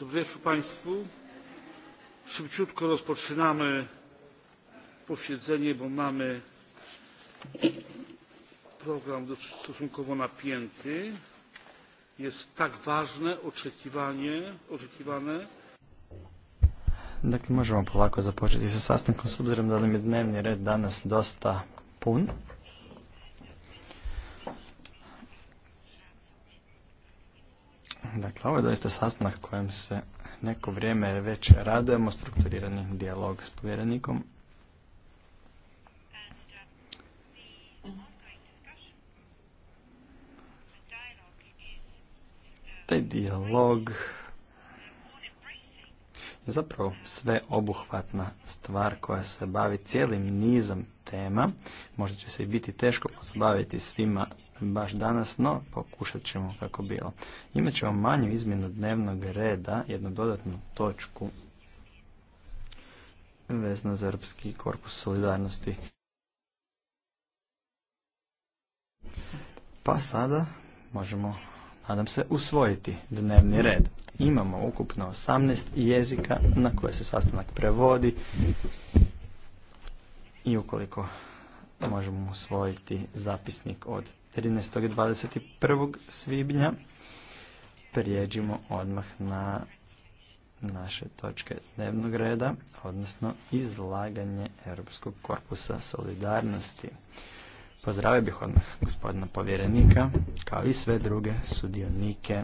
Dobry wieczór Państwu. Szybciutko rozpoczynamy posiedzenie, bo mamy program stosunkowo napięty. Jest tak ważne, oczekiwanie, oczekiwane. Dakle, možemo polako započeti sa sastankom, s obzirom da nam je dnevni red danas dosta pun. Dakle, ovo je doista sastanak kojem se neko vrijeme već radujemo, strukturirani dijalog s povjerenikom. Taj dijalog je zapravo sve obuhvatna stvar koja se bavi cijelim nizom tema. Možda će se i biti teško pozabaviti svima baš danas, no pokušat ćemo kako bilo. Imat ćemo manju izmjenu dnevnog reda, jednu dodatnu točku vezno za Europski korpus solidarnosti. Pa sada možemo, nadam se, usvojiti dnevni red. Imamo ukupno 18 jezika na koje se sastanak prevodi i ukoliko možemo usvojiti zapisnik od 13. i 21. svibnja. Prijeđimo odmah na naše točke dnevnog reda, odnosno izlaganje Europskog korpusa solidarnosti. Pozdravio bih odmah gospodina povjerenika, kao i sve druge sudionike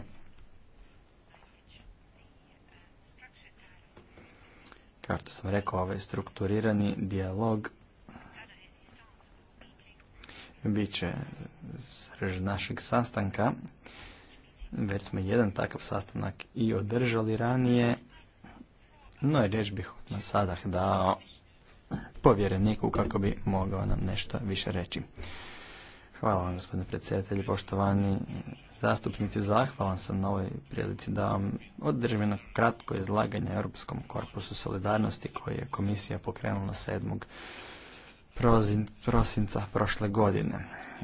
kao što sam rekao, ovaj strukturirani dijalog će srž našeg sastanka. Već smo jedan takav sastanak i održali ranije. No i riječ bih na sadah dao povjereniku kako bi mogao nam nešto više reći. Hvala vam gospodine predsjedatelji, poštovani zastupnici, zahvalan sam na ovoj prilici da vam održim jedno kratko izlaganje Europskom korpusu solidarnosti koji je komisija pokrenula 7 prosinca prošle godine.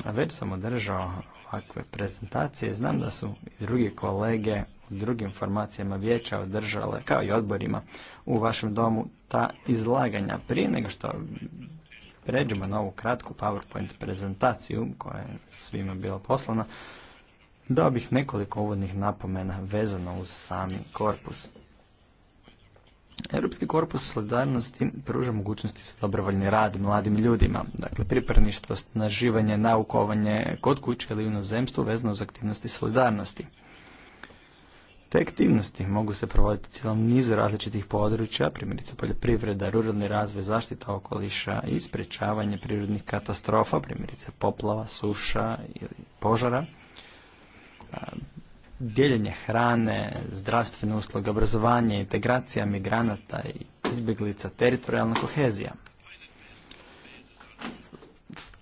A već sam održao ovakve prezentacije. Znam da su i drugi kolege u drugim formacijama vijeća održale, kao i odborima, u vašem domu ta izlaganja. Prije nego što pređemo na ovu kratku PowerPoint prezentaciju koja je svima bila poslana, dao bih nekoliko uvodnih napomena vezano uz sami korpus. Europski korpus solidarnosti pruža mogućnosti za dobrovoljni rad mladim ljudima, dakle pripravništvo, naživanje, naukovanje kod kuće ili inozemstvu vezano uz aktivnosti solidarnosti. Te aktivnosti mogu se provoditi cijelom nizu različitih područja, primjerice poljoprivreda, ruralni razvoj, zaštita okoliša i sprečavanje prirodnih katastrofa, primjerice poplava, suša ili požara dijeljenje hrane, zdravstvene usluge, obrazovanje, integracija migranata i izbjeglica, teritorijalna kohezija.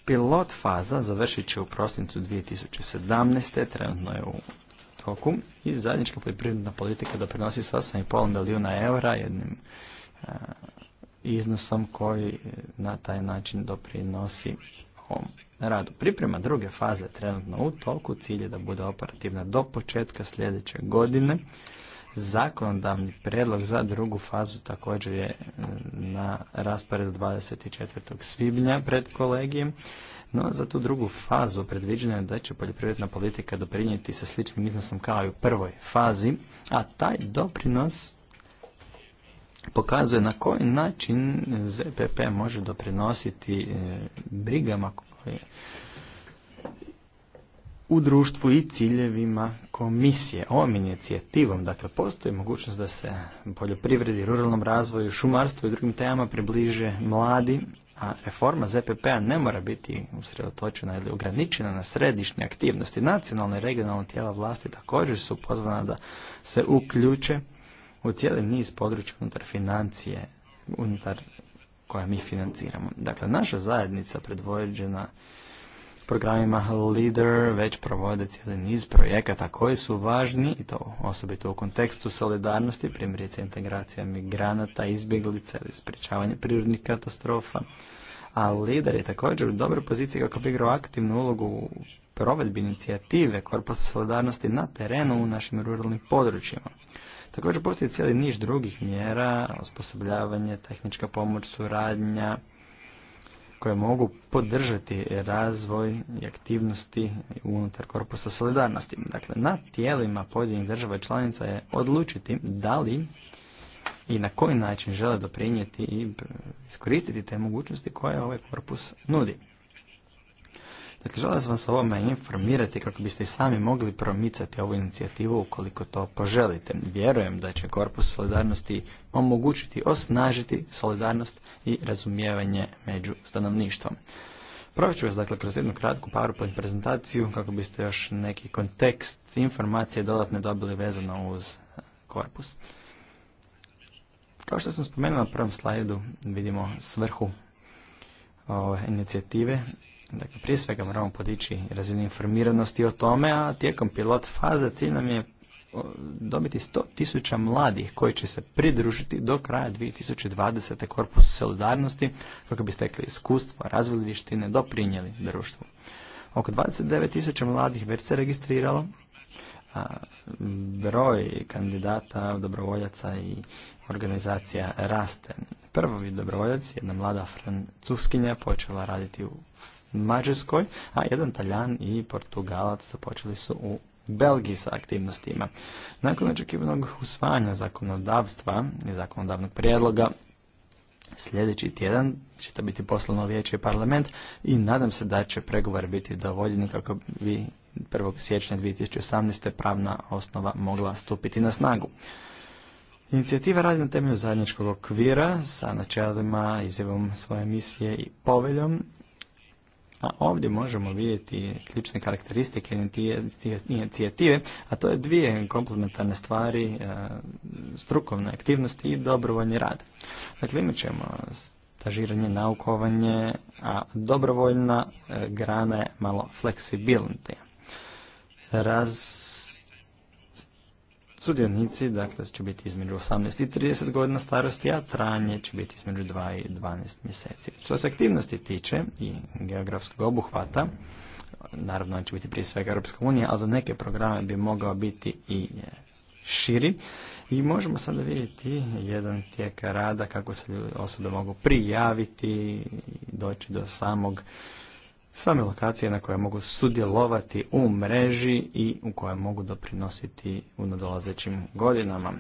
Pilot faza završit će u prosincu 2017. trenutno je u toku i zajednička poljoprivredna politika doprinosi sa 8,5 milijuna eura jednim iznosom koji na taj način doprinosi ovom radu. Priprema druge faze trenutno u toku, cilj je da bude operativna do početka sljedeće godine. Zakonodavni predlog za drugu fazu također je mm, na rasporedu 24. svibnja pred kolegijem. No, za tu drugu fazu predviđeno je da će poljoprivredna politika doprinijeti sa sličnim iznosom kao i u prvoj fazi, a taj doprinos pokazuje na koji način ZPP može doprinositi e, brigama Dakle, u društvu i ciljevima komisije, ovom inicijativom. Dakle, postoji mogućnost da se poljoprivredi, ruralnom razvoju, šumarstvu i drugim temama približe mladi, a reforma ZPP-a ne mora biti usredotočena ili ograničena na središnje aktivnosti. Nacionalne i regionalne tijela vlasti također su pozvana da se uključe u cijeli niz područja unutar financije, unutar koja mi financiramo. Dakle, naša zajednica predvođena programima Leader već provode cijeli niz projekata koji su važni i to osobito u kontekstu solidarnosti, primjerice integracija migranata, izbjeglica ili sprječavanje prirodnih katastrofa. A Leader je također u dobroj poziciji kako bi igrao aktivnu ulogu u provedbi inicijative Korpusa solidarnosti na terenu u našim ruralnim područjima. Također postoji cijeli niž drugih mjera, osposobljavanje, tehnička pomoć, suradnja, koje mogu podržati razvoj i aktivnosti unutar korpusa solidarnosti. Dakle, na tijelima pojedinih država i članica je odlučiti da li i na koji način žele doprinijeti i iskoristiti te mogućnosti koje ovaj korpus nudi. Dakle, želim vas ovome informirati kako biste i sami mogli promicati ovu inicijativu ukoliko to poželite. Vjerujem da će Korpus solidarnosti omogućiti osnažiti solidarnost i razumijevanje među stanovništvom. Provat ću vas dakle kroz jednu kratku PowerPoint prezentaciju kako biste još neki kontekst informacije dodatne dobili vezano uz e, korpus. Kao što sam spomenuo na prvom slajdu vidimo svrhu ove inicijative Dakle, prije svega moramo podići razinu informiranosti o tome, a tijekom pilot faze cilj nam je dobiti 100.000 mladih koji će se pridružiti do kraja 2020. korpusu solidarnosti kako bi stekli iskustvo, razvili vještine, doprinijeli društvu. Oko 29.000 mladih već se registriralo, a broj kandidata, dobrovoljaca i organizacija raste. Prvo dobrovoljac, jedna mlada francuskinja počela raditi u Mađarskoj, a jedan Taljan i Portugalac započeli su u Belgiji sa aktivnostima. Nakon očekivanog usvajanja zakonodavstva i zakonodavnog prijedloga, sljedeći tjedan će to biti poslano vijeće parlament i nadam se da će pregovor biti dovoljeni kako bi 1. siječnja 2018. pravna osnova mogla stupiti na snagu. Inicijativa radi na temelju zajedničkog okvira sa načelima, izjevom svoje misije i poveljom a ovdje možemo vidjeti ključne karakteristike inicijative, a to je dvije komplementarne stvari, e, strukovne aktivnosti i dobrovoljni rad. Dakle, imat ćemo stažiranje, naukovanje, a dobrovoljna e, grana je malo fleksibilnija. Raz Sudionici, dakle, će biti između 18 i 30 godina starosti, a trajanje će biti između 2 i 12 mjeseci. Što se aktivnosti tiče i geografskog obuhvata, naravno će biti prije svega Europska unija, ali za neke programe bi mogao biti i e, širi. I možemo sada vidjeti jedan tijek rada kako se osobe mogu prijaviti i doći do samog same lokacije na koje mogu sudjelovati u mreži i u koje mogu doprinositi u nadolazećim godinama.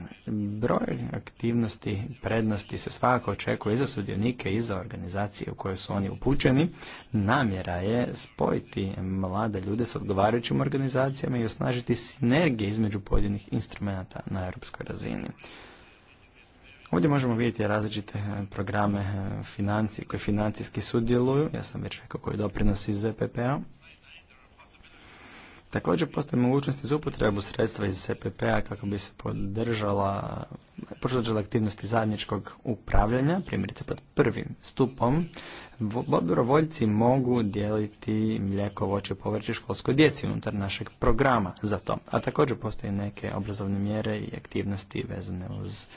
Broj aktivnosti, prednosti se svakako očekuje i za sudionike i za organizacije u koje su oni upućeni. Namjera je spojiti mlade ljude s odgovarajućim organizacijama i osnažiti sinergije između pojedinih instrumenata na europskoj razini. Ovdje možemo vidjeti različite e, programe e, financije, koje financijski sudjeluju. Ja sam već rekao koji doprinos iz epp a p-a. Također postoje mogućnosti za upotrebu sredstva iz epp a p-a kako bi se podržala, podržala aktivnosti zajedničkog upravljanja, primjerice pod prvim stupom, dobrovoljci mogu dijeliti mlijeko, voće, povrće školskoj djeci unutar našeg programa za to. A također postoje neke obrazovne mjere i aktivnosti vezane uz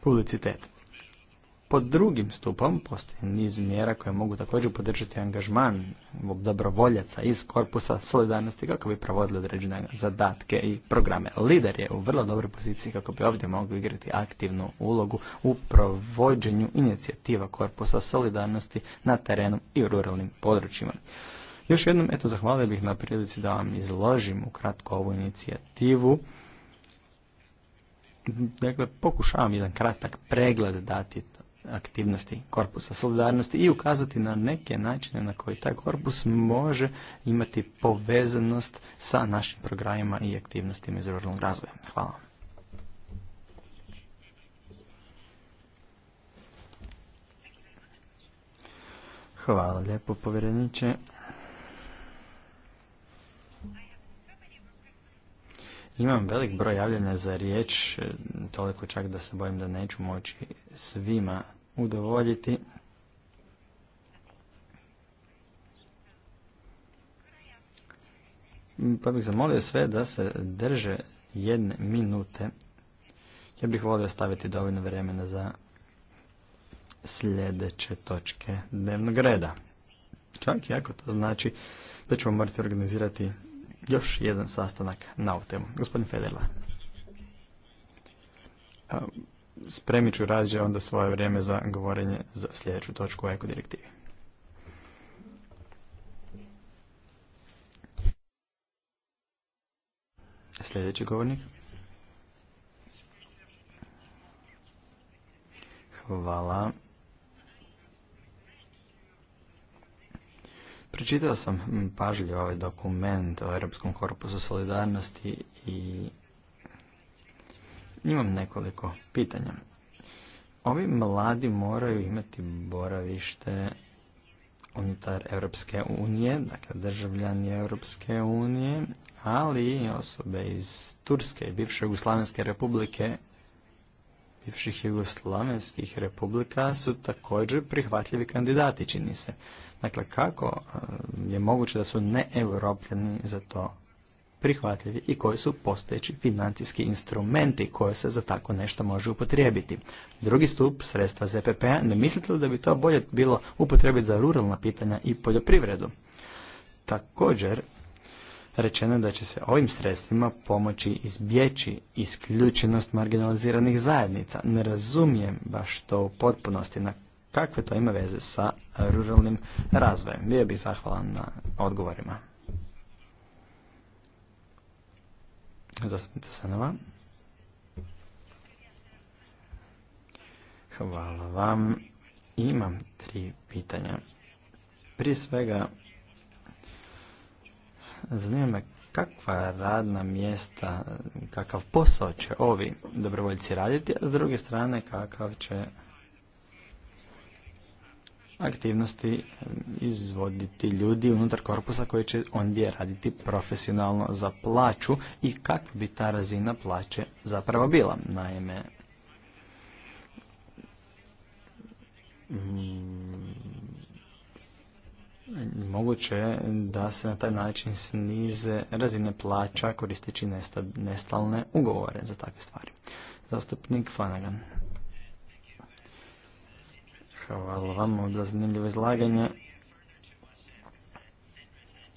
publicitet. Pod drugim stupom postoji niz mjera koje mogu također podržati angažman dobrovoljaca iz korpusa solidarnosti kako bi provodili određene zadatke i programe. Lider je u vrlo dobroj poziciji kako bi ovdje mogao igrati aktivnu ulogu u provođenju inicijativa korpusa solidarnosti na terenu i u ruralnim područjima. Još jednom, eto, zahvalio bih na prilici da vam izložim ukratko ovu inicijativu Dakle, pokušavam jedan kratak pregled dati aktivnosti korpusa solidarnosti i ukazati na neke načine na koji taj korpus može imati povezanost sa našim programima i aktivnostima iz ruralnog razvoja. Hvala. Hvala lijepo povjereniče. Imam velik broj javljena za riječ, e, toliko čak da se bojim da neću moći svima udovoljiti. Pa bih zamolio sve da se drže jedne minute. Ja bih volio staviti dovoljno vremena za sljedeće točke dnevnog reda. Čak i ako to znači da ćemo morati organizirati još jedan sastanak na ovu temu. Gospodin Federla. Spremit ću rađe onda svoje vrijeme za govorenje za sljedeću točku o ekodirektivi. Sljedeći govornik. Hvala. Pročitao sam mm, pažljivo ovaj dokument o Europskom korpusu solidarnosti i imam nekoliko pitanja. Ovi mladi moraju imati boravište unutar Europske unije, dakle državljani Europske unije, ali osobe iz Turske i bivše Jugoslavenske republike, bivših Jugoslavenskih republika su također prihvatljivi kandidati, čini se. Dakle, kako e, je moguće da su neeuropljani za to prihvatljivi i koji su postojeći financijski instrumenti koje se za tako nešto može upotrijebiti. Drugi stup, sredstva ZPP-a, ne mislite li da bi to bolje bilo upotrijebiti za ruralna pitanja i poljoprivredu? Također, rečeno je da će se ovim sredstvima pomoći izbjeći isključenost marginaliziranih zajednica. Ne razumijem baš to u potpunosti na kakve to ima veze sa ruralnim razvojem. Bio bih zahvalan na odgovorima. na Sanova. Hvala vam. Imam tri pitanja. Prije svega, zanima me kakva radna mjesta, kakav posao će ovi dobrovoljci raditi, a s druge strane kakav će aktivnosti eh, izvoditi ljudi unutar korpusa koji će ondje raditi profesionalno za plaću i kakva bi ta razina plaće zapravo bila. Naime, mm, moguće je da se na taj način snize razine plaća koristeći nestalne ugovore za takve stvari. Zastupnik Fanagan. Hvala vam za zanimljivo izlaganje.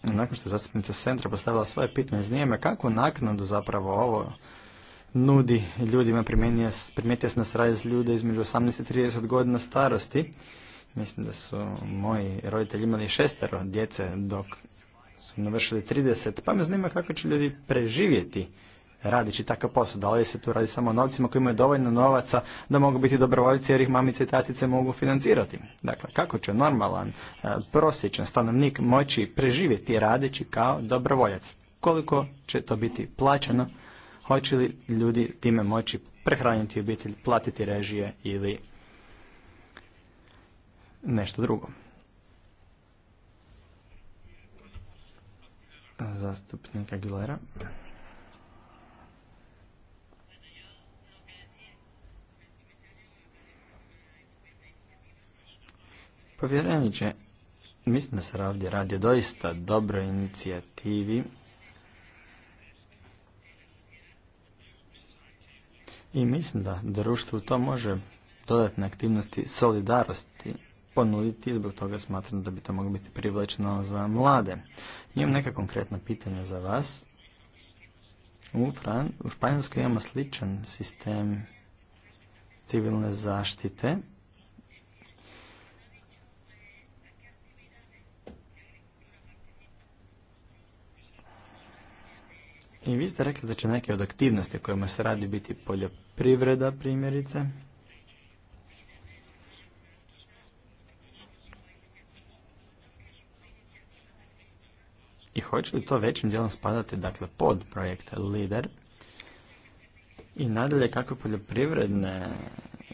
Nakon što je zastupnica centra postavila svoje pitanje, zanima me kakvu naknadu zapravo ovo nudi ljudima, primijetio sam na s ljude između 18 i 30 godina starosti. Mislim da su moji roditelji imali šestero djece dok su navršili 30, pa me zanima kako će ljudi preživjeti radići takav posao. Da li se tu radi samo o novcima koji imaju dovoljno novaca da mogu biti dobrovoljci jer ih mamice i tatice mogu financirati. Dakle, kako će normalan, e, prosječan stanovnik moći preživjeti radeći kao dobrovoljac? Koliko će to biti plaćeno? Hoće li ljudi time moći prehraniti obitelj, platiti režije ili nešto drugo? Zastupnik Aguilera. Povjereniče, mislim da se ovdje radi o doista dobroj inicijativi i mislim da društvu to može dodatne aktivnosti solidarnosti ponuditi i zbog toga smatram da bi to moglo biti privlačno za mlade. Imam neka konkretna pitanja za vas. U, Fran u Španjolskoj imamo sličan sistem civilne zaštite I vi ste rekli da će neke od aktivnosti kojima se radi biti poljoprivreda primjerice. I hoće li to većim dijelom spadati dakle, pod projekta LIDER? I nadalje kako poljoprivredne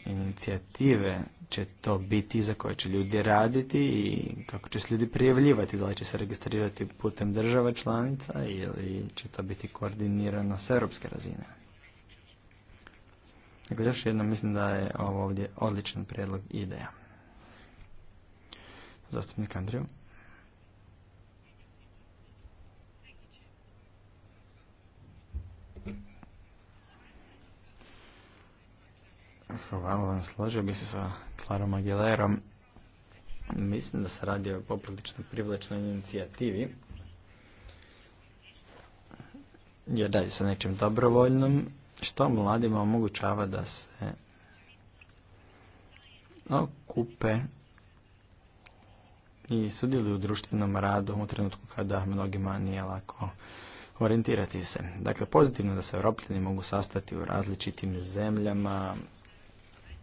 inicijative će to biti, za koje će ljudi raditi i kako će se ljudi prijavljivati, da li će se registrirati putem država članica ili će to biti koordinirano s europske razine. Dakle, još jednom mislim da je ovo ovdje odličan prijedlog i ideja. Zastupnik Andriju. Hvala vam, složio bi se sa Klarom Aguilerom. Mislim da se radi o poprilično privlačnoj inicijativi. Jer radi se nečim nečem dobrovoljnom, što mladima omogućava da se okupe i sudjeluju u društvenom radu u trenutku kada mnogima nije lako orijentirati se. Dakle, pozitivno da se Europljani mogu sastati u različitim zemljama,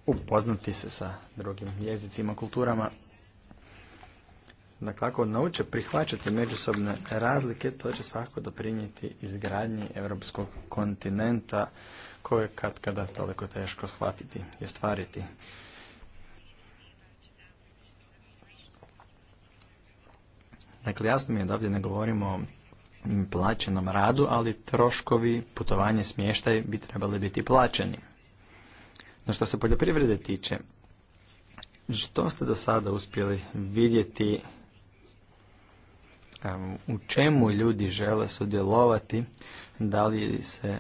upoznati se sa drugim jezicima, kulturama. Dakle, ako nauče prihvaćati međusobne razlike, to će svakako doprinijeti izgradnji europskog kontinenta koje kad kada toliko teško shvatiti i ostvariti. Dakle, jasno mi je da ovdje ne govorimo o plaćenom radu, ali troškovi putovanje smještaj bi trebali biti plaćeni. No što se poljoprivrede tiče, što ste do sada uspjeli vidjeti u čemu ljudi žele sudjelovati, da li se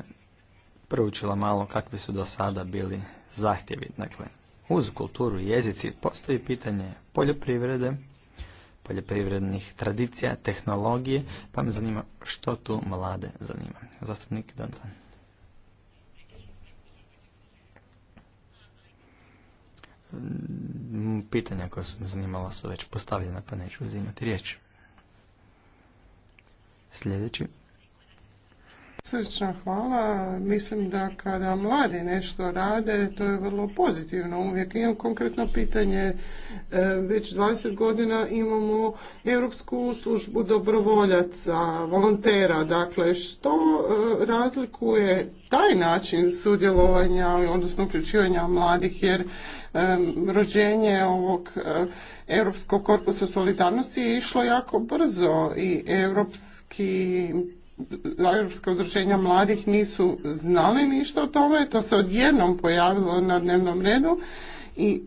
proučila malo kakvi su do sada bili zahtjevi. Dakle, uz kulturu i jezici postoji pitanje poljoprivrede, poljoprivrednih tradicija, tehnologije, pa me zanima što tu mlade zanima. Zastupnik Dantan. Mm, pitanja koja su me zanimala su već postavljena, pa neću uzimati riječ. Sljedeći. Srčno hvala. Mislim da kada mladi nešto rade, to je vrlo pozitivno uvijek. Imam konkretno pitanje. E, već 20 godina imamo Europsku službu dobrovoljaca, volontera. Dakle, što e, razlikuje taj način sudjelovanja, odnosno uključivanja mladih, jer e, rođenje ovog Europskog korpusa solidarnosti je išlo jako brzo i europski Europske udruženja mladih nisu znali ništa o tome, to se odjednom pojavilo na dnevnom redu i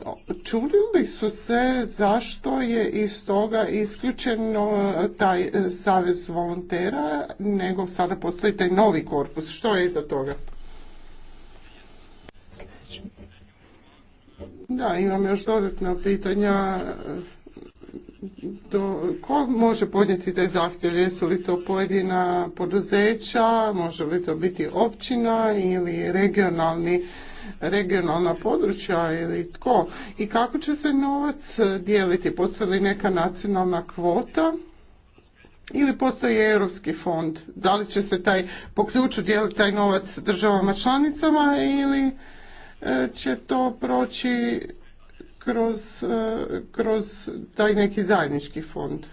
čudili su se zašto je iz toga isključeno taj savez volontera, nego sada postoji taj novi korpus. Što je iza toga? Da, imam još dodatna pitanja do, ko može podnijeti te zahtjeve? Jesu li to pojedina poduzeća, može li to biti općina ili regionalni, regionalna područja ili tko? I kako će se novac dijeliti? Postoji li neka nacionalna kvota? Ili postoji europski fond? Da li će se taj po ključu dijeliti taj novac državama članicama ili e, će to proći kroz, e, kroz taj neki zajednički fond.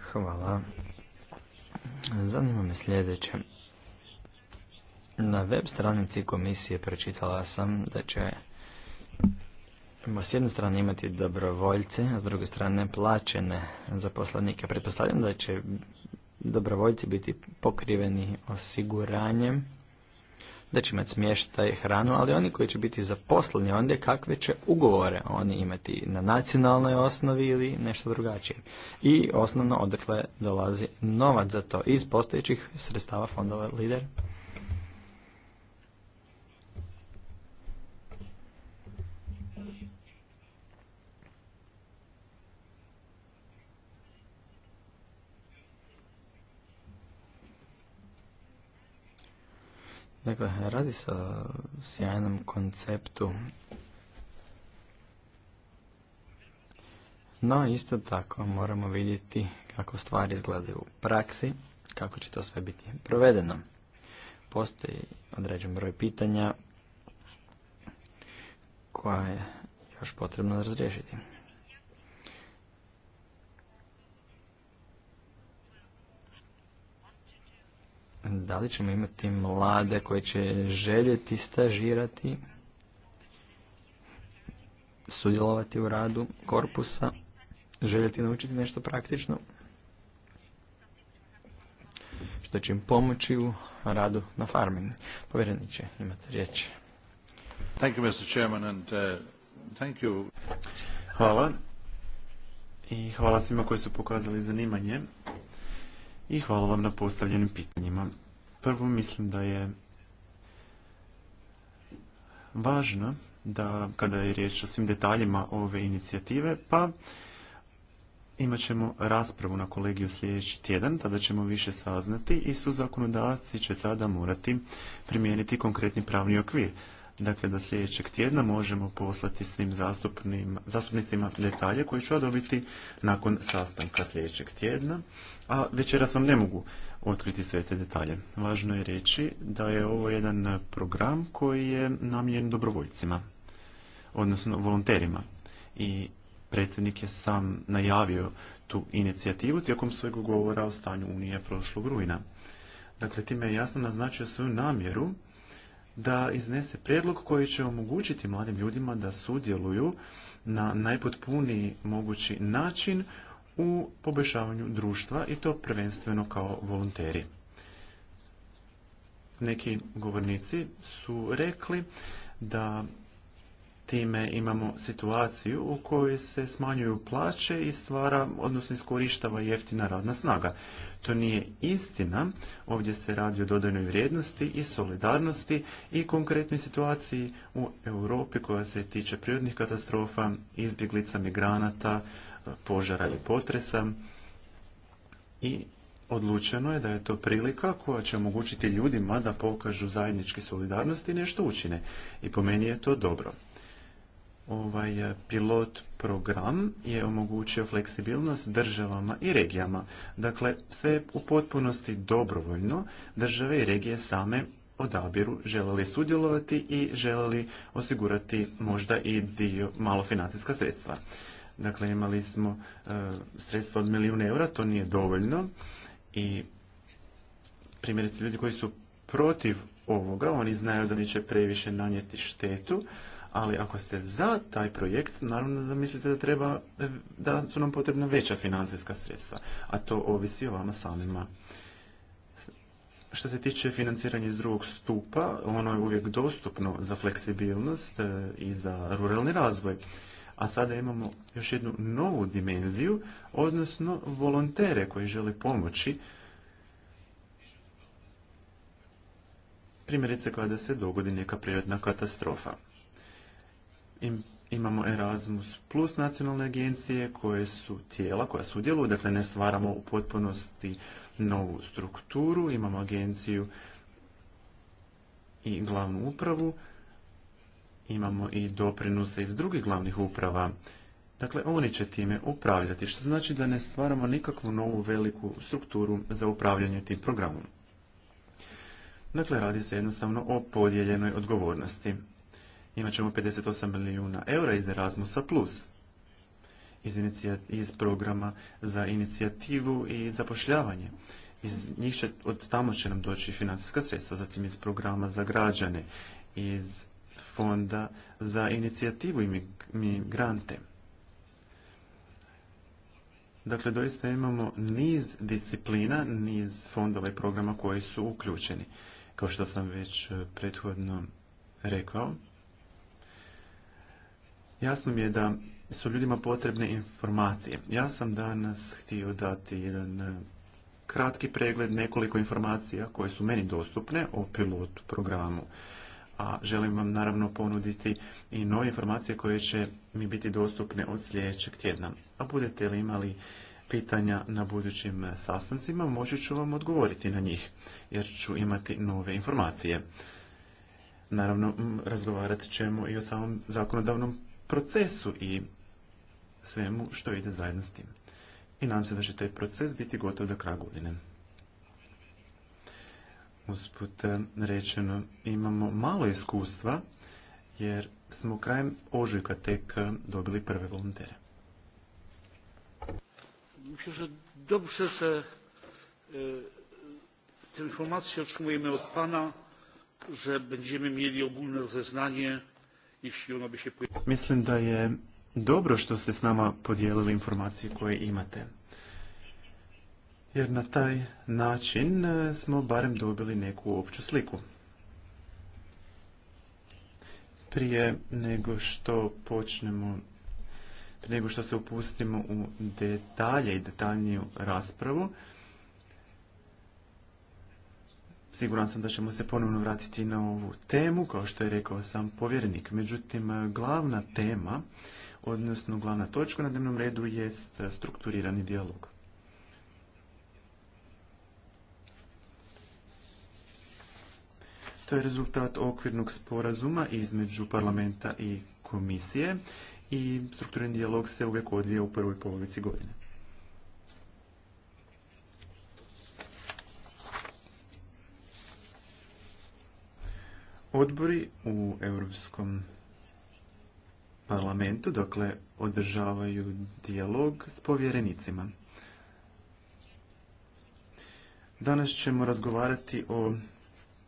Hvala. Zanima me sljedeće. Na web stranici komisije pročitala sam da će s jedne strane imati dobrovoljce, a s druge strane plaćene zaposlenike. Pretpostavljam da će dobrovoljci biti pokriveni osiguranjem da će imati smještaj, hranu, ali oni koji će biti zaposleni onda kakve će ugovore oni imati na nacionalnoj osnovi ili nešto drugačije. I osnovno odakle dolazi novac za to iz postojećih sredstava fondova LIDER. Dakle, radi se o sjajnom konceptu. No, isto tako moramo vidjeti kako stvari izgledaju u praksi, kako će to sve biti provedeno. Postoji određen broj pitanja koja je još potrebno razriješiti. da li ćemo imati mlade koje će željeti stažirati, sudjelovati u radu korpusa, željeti naučiti nešto praktično, što će im pomoći u radu na farmini. će imate riječ. Thank you, Mr. Chairman, and, uh, thank you. Hvala. I hvala svima koji su pokazali zanimanje i hvala vam na postavljenim pitanjima. Prvo mislim da je važno da kada je riječ o svim detaljima ove inicijative, pa imat ćemo raspravu na kolegiju sljedeći tjedan, tada ćemo više saznati i su zakonodavci će tada morati primijeniti konkretni pravni okvir. Dakle, da sljedećeg tjedna možemo poslati svim zastupnicima detalje koje ću ja dobiti nakon sastanka sljedećeg tjedna a večeras vam ne mogu otkriti sve te detalje. Važno je reći da je ovo jedan program koji je namijenjen dobrovoljcima, odnosno volonterima. I predsjednik je sam najavio tu inicijativu tijekom svojeg govora o stanju Unije prošlog rujna. Dakle, time je jasno naznačio svoju namjeru da iznese prijedlog koji će omogućiti mladim ljudima da sudjeluju na najpotpuniji mogući način u poboljšavanju društva i to prvenstveno kao volonteri. Neki govornici su rekli da time imamo situaciju u kojoj se smanjuju plaće i stvara, odnosno iskorištava jeftina radna snaga. To nije istina, ovdje se radi o dodajnoj vrijednosti i solidarnosti i konkretnoj situaciji u Europi koja se tiče prirodnih katastrofa, izbjeglica, migranata, požara ili potresa i odlučeno je da je to prilika koja će omogućiti ljudima da pokažu zajednički solidarnost i nešto učine. I po meni je to dobro. Ovaj e, pilot program je omogućio fleksibilnost državama i regijama. Dakle, sve u potpunosti dobrovoljno. Države i regije same odabiru želeli sudjelovati i želeli osigurati možda i dio malo financijska sredstva. Dakle, imali smo e, sredstva od milijuna eura, to nije dovoljno. I primjerice ljudi koji su protiv ovoga, oni znaju da neće previše nanijeti štetu, ali ako ste za taj projekt, naravno da mislite da treba, e, da su nam potrebna veća financijska sredstva, a to ovisi o vama samima. Što se tiče financiranja iz drugog stupa, ono je uvijek dostupno za fleksibilnost e, i za ruralni razvoj. A sada imamo još jednu novu dimenziju, odnosno volontere koji žele pomoći primjerice kada se dogodi neka prirodna katastrofa. Imamo Erasmus plus nacionalne agencije koje su tijela koja sudjeluju, dakle ne stvaramo u potpunosti novu strukturu, imamo agenciju i glavnu upravu, imamo i doprinose iz drugih glavnih uprava. Dakle, oni će time upravljati, što znači da ne stvaramo nikakvu novu veliku strukturu za upravljanje tim programom. Dakle, radi se jednostavno o podijeljenoj odgovornosti. Imaćemo 58 milijuna eura iz Erasmusa+, iz, iz programa za inicijativu i zapošljavanje. Iz njih od tamo će nam doći financijska sredstva, zatim iz programa za građane, iz fonda za inicijativu imigrante. Dakle, doista imamo niz disciplina, niz fondova i programa koji su uključeni. Kao što sam već e, prethodno rekao, jasno mi je da su ljudima potrebne informacije. Ja sam danas htio dati jedan e, kratki pregled nekoliko informacija koje su meni dostupne o pilotu programu a želim vam naravno ponuditi i nove informacije koje će mi biti dostupne od sljedećeg tjedna. A budete li imali pitanja na budućim sastancima, moći ću vam odgovoriti na njih, jer ću imati nove informacije. Naravno, razgovarat ćemo i o samom zakonodavnom procesu i svemu što ide zajedno s tim. I nadam se da će taj proces biti gotov do kraja godine usput eh, rečeno imamo malo iskustva jer smo krajem ožujka tek eh, dobili prve volontere. Myślę, że dobrze, że e, tę informację otrzymujemy od Pana, że będziemy mieli ogólne rozeznanie, jeśli ono by się pojawiło. Mislim da je dobro što ste s nama podijelili informacije koje imate jer na taj način e, smo barem dobili neku opću sliku. Prije nego što počnemo, prije nego što se upustimo u detalje i detaljniju raspravu, Siguran sam da ćemo se ponovno vratiti na ovu temu, kao što je rekao sam povjerenik. Međutim, glavna tema, odnosno glavna točka na dnevnom redu jest strukturirani dijalog. To je rezultat okvirnog sporazuma između parlamenta i komisije i strukturni dijalog se uvijek odvija u prvoj polovici godine. Odbori u Europskom parlamentu, dakle, održavaju dijalog s povjerenicima. Danas ćemo razgovarati o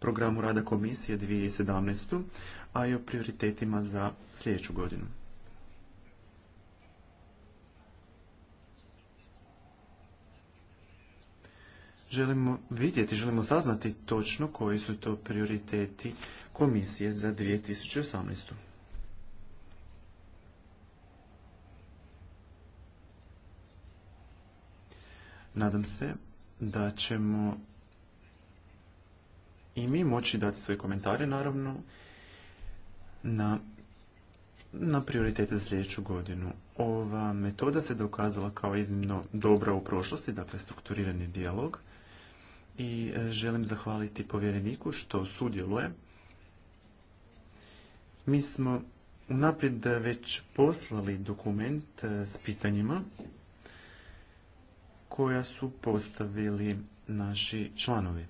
programu rada komisije 2017. a i o prioritetima za sljedeću godinu. Želimo vidjeti, želimo saznati točno koji su to prioriteti komisije za 2018. Nadam se da ćemo i mi moći dati svoje komentare, naravno, na, na prioritete za sljedeću godinu. Ova metoda se dokazala kao iznimno dobra u prošlosti, dakle strukturirani dijalog. I e, želim zahvaliti povjereniku što sudjeluje. Mi smo unaprijed već poslali dokument e, s pitanjima koja su postavili naši članovi.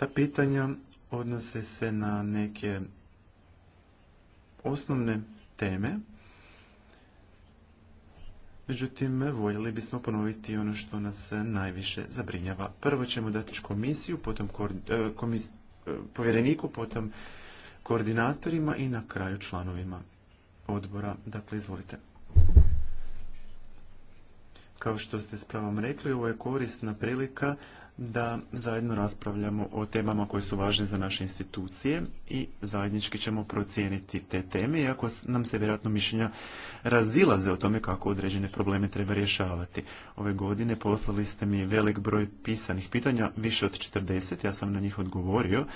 Ta pitanja odnose se na neke osnovne teme. Međutim, voljeli bismo ponoviti ono što nas najviše zabrinjava. Prvo ćemo dati komisiju, potom e, e, povjereniku, potom koordinatorima i na kraju članovima odbora. Dakle, izvolite. Kao što ste s pravom rekli, ovo je korisna prilika da zajedno raspravljamo o temama koje su važne za naše institucije i zajednički ćemo procijeniti te teme, iako nam se vjerojatno mišljenja razilaze o tome kako određene probleme treba rješavati. Ove godine poslali ste mi velik broj pisanih pitanja, više od 40, ja sam na njih odgovorio.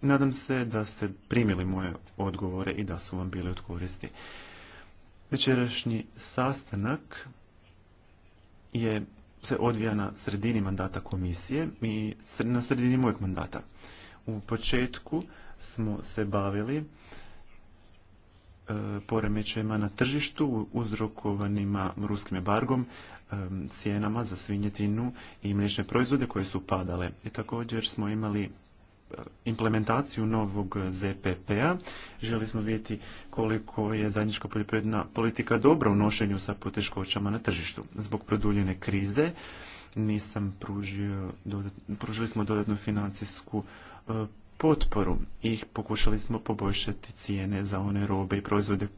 Nadam se da ste primili moje odgovore i da su vam bili od koristi. Večerašnji sastanak je se odvija na sredini mandata komisije i na sredini mojeg mandata. U početku smo se bavili e, poremećajima na tržištu uzrokovanima ruskim embargom, e, cijenama za svinjetinu i mliječne proizvode koje su padale. I također smo imali implementaciju novog ZPP-a. Želi smo vidjeti koliko je zajednička poljoprivredna politika dobra u nošenju sa poteškoćama na tržištu. Zbog produljene krize nisam pružio, pružili smo dodatnu financijsku e, potporu i pokušali smo poboljšati cijene za one robe i proizvode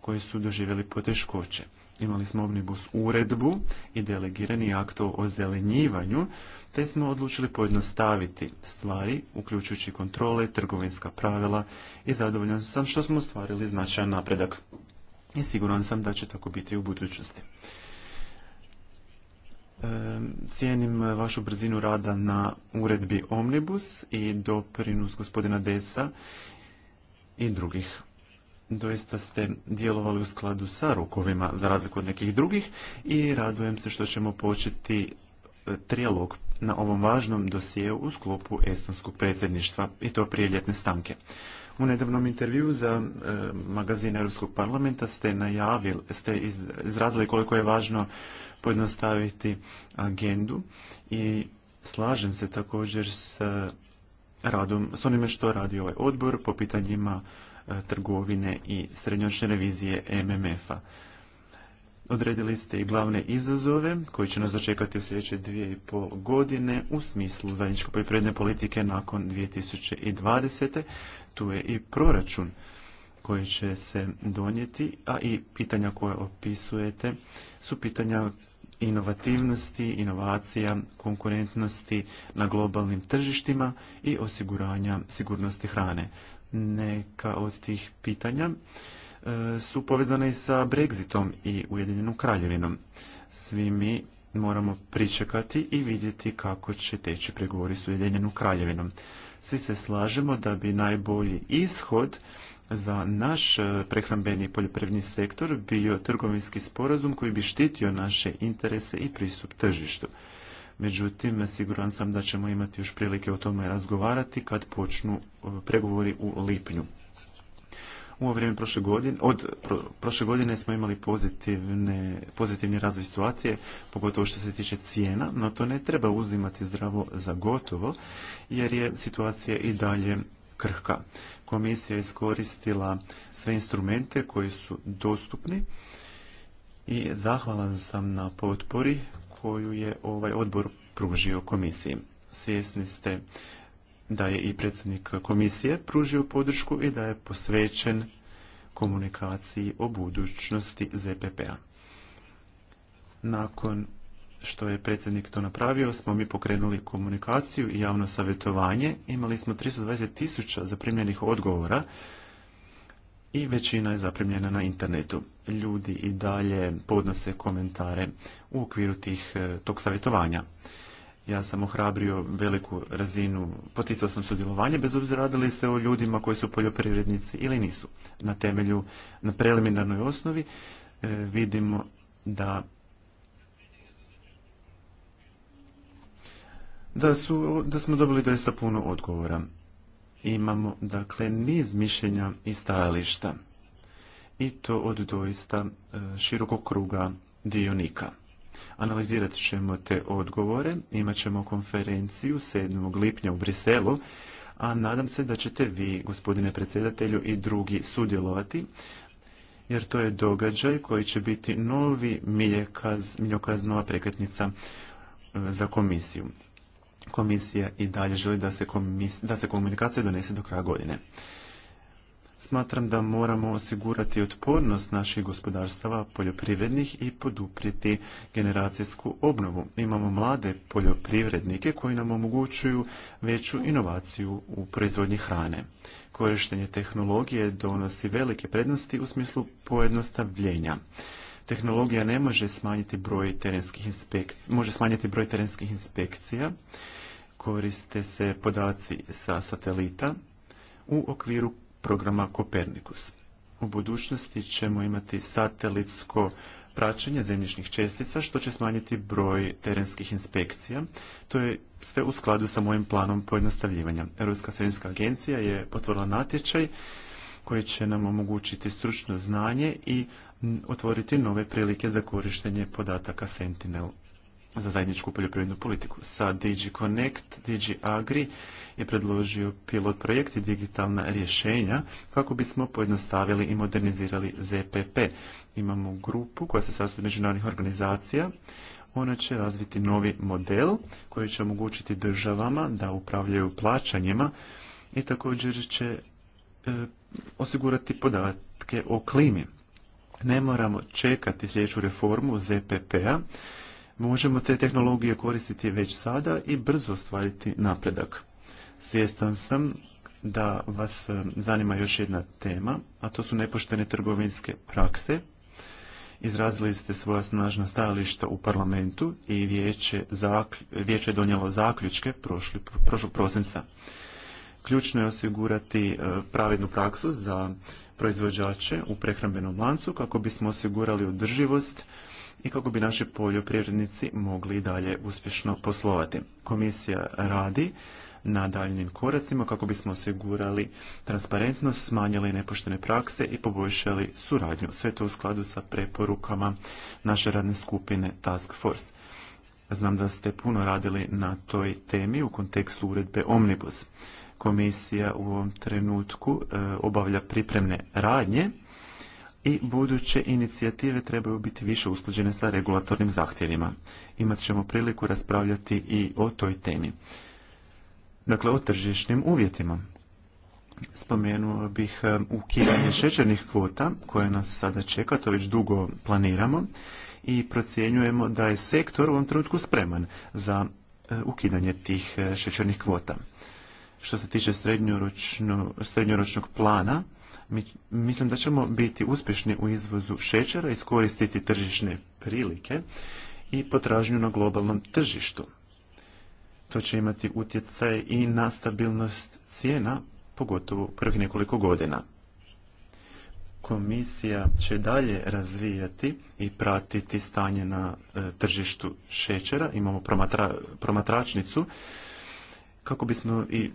koji su doživjeli poteškoće. Imali smo omnibus uredbu i delegirani akt o ozelenjivanju te smo odlučili pojednostaviti stvari, uključujući kontrole, trgovinska pravila i zadovoljan sam što smo ostvarili značajan napredak. I siguran sam da će tako biti i u budućnosti. Cijenim vašu brzinu rada na uredbi Omnibus i doprinus gospodina Desa i drugih. Doista ste djelovali u skladu sa rukovima za razliku od nekih drugih i radujem se što ćemo početi e, trijalog na ovom važnom dosijeu u sklopu estonskog predsjedništva i to prije ljetne stanke. U nedavnom intervju za e, magazin Europskog parlamenta ste najavili, ste izrazili koliko je važno pojednostaviti agendu i slažem se također s radom, s onime što radi ovaj odbor po pitanjima e, trgovine i srednjočne revizije MMF-a. Odredili ste i glavne izazove koji će nas dočekati u sljedeće dvije i pol godine u smislu zajedničke poljoprivredne politike nakon 2020. Tu je i proračun koji će se donijeti, a i pitanja koje opisujete su pitanja inovativnosti, inovacija, konkurentnosti na globalnim tržištima i osiguranja sigurnosti hrane. Neka od tih pitanja E, su povezane i sa Brexitom i Ujedinjenom kraljevinom. Svi mi moramo pričekati i vidjeti kako će teći pregovori s Ujedinjenom kraljevinom. Svi se slažemo da bi najbolji ishod za naš e, prehrambeni poljoprivredni sektor bio trgovinski sporazum koji bi štitio naše interese i pristup tržištu. Međutim, siguran sam da ćemo imati još prilike o tome razgovarati kad počnu e, pregovori u lipnju. U ovo vrijeme prošle godine, od prošle godine smo imali pozitivne, pozitivni razvoj situacije, pogotovo što se tiče cijena, no to ne treba uzimati zdravo za gotovo, jer je situacija i dalje krhka. Komisija je iskoristila sve instrumente koji su dostupni i zahvalan sam na potpori koju je ovaj odbor pružio komisiji. Svjesni ste da je i predsjednik komisije pružio podršku i da je posvećen komunikaciji o budućnosti ZPP-a. Nakon što je predsjednik to napravio, smo mi pokrenuli komunikaciju i javno savjetovanje. Imali smo 320 tisuća zaprimljenih odgovora i većina je zaprimljena na internetu. Ljudi i dalje podnose komentare u okviru tih, eh, tog savjetovanja. Ja sam ohrabrio veliku razinu, poticao sam sudjelovanje, bez obzira li se o ljudima koji su poljoprivrednici ili nisu. Na temelju, na preliminarnoj osnovi e, vidimo da da, su, da smo dobili doista puno odgovora. Imamo, dakle, niz mišljenja i stajališta. I to od doista e, širokog kruga dionika. Analizirat ćemo te odgovore, imat ćemo konferenciju 7. lipnja u Briselu, a nadam se da ćete vi, gospodine predsjedatelju, i drugi sudjelovati, jer to je događaj koji će biti novi miljokaz, nova prekretnica e, za komisiju. Komisija i dalje želi da se, da se komunikacija donese do kraja godine. Smatram da moramo osigurati otpornost naših gospodarstava poljoprivrednih i poduprijeti generacijsku obnovu. Imamo mlade poljoprivrednike koji nam omogućuju veću inovaciju u proizvodnji hrane. Korištenje tehnologije donosi velike prednosti u smislu pojednostavljenja. Tehnologija ne može smanjiti broj terenskih inspekcija, može smanjiti broj terenskih inspekcija. Koriste se podaci sa satelita u okviru programa Kopernikus. U budućnosti ćemo imati satelitsko praćenje zemljišnih čestica što će smanjiti broj terenskih inspekcija. To je sve u skladu sa mojim planom pojednostavljivanja. Europska sredinska agencija je otvorila natječaj koji će nam omogućiti stručno znanje i otvoriti nove prilike za korištenje podataka Sentinel za zajedničku poljoprivrednu politiku. Sa Digi Connect, Digi Agri je predložio pilot projekt i digitalna rješenja kako bismo pojednostavili i modernizirali ZPP. Imamo grupu koja se sastoji od međunarodnih organizacija. Ona će razviti novi model koji će omogućiti državama da upravljaju plaćanjima i također će e, osigurati podatke o klimi. Ne moramo čekati sljedeću reformu ZPP-a, možemo te tehnologije koristiti već sada i brzo ostvariti napredak. Svjestan sam da vas e, zanima još jedna tema, a to su nepoštene trgovinske prakse. Izrazili ste svoja snažna stajališta u parlamentu i vijeće, je donijelo zaključke prošlog prosinca. Ključno je osigurati e, pravednu praksu za proizvođače u prehrambenom lancu kako bismo osigurali održivost i kako bi naši poljoprivrednici mogli dalje uspješno poslovati. Komisija radi na daljnim koracima kako bismo osigurali transparentnost, smanjili nepoštene prakse i poboljšali suradnju. Sve to u skladu sa preporukama naše radne skupine Task Force. Znam da ste puno radili na toj temi u kontekstu uredbe Omnibus. Komisija u ovom trenutku e, obavlja pripremne radnje i buduće inicijative trebaju biti više usklađene sa regulatornim zahtjevima. Imat ćemo priliku raspravljati i o toj temi. Dakle, o tržišnim uvjetima. Spomenuo bih e, ukidanje šećernih kvota koje nas sada čeka, to već dugo planiramo i procjenjujemo da je sektor u ovom trenutku spreman za e, ukidanje tih e, šećernih kvota. Što se tiče srednjoročnog plana, Mislim da ćemo biti uspješni u izvozu šećera, iskoristiti tržišne prilike i potražnju na globalnom tržištu. To će imati utjecaj i na stabilnost cijena, pogotovo prvih nekoliko godina. Komisija će dalje razvijati i pratiti stanje na e, tržištu šećera. Imamo promatračnicu kako bismo i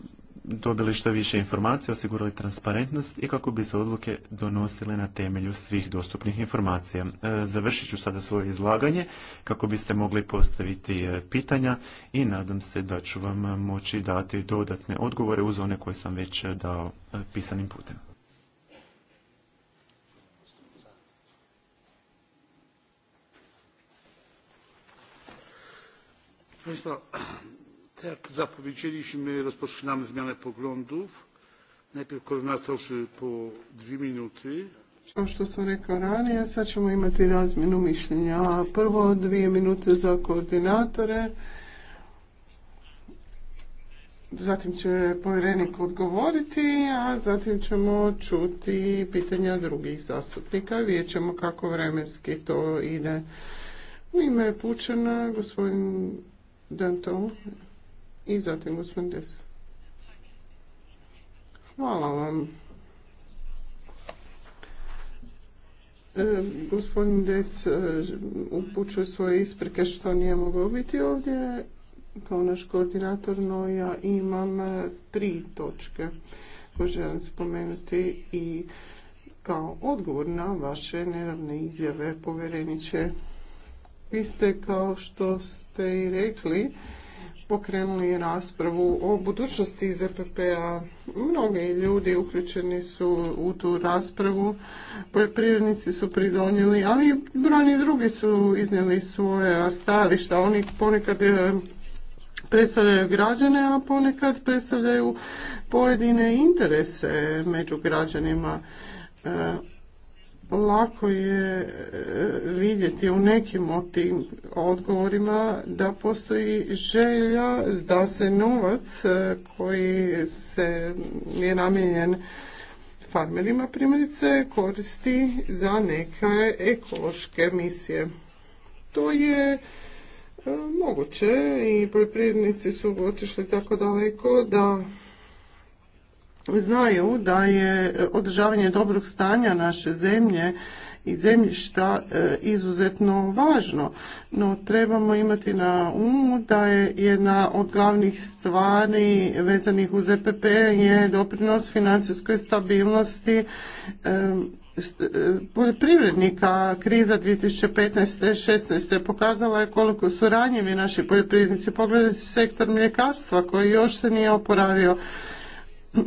dobili što više informacija, osigurali transparentnost i kako bi se odluke donosile na temelju svih dostupnih informacija. E, završit ću sada svoje izlaganje kako biste mogli postaviti e, pitanja i nadam se da ću vam moći dati dodatne odgovore uz one koje sam već e, dao pisanim putem jak zapowiedzieliśmy rozpoczynamy zmianę poglądów najpierw koordynatorzy po dvije minuty kao što sam rekao ranije sad ćemo imati razmjenu mišljenja prvo dvije minute za koordinatore zatim će povjerenik odgovoriti a zatim ćemo čuti pitanja drugih zastupnika vidjet ćemo kako vremenski to ide u ime pučena gospodin Danton i zatim gospodin Des. Hvala vam. E, gospodin Des e, upućuje svoje isprike što nije mogao biti ovdje kao naš koordinator, no ja imam e, tri točke koje želim spomenuti i kao odgovor na vaše neravne izjave povjereniče. Vi ste kao što ste i rekli pokrenuli raspravu o budućnosti ZPP-a. Mnogi ljudi uključeni su u tu raspravu, poljoprivrednici su pridonijeli, ali brojni drugi su iznijeli svoje stajališta. Oni ponekad eh, predstavljaju građane, a ponekad predstavljaju pojedine interese među građanima eh, lako je e, vidjeti u nekim od tim odgovorima da postoji želja da se novac e, koji se je namijenjen farmerima primjerice koristi za neke ekološke misije. To je e, moguće i poljoprivrednici su otišli tako daleko da znaju da je održavanje dobrog stanja naše zemlje i zemljišta e, izuzetno važno, no trebamo imati na umu da je jedna od glavnih stvari vezanih uz EPP je doprinos financijskoj stabilnosti e, e, poljoprivrednika kriza 2015-16 pokazala je koliko su ranjivi naši poljoprivrednici. Pogledajte sektor mljekarstva koji još se nije oporavio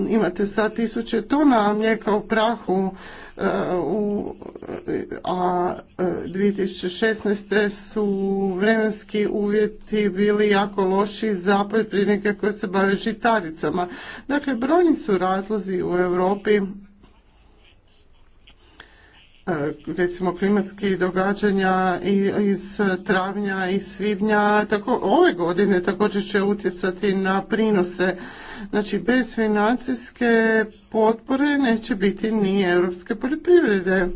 imate sad tisuće tona mlijeka u prahu, e, a 2016. E, su vremenski uvjeti bili jako loši za poljoprivrednike koji se bave žitaricama. Dakle, brojni su razlozi u Europi E, recimo klimatskih događanja iz travnja i svibnja tako ove godine također će utjecati na prinose znači bez financijske potpore neće biti ni europske poljoprivrede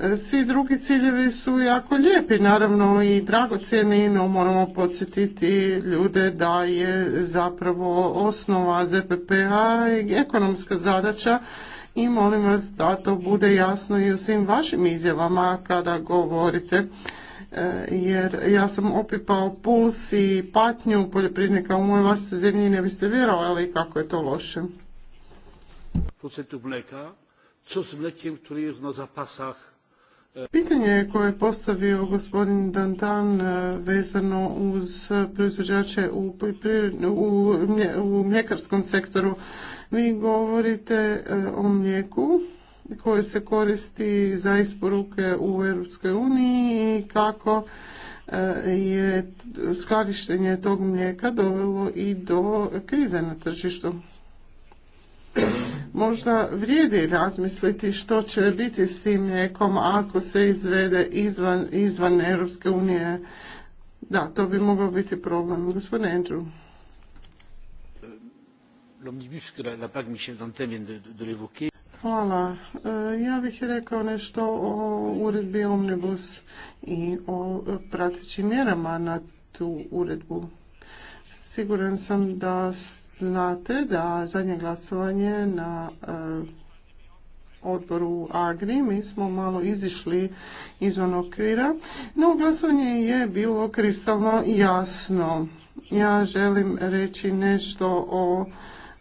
e, svi drugi ciljevi su jako lijepi, naravno i dragocjeni, no moramo podsjetiti ljude da je zapravo osnova ZPPA ekonomska zadaća i molim vas da to bude jasno i u svim vašim izjavama kada govorite e, jer ja sam opipao puls i patnju poljoprivrednika u mojoj vlastitoj zemlji i ne biste vjerovali kako je to loše. Procentu mleka, co s mlekiem, który jest na zapasach Pitanje koje je postavio gospodin Dantan e, vezano uz proizvođače u, mljekarskom sektoru. Vi govorite e, o mlijeku koje se koristi za isporuke u Europskoj uniji i kako e, je skladištenje tog mlijeka dovelo i do krize na tržištu. Možda vrijedi razmisliti što će biti s tim mlijekom ako se izvede izvan, izvan Europske unije. Da, to bi mogao biti problem. Gospodin Andrew. Hvala. Ja bih rekao nešto o uredbi Omnibus i o pratećim mjerama na tu uredbu. Siguran sam da znate da zadnje glasovanje na e, odboru Agri, mi smo malo izišli izvan okvira, no glasovanje je bilo kristalno jasno. Ja želim reći nešto o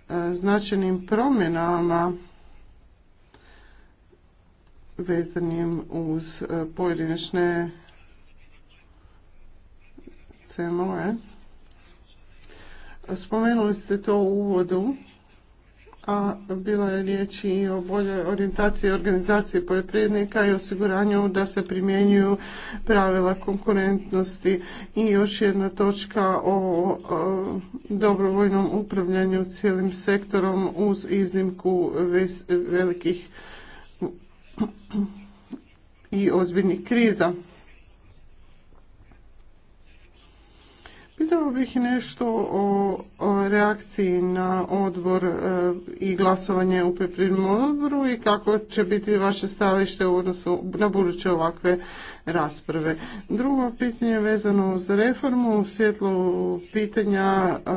e, značajnim promjenama vezanim uz e, pojedinačne e Spomenuli ste to u uvodu, a bila je riječ i o boljoj orijentaciji i organizaciji poljoprivrednika i osiguranju da se primjenjuju pravila konkurentnosti i još jedna točka o dobrovoljnom upravljanju cijelim sektorom uz iznimku velikih i ozbiljnih kriza. Pitao bih nešto o o reakciji na odbor e, i glasovanje u pripremnom odboru i kako će biti vaše stavište u odnosu na buduće ovakve rasprave. Drugo pitanje je vezano uz reformu u svjetlu pitanja e,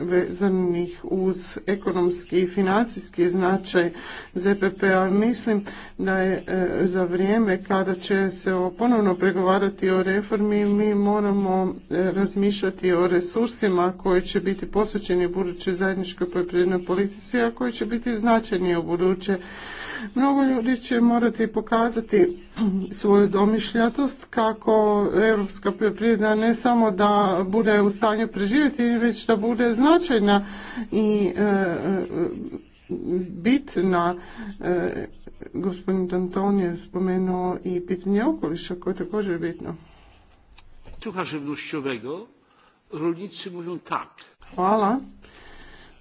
vezanih uz ekonomski i financijski značaj ZPP-a. Mislim da je e, za vrijeme kada će se ponovno pregovarati o reformi mi moramo razmišljati o resursima koji će biti posvećeni budućoj zajedničkoj poljoprivrednoj politici, a koji će biti značajni u buduće. Mnogo ljudi će morati pokazati svoju domišljatost kako europska poljoprivreda ne samo da bude u stanju preživjeti, već da bude značajna i e, e, bitna e, gospodin Danton je spomenuo i pitanje okoliša koje je također bitno. Suha rolnicy mówią Hvala.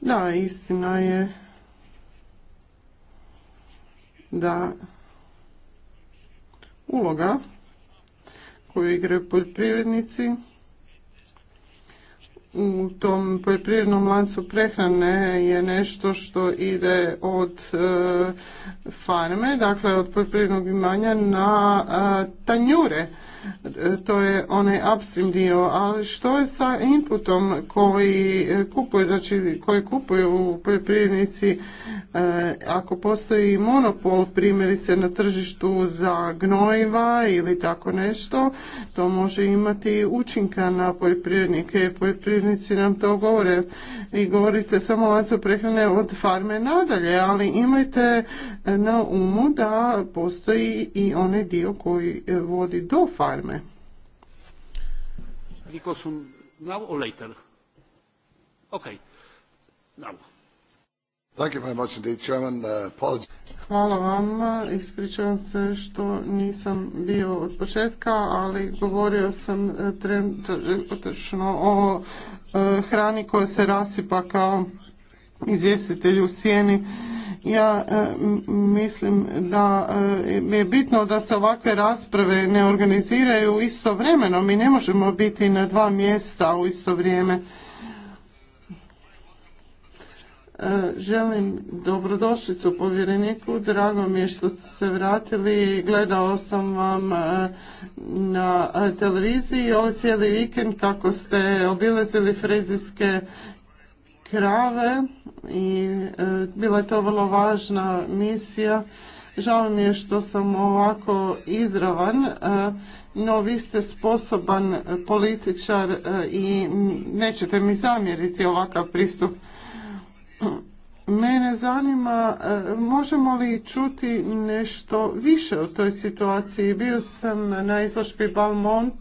Da, istina je da uloga koju igraju poljoprivrednici u tom poljoprivrednom lancu prehrane je nešto što ide od e, farme, dakle od poljoprivrednog imanja na e, tanjure. E, to je onaj upstream dio, ali što je sa inputom koji kupuju, znači koji kupuju poljoprivrednici ako postoji monopol primjerice na tržištu za gnojiva ili tako nešto, to može imati učinka na poljoprivrednike i poljoprivrednici nam to govore i govorite samo o lancu prehrane od farme nadalje, ali imajte na umu da postoji i onaj dio koji e, vodi do farme. Um, now or later? Okay. Now. Uh, Hvala vam. Ispričavam se što nisam bio od početka, ali govorio sam e, trenutno o e, hrani koja se rasipa kao izvjestitelj u sjeni. Ja e, mislim da mi je bitno da se ovakve rasprave ne organiziraju istovremeno. Mi ne možemo biti na dva mjesta u isto vrijeme. Želim dobrodošlicu povjereniku, drago mi je što ste se vratili, gledao sam vam e, na televiziji ovaj cijeli vikend kako ste obilazili frezijske krave i e, bila je to vrlo važna misija. Žao mi je što sam ovako izravan, e, no vi ste sposoban političar i nećete mi zamjeriti ovakav pristup. Mene zanima, e, možemo li čuti nešto više o toj situaciji? Bio sam na izložbi Balmont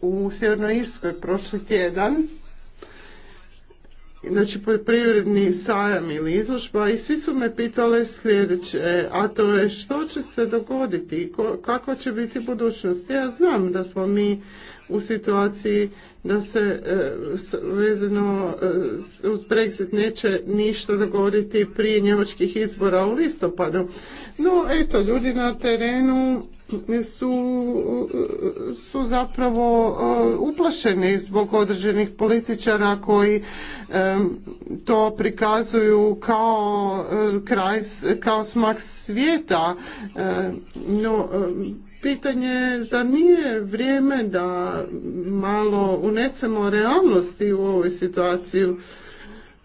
u Sjevernoj Irskoj prošli tjedan znači poljoprivredni sajam ili izložba i svi su me pitali sljedeće, a to je što će se dogoditi i kakva će biti budućnost. Ja znam da smo mi u situaciji da se e, vezano e, uz Brexit neće ništa dogoditi prije njemačkih izbora u listopadu. No, eto, ljudi na terenu su, su zapravo e, uplašeni zbog određenih političara koji e, to prikazuju kao e, kraj, kao smak svijeta. No, pitanje za nije vrijeme da malo unesemo realnosti u ovoj situaciju?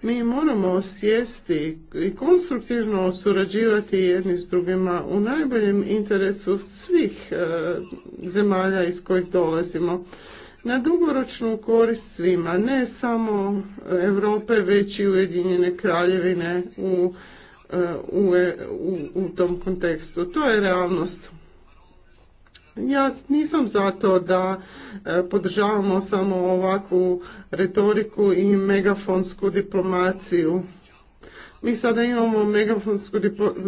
Mi moramo sjesti i konstruktivno surađivati jedni s drugima u najboljem interesu svih e, zemalja iz kojih dolazimo na dugoročnu korist svima, ne samo Europe, već i Ujedinjene kraljevine u, e, u, e, u, u tom kontekstu. To je realnost ja nisam zato da e, podržavamo samo ovakvu retoriku i megafonsku diplomaciju. Mi sada imamo megafonsku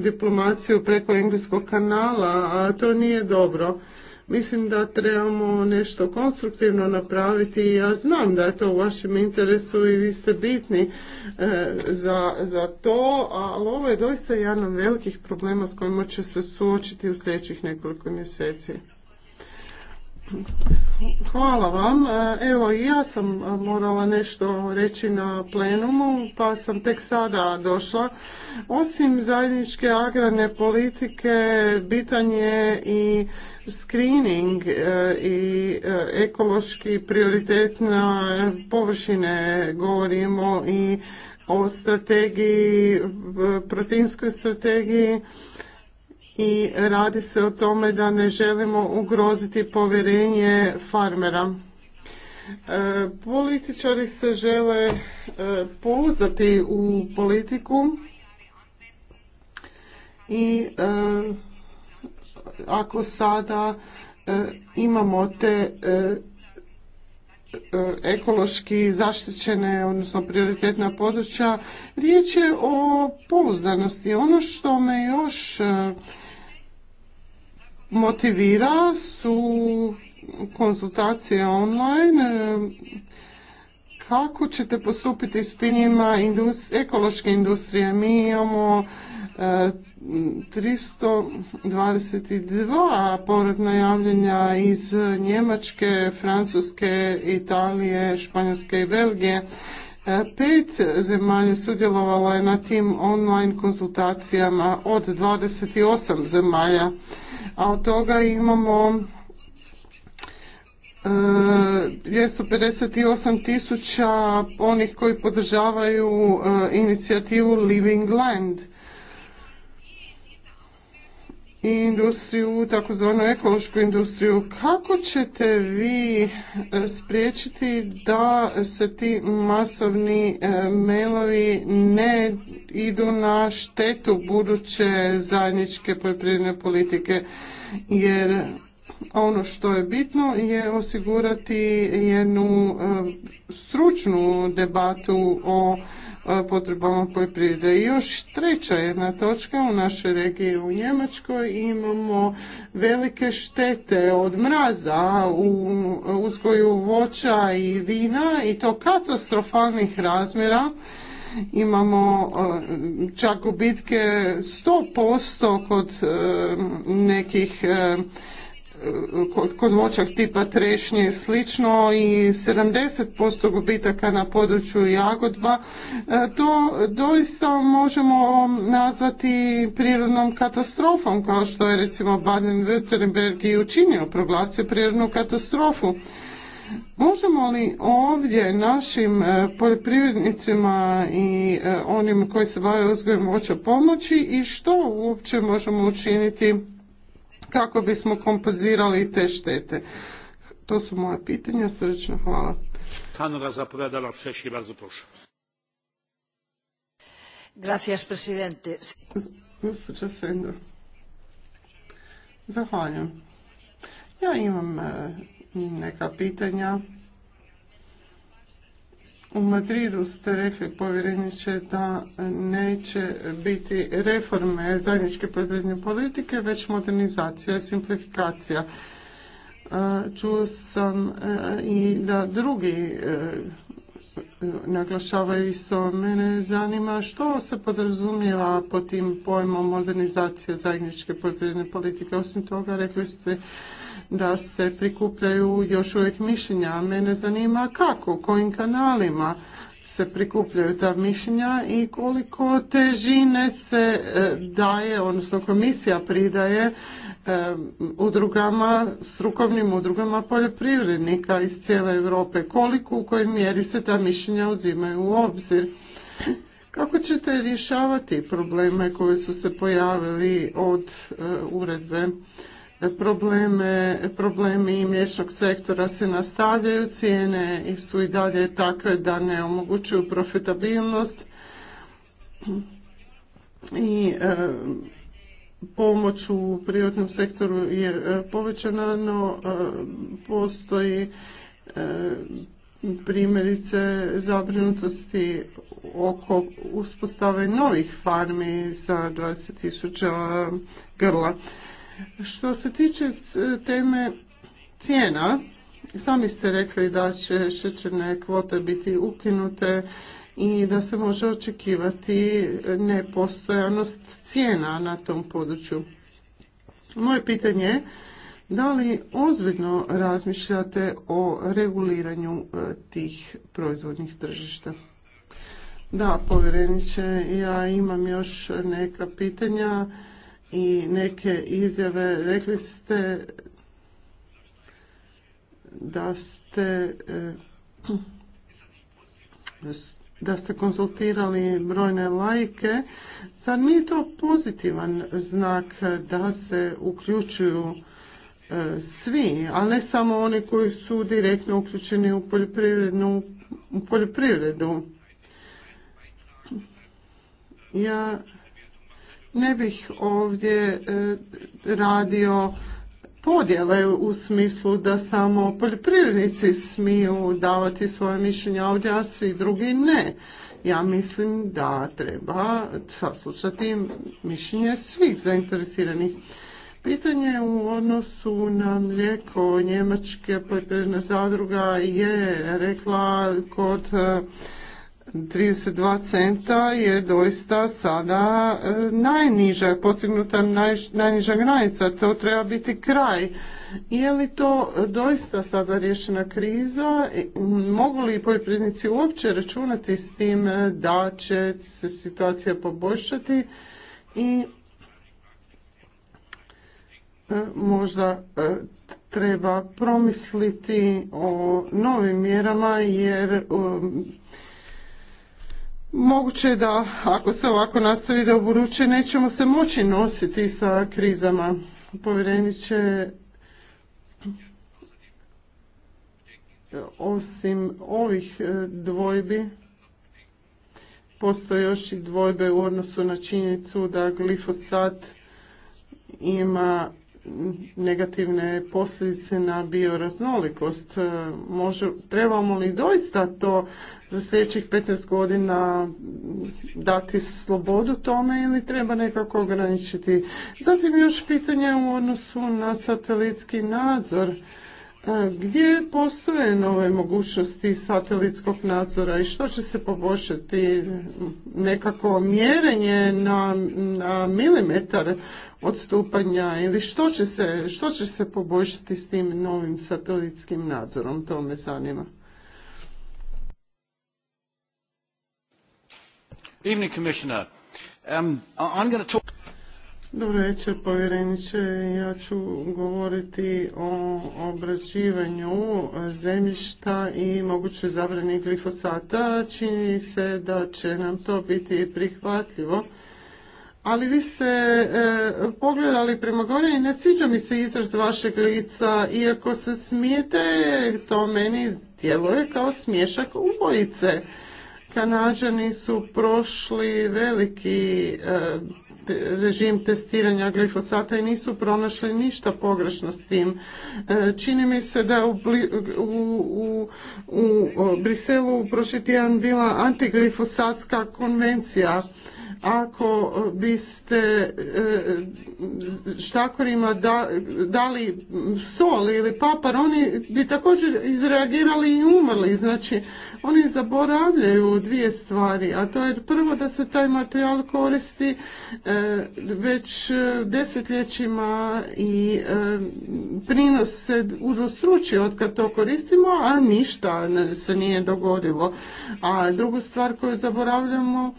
diplomaciju preko engleskog kanala, a to nije dobro. Mislim da trebamo nešto konstruktivno napraviti i ja znam da je to u vašem interesu i vi ste bitni e, za, za to, ali ovo je doista jedan od velikih problema s kojima će se suočiti u sljedećih nekoliko mjeseci. Hvala vam. E, evo i ja sam e, morala nešto reći na plenumu, pa sam tek sada došla. Osim zajedničke agrarne politike, bitan je i screening e, i ekološki prioritet na površine. Govorimo i o strategiji, proteinskoj strategiji i radi se o tome da ne želimo ugroziti povjerenje farmera. E, političari se žele e, pouzdati u politiku i e, ako sada e, imamo te e, ekološki zaštićene, odnosno prioritetna područja, riječ je o pouzdanosti. Ono što me još motivira su konzultacije online. Kako ćete postupiti s pinjima ekološke industrije? Mi imamo 322 e, povratna javljanja iz Njemačke, Francuske, Italije, Španjolske i Belgije. Pet zemalja sudjelovalo je na tim online konzultacijama od 28 zemalja, a od toga imamo 258 e, tisuća onih koji podržavaju e, inicijativu Living Land i industriju, takozvanu ekološku industriju. Kako ćete vi e, spriječiti da se ti masovni e, mailovi ne idu na štetu buduće zajedničke poljoprivredne politike? Jer ono što je bitno je osigurati jednu e, stručnu debatu o potrebama poljoprivrede. I još treća jedna točka u našoj regiji u Njemačkoj imamo velike štete od mraza u uzgoju voća i vina i to katastrofalnih razmjera imamo čak gubitke 100% kod nekih kod, kod tipa trešnje i slično i 70% gubitaka na području jagodba, e, to doista možemo nazvati prirodnom katastrofom kao što je recimo Baden-Württemberg i učinio, proglasio prirodnu katastrofu. Možemo li ovdje našim e, poljoprivrednicima i e, onim koji se bave uzgojem voća pomoći i što uopće možemo učiniti kako bismo kompozirali te štete. To su moja pitanja, srdečno hvala. Sandra zapovedala Češi, bardzo proszę. Gracias, presidente. Gospođa Sendra. Zahvaljujem. Ja imam e, neka pitanja u Madridu ste rekli, povjereniče, da neće biti reforme zajedničke poljoprivredne politike, već modernizacija simplifikacija. E, čuo sam e, i da drugi e, naglašavaju isto. Mene zanima što se podrazumijeva po tim pojmom modernizacije zajedničke poljoprivredne politike. Osim toga, rekli ste da se prikupljaju još uvijek mišljenja. A mene zanima kako, kojim kanalima se prikupljaju ta mišljenja i koliko težine se e, daje, odnosno komisija pridaje e, udrugama, strukovnim udrugama poljoprivrednika iz cijele Europe, koliko u kojoj mjeri se ta mišljenja uzimaju u obzir. Kako ćete rješavati probleme koji su se pojavili od e, uredbe? problemi mliječnog sektora se nastavljaju, cijene su i dalje takve da ne omogućuju profitabilnost i e, pomoć u privatnom sektoru je e, povećana, no e, postoji primjerice zabrinutosti oko uspostave novih farmi sa 20.000 grla. Što se tiče e, teme cijena, sami ste rekli da će šećerne kvote biti ukinute i da se može očekivati nepostojanost cijena na tom području. Moje pitanje je da li ozbiljno razmišljate o reguliranju e, tih proizvodnih tržišta? Da, povjereniče, ja imam još neka pitanja i neke izjave. Rekli ste da ste eh, da ste konsultirali brojne lajke. Sad nije to pozitivan znak da se uključuju eh, svi, ali ne samo oni koji su direktno uključeni u poljoprivrednu u poljoprivredu. Ja ne bih ovdje e, radio podjele u smislu da samo poljoprivrednici smiju davati svoje mišljenja ovdje, a svi drugi ne. Ja mislim da treba saslušati mišljenje svih zainteresiranih. Pitanje u odnosu na mlijeko Njemačke poljoprivredna zadruga je rekla kod e, 32 centa je doista sada e, najniža, postignuta najniža granica, to treba biti kraj. Je li to doista sada rješena kriza? Mogu li poljoprivrednici uopće računati s tim e, da će se situacija poboljšati i e, možda treba promisliti o novim mjerama jer Moguće je da ako se ovako nastavi da oburuće nećemo se moći nositi sa krizama. Povjereniće osim ovih e, dvojbi postoje još i dvojbe u odnosu na činjenicu da glifosat ima negativne posljedice na bioraznolikost. E, može, trebamo li doista to za sljedećih 15 godina dati slobodu tome ili treba nekako ograničiti? Zatim još pitanje u odnosu na satelitski nadzor E, gdje postoje nove mogućnosti satelitskog nadzora i što će se poboljšati nekako mjerenje na, milimetar odstupanja ili što će, se, što će se poboljšati s tim novim satelitskim nadzorom? To me zanima. Evening, um, I'm talk... Dobro večer, povjereniče. Ja ću govoriti o obrađivanju zemljišta i mogućoj zabrani glifosata. Čini se da će nam to biti prihvatljivo. Ali vi ste e, pogledali prema gore i ne sviđa mi se izraz vašeg lica. Iako se smijete, to meni djeluje kao smješak ubojice. Kanađani su prošli veliki e, režim testiranja glifosata i nisu pronašli ništa pogrešno s tim. E, čini mi se da u, u, u, u Briselu prošli tjedan bila antiglifosatska konvencija ako biste e, štakorima dali sol ili papar, oni bi također izreagirali i umrli. Znači, oni zaboravljaju dvije stvari, a to je prvo da se taj materijal koristi e, već desetljećima i e, prinos se udvostručio od kad to koristimo, a ništa se nije dogodilo. A drugu stvar koju zaboravljamo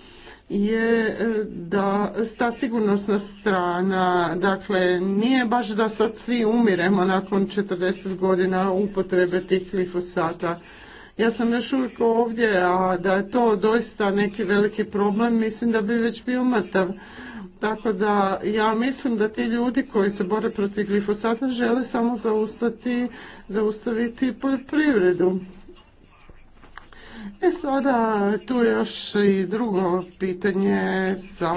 je e, da ta sigurnosna strana, dakle nije baš da sad svi umiremo nakon 40 godina upotrebe tih glifosata. Ja sam još uvijek ovdje, a da je to doista neki veliki problem, mislim da bi već bio mrtav. Tako da ja mislim da ti ljudi koji se bore protiv glifosata žele samo zaustaviti, zaustaviti poljoprivredu. E sada tu je još i drugo pitanje sa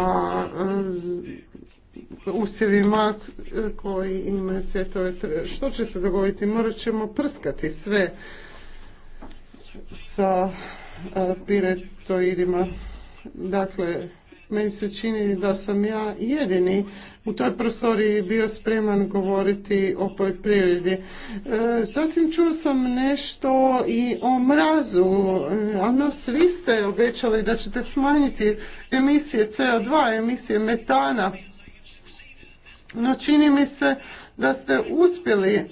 e, usjevima koji imaju cvjetove. Što će se dogoditi? Morat ćemo prskati sve sa e, piretoidima. Dakle, meni se čini da sam ja jedini u toj prostoriji bio spreman govoriti o poljoprivredi. E, zatim čuo sam nešto i o mrazu. Ono, svi ste obećali da ćete smanjiti emisije CO2, emisije metana. No čini mi se da ste uspjeli e,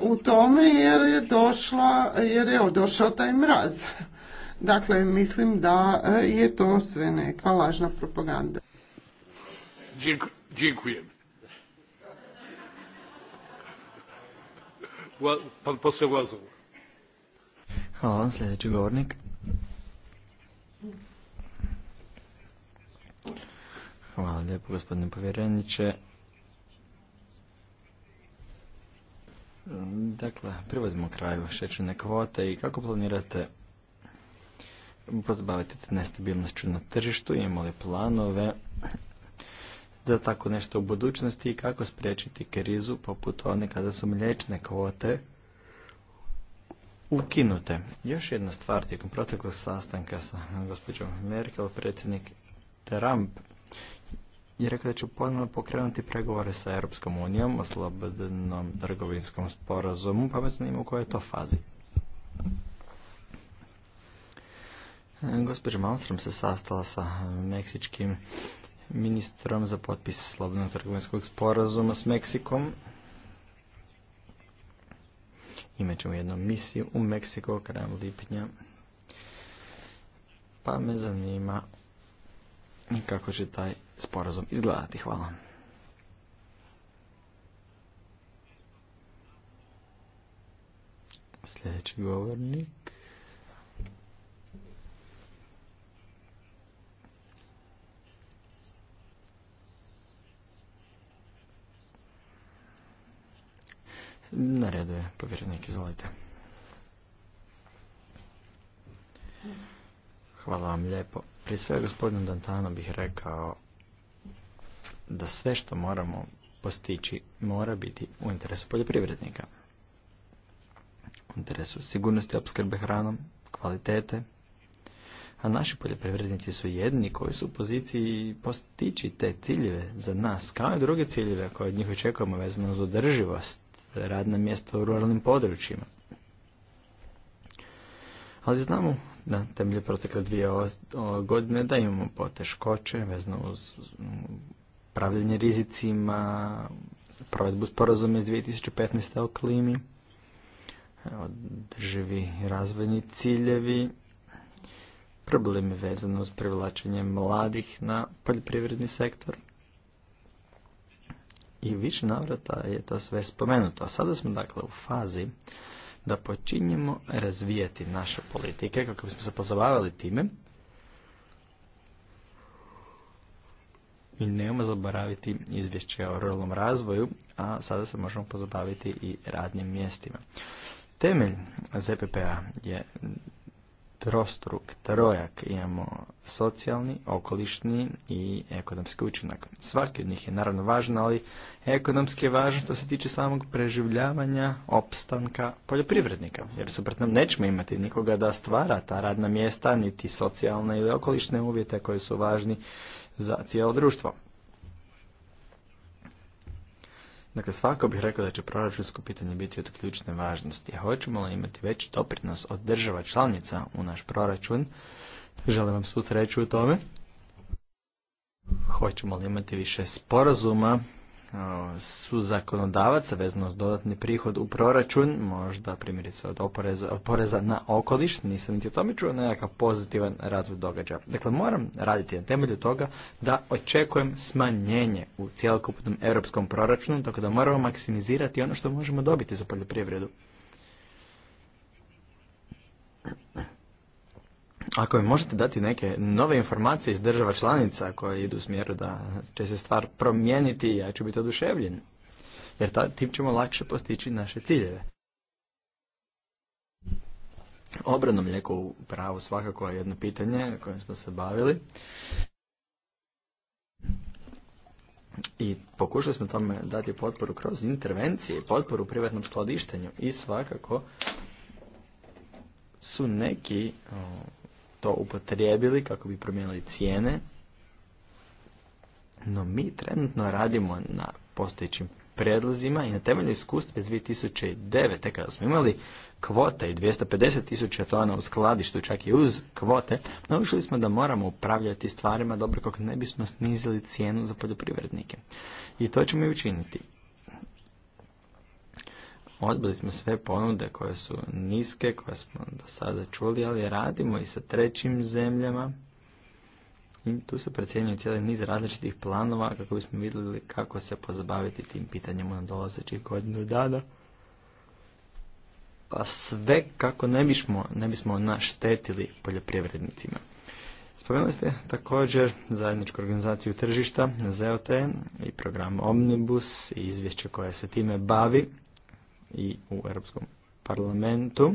u tome jer je došla, jer je došao taj mraz. Dakle, mislim da e, je to sve neka lažna propaganda. Dziękujem. Pan poseł Hvala vam, sljedeći govornik. Hvala lijepo, gospodine povjereniče. Dakle, privodimo kraju šećerne kvote i kako planirate te nestabilnošću na tržištu, imamo li planove za tako nešto u budućnosti i kako spriječiti krizu poput one kada su mlječne kvote ukinute. Još jedna stvar tijekom proteklog sastanka sa gospođom Merkel, predsjednik Trump je rekao da će ponovno pokrenuti pregovore sa Europskom unijom o slobodnom trgovinskom sporazumu, pa me zanima u kojoj je to fazi. Gospođa Malmström se sastala sa meksičkim ministrom za potpis slobodnog trgovinskog sporazuma s Meksikom. Imaćemo jednu misiju u Meksiko krajem lipnja. Pa me zanima kako će taj sporazum izgledati. Hvala. Sljedeći govornik Na redu je povjerenik, izvolite. Hvala vam lijepo. Prije svega gospodinu Dantano bih rekao da sve što moramo postići mora biti u interesu poljoprivrednika. U interesu sigurnosti opskrbe hranom, kvalitete, a naši poljoprivrednici su jedni koji su u poziciji postići te ciljeve za nas, kao i druge ciljeve koje od njih očekujemo vezano za održivost radna mjesta u ruralnim područjima. Ali znamo na temelju protekle dvije godine da imamo poteškoće vezano uz upravljanje rizicima, provedbu sporazuma iz 2015. o klimi, održivi razvojni ciljevi, problemi vezano uz privlačenje mladih na poljoprivredni sektor i više navrata je to sve spomenuto. A sada smo dakle u fazi da počinjemo razvijati naše politike kako bismo se pozabavili time i nemojmo zaboraviti izvješće o ruralnom razvoju, a sada se možemo pozabaviti i radnim mjestima. Temelj ZPP-a je trostruk, trojak, imamo socijalni, okolišni i ekonomski učinak. Svaki od njih je naravno važan, ali ekonomski je važan što se tiče samog preživljavanja, opstanka poljoprivrednika. Jer suprotno nećemo imati nikoga da stvara ta radna mjesta, niti socijalne ili okolišne uvjete koji su važni za cijelo društvo. Dakle, svako bih rekao da će proračunsko pitanje biti od ključne važnosti. A hoćemo li imati veći doprinos od država članica u naš proračun? Želim vam svu sreću u tome. Hoćemo li imati više sporazuma su zakonodavaca vezano s dodatni prihod u proračun, možda primjerice od oporeza, na okoliš, nisam niti o tome čuo nekakav pozitivan razvoj događaja. Dakle, moram raditi na temelju toga da očekujem smanjenje u cijelokupnom europskom proračunu, tako da moramo maksimizirati ono što možemo dobiti za poljoprivredu. Ako mi možete dati neke nove informacije iz država članica koje idu u smjeru da će se stvar promijeniti, ja ću biti oduševljen. Jer ta, tim ćemo lakše postići naše ciljeve. Obrano mlijeko u pravu svakako je jedno pitanje kojim smo se bavili. I pokušali smo tome dati potporu kroz intervencije, potporu privatnom skladištenju i svakako su neki to upotrijebili kako bi promijenili cijene. No mi trenutno radimo na postojećim predlozima i na temelju iskustva iz 2009. kada smo imali kvote i 250 tisuća tona u skladištu, čak i uz kvote, naučili smo da moramo upravljati stvarima dobro kako ne bismo snizili cijenu za poljoprivrednike. I to ćemo i učiniti. Odbili smo sve ponude koje su niske, koje smo do sada čuli, ali radimo i sa trećim zemljama. I tu se procjenjuje cijeli niz različitih planova kako bismo vidjeli kako se pozabaviti tim pitanjima na dolazećih godinu dana. Pa sve kako ne bismo, ne bismo naštetili poljoprivrednicima. Spomenuli ste također zajedničku organizaciju tržišta, ZOT i program Omnibus i izvješće koje se time bavi i u Europskom parlamentu.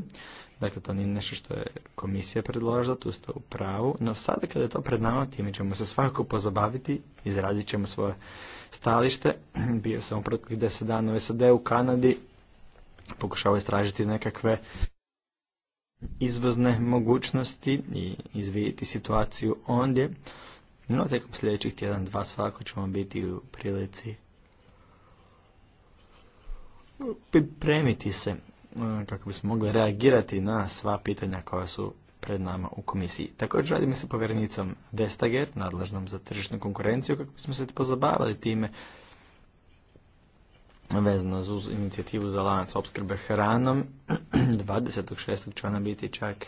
Dakle, to nije nešto što je komisija predložila, tu ste u pravu. No sada kada je to pred nama, time ćemo se svakako pozabaviti, izradit ćemo svoje stalište. Bio sam u proteklih deset dana u SAD u Kanadi, pokušao istražiti nekakve izvozne mogućnosti i izvidjeti situaciju ondje. No, tijekom sljedećih tjedan, dva svako ćemo biti u prilici pripremiti se e, kako bismo mogli reagirati na sva pitanja koja su pred nama u komisiji. Također radimo se povjerenicom Vestager, nadležnom za tržišnu konkurenciju, kako bismo se pozabavili time vezano uz inicijativu za lanac opskrbe hranom. 26. će ona biti čak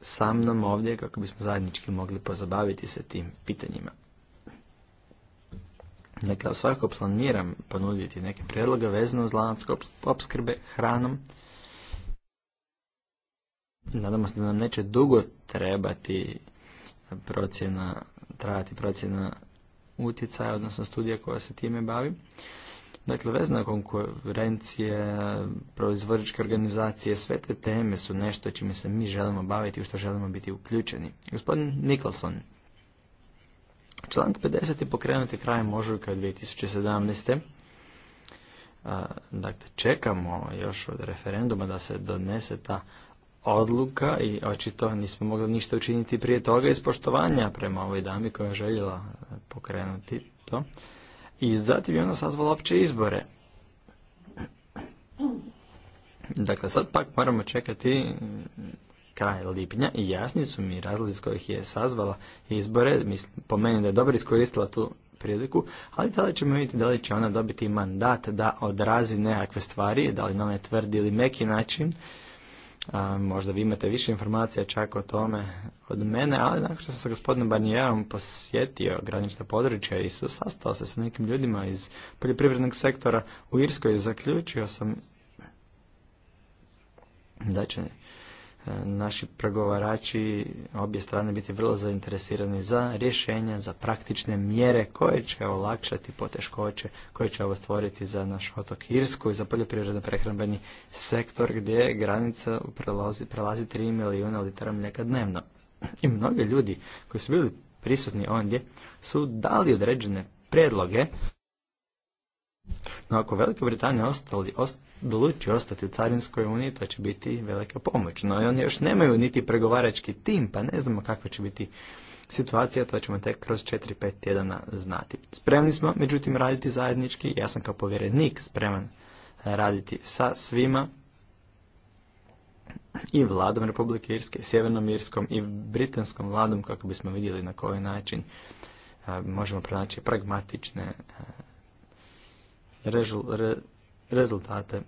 sa mnom ovdje kako bismo zajednički mogli pozabaviti se tim pitanjima. Dakle, svakako planiram ponuditi neke prijedloge vezano uz lanac opskrbe hranom. Nadamo se da nam neće dugo trebati procjena, trajati procjena utjecaja, odnosno studija koja se time bavi. Dakle, vezna konkurencije, proizvođačke organizacije, sve te teme su nešto čime se mi želimo baviti i u što želimo biti uključeni. Gospodin Nikolson, Članak 50. pokrenuti krajem ožujka 2017. Dakle, čekamo još od referenduma da se donese ta odluka i očito nismo mogli ništa učiniti prije toga iz poštovanja prema ovoj dami koja je željela pokrenuti to. I zatim je ona sazvala opće izbore. Dakle, sad pak moramo čekati kraj lipnja i jasni su mi razlozi s kojih je sazvala izbore. Mislim, po meni da je dobro iskoristila tu priliku, ali tada ćemo vidjeti da li će ona dobiti mandat da odrazi nekakve stvari, da li na onaj tvrdi ili meki način. A, možda vi imate više informacija čak o tome od mene, ali nakon što sam sa gospodinom Barnijevom posjetio granična područja i sastao se sa nekim ljudima iz poljoprivrednog sektora u Irskoj, zaključio sam da će E, naši pregovarači obje strane biti vrlo zainteresirani za rješenja, za praktične mjere koje će olakšati poteškoće, koje će ovo stvoriti za naš otok Irsku i za poljoprivredno prehrambeni sektor gdje granica prelazi, prelazi 3 milijuna litara mlijeka dnevno. I mnogi ljudi koji su bili prisutni ondje su dali određene predloge no ako Velika Britanija ostali, ost, odluči ostati u Carinskoj uniji, to će biti velika pomoć. No i oni još nemaju niti pregovarački tim, pa ne znamo kakva će biti situacija, to ćemo tek kroz 4-5 tjedana znati. Spremni smo, međutim, raditi zajednički. Ja sam kao povjerenik spreman raditi sa svima i vladom Republike Irske, Sjevernom Irskom i Britanskom vladom kako bismo vidjeli na koji način možemo pronaći pragmatične rezultate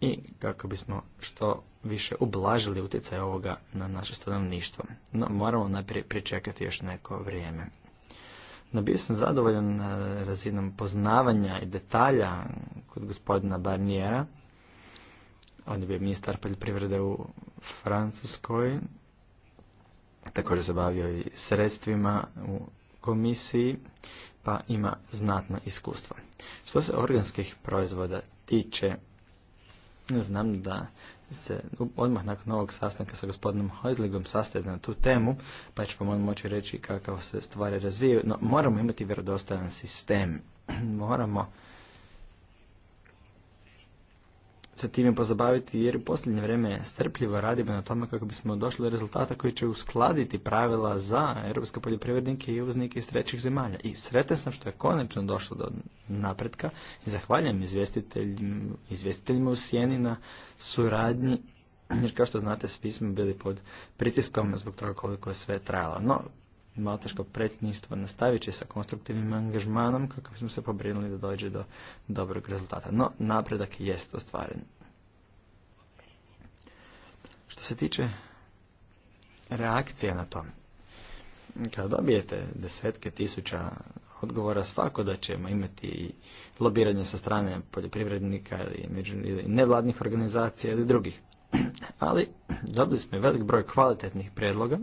i kako bismo što više ublažili utjecaj ovoga na naše stanovništvo. No, moramo najprije pričekati još neko vrijeme. No, bio sam zadovoljan e, razinom poznavanja i detalja kod gospodina Barniera. On je bio ministar poljoprivrede u Francuskoj. Također se bavio i sredstvima u komisiji pa ima znatno iskustvo. Što se organskih proizvoda tiče, znam da se odmah nakon novog sastanka sa gospodinom Hojzligom sastaje na tu temu, pa ću vam moći reći kako se stvari razvijaju, no moramo imati vjerodostojan sistem. moramo se time pozabaviti jer u posljednje vrijeme strpljivo radimo na tome kako bismo došli do rezultata koji će uskladiti pravila za europske poljoprivrednike i uvoznike iz trećih zemalja. I sretan sam što je konačno došlo do napretka i zahvaljujem izvjestiteljima, izvjestiteljima u Sjeni na suradnji jer kao što znate svi smo bili pod pritiskom zbog toga koliko je sve trajalo. No, Malteško predsjedništva nastavit će sa konstruktivnim angažmanom kako bismo se pobrinuli da dođe do dobrog rezultata. No, napredak jest ostvaren. Što se tiče reakcija na to, kada dobijete desetke tisuća odgovora svako da ćemo imati lobiranje sa strane poljoprivrednika ili, ili nevladnih organizacija ili drugih. Ali dobili smo i velik broj kvalitetnih predloga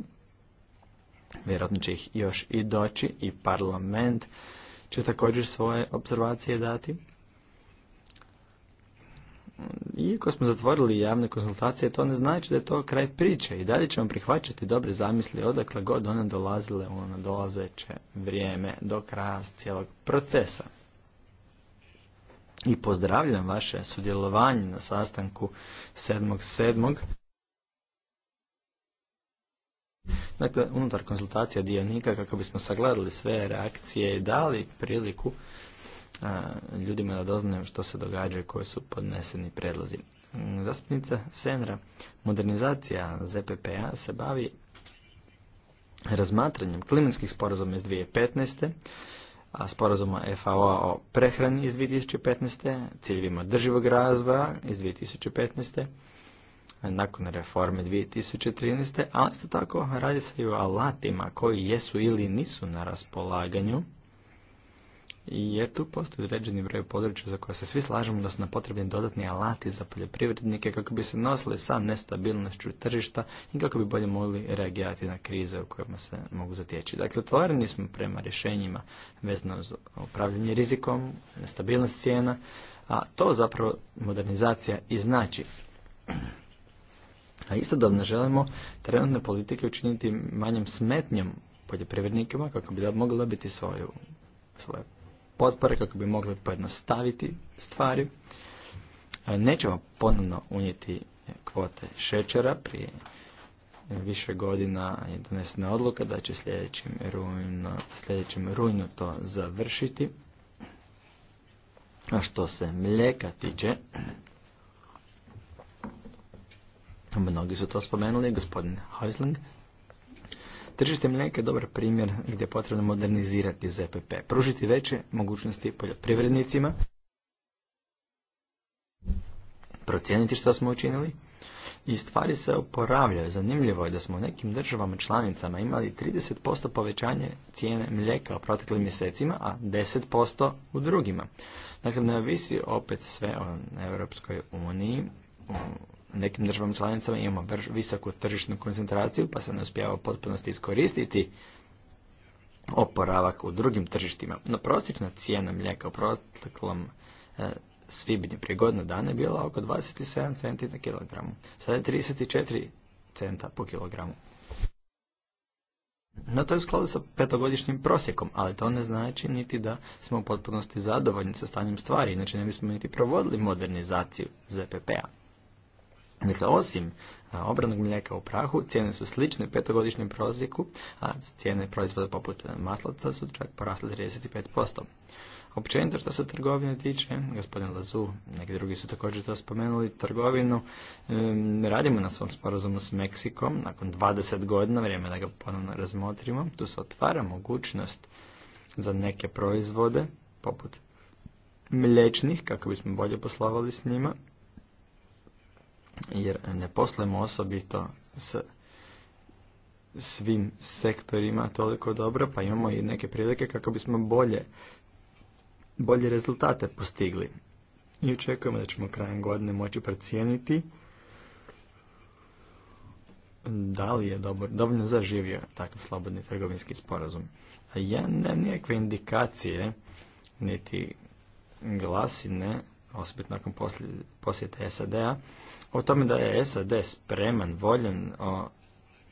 vjerojatno će ih još i doći i parlament će također svoje observacije dati. Iako smo zatvorili javne konzultacije, to ne znači da je to kraj priče i dalje ćemo prihvaćati dobre zamisli odakle god one dolazile u ono dolazeće vrijeme do kraja cijelog procesa. I pozdravljam vaše sudjelovanje na sastanku 7.7. Dakle, unutar konzultacija dionika kako bismo sagledali sve reakcije i dali priliku ljudima da doznaju što se događa i koji su podneseni predlozi. Mm, zastupnica Senra, modernizacija ZPPA se bavi razmatranjem klimatskih sporazuma iz 2015 a sporazuma FAO o prehrani iz 2015. ciljevima drživog razvoja iz 2015 nakon reforme 2013. ali isto tako radi se i o alatima koji jesu ili nisu na raspolaganju jer tu postoji određeni broj područja za koje se svi slažemo da su nam potrebni dodatni alati za poljoprivrednike kako bi se nosili sa nestabilnošću tržišta i kako bi bolje mogli reagirati na krize u kojima se mogu zatjeći. Dakle, otvoreni smo prema rješenjima vezano za upravljanje rizikom, nestabilnost cijena, a to zapravo modernizacija i znači. A istodobno želimo trenutne politike učiniti manjom smetnjom poljoprivrednikima kako bi da mogla dobiti svoju, svoje potpore, kako bi mogli pojednostaviti stvari. E, nećemo ponovno unijeti kvote šećera. Prije više godina je donesena odluka da će sljedećim rujnu, sljedećim rujnu to završiti. A što se mlijeka tiče, Mnogi su to spomenuli, gospodin Heusling. Tržište mlijeka je dobar primjer gdje je potrebno modernizirati ZPP, pružiti veće mogućnosti poljoprivrednicima, procijeniti što smo učinili i stvari se oporavljaju. Zanimljivo je da smo u nekim državama članicama imali 30% povećanje cijene mlijeka u proteklim mjesecima, a 10% u drugima. Dakle, ne ovisi opet sve o Europskoj uniji, nekim državama članicama imamo visoku tržišnu koncentraciju pa se ne uspijeva u potpunosti iskoristiti oporavak u drugim tržištima. No prosječna cijena mlijeka u proteklom e, svibnju prije godinu dana je bila oko 27 centi na kilogramu. Sada je 34 centa po kilogramu. No to je u skladu sa petogodišnjim prosjekom, ali to ne znači niti da smo u potpunosti zadovoljni sa stanjem stvari, inače ne bismo niti provodili modernizaciju ZPP-a. Dakle, osim obranog mlijeka u prahu, cijene su slične petogodišnjem prosjeku, a cijene proizvoda poput e, maslaca su čak porasle 35%. Općenito što se trgovine tiče, gospodin Lazu, neki drugi su također to spomenuli, trgovinu e, radimo na svom sporazumu s Meksikom, nakon 20 godina vrijeme da ga ponovno razmotrimo, tu se otvara mogućnost za neke proizvode, poput mlječnih, kako bismo bolje poslovali s njima, jer ne poslujemo osobito s svim sektorima toliko dobro, pa imamo i neke prilike kako bismo bolje, bolje rezultate postigli. I očekujemo da ćemo krajem godine moći procijeniti da li je dobro dovoljno zaživio takav slobodni trgovinski sporazum. A ja nemam nikakve indikacije, niti glasine osobit nakon posjeta SAD-a, o tome da je SAD spreman, voljen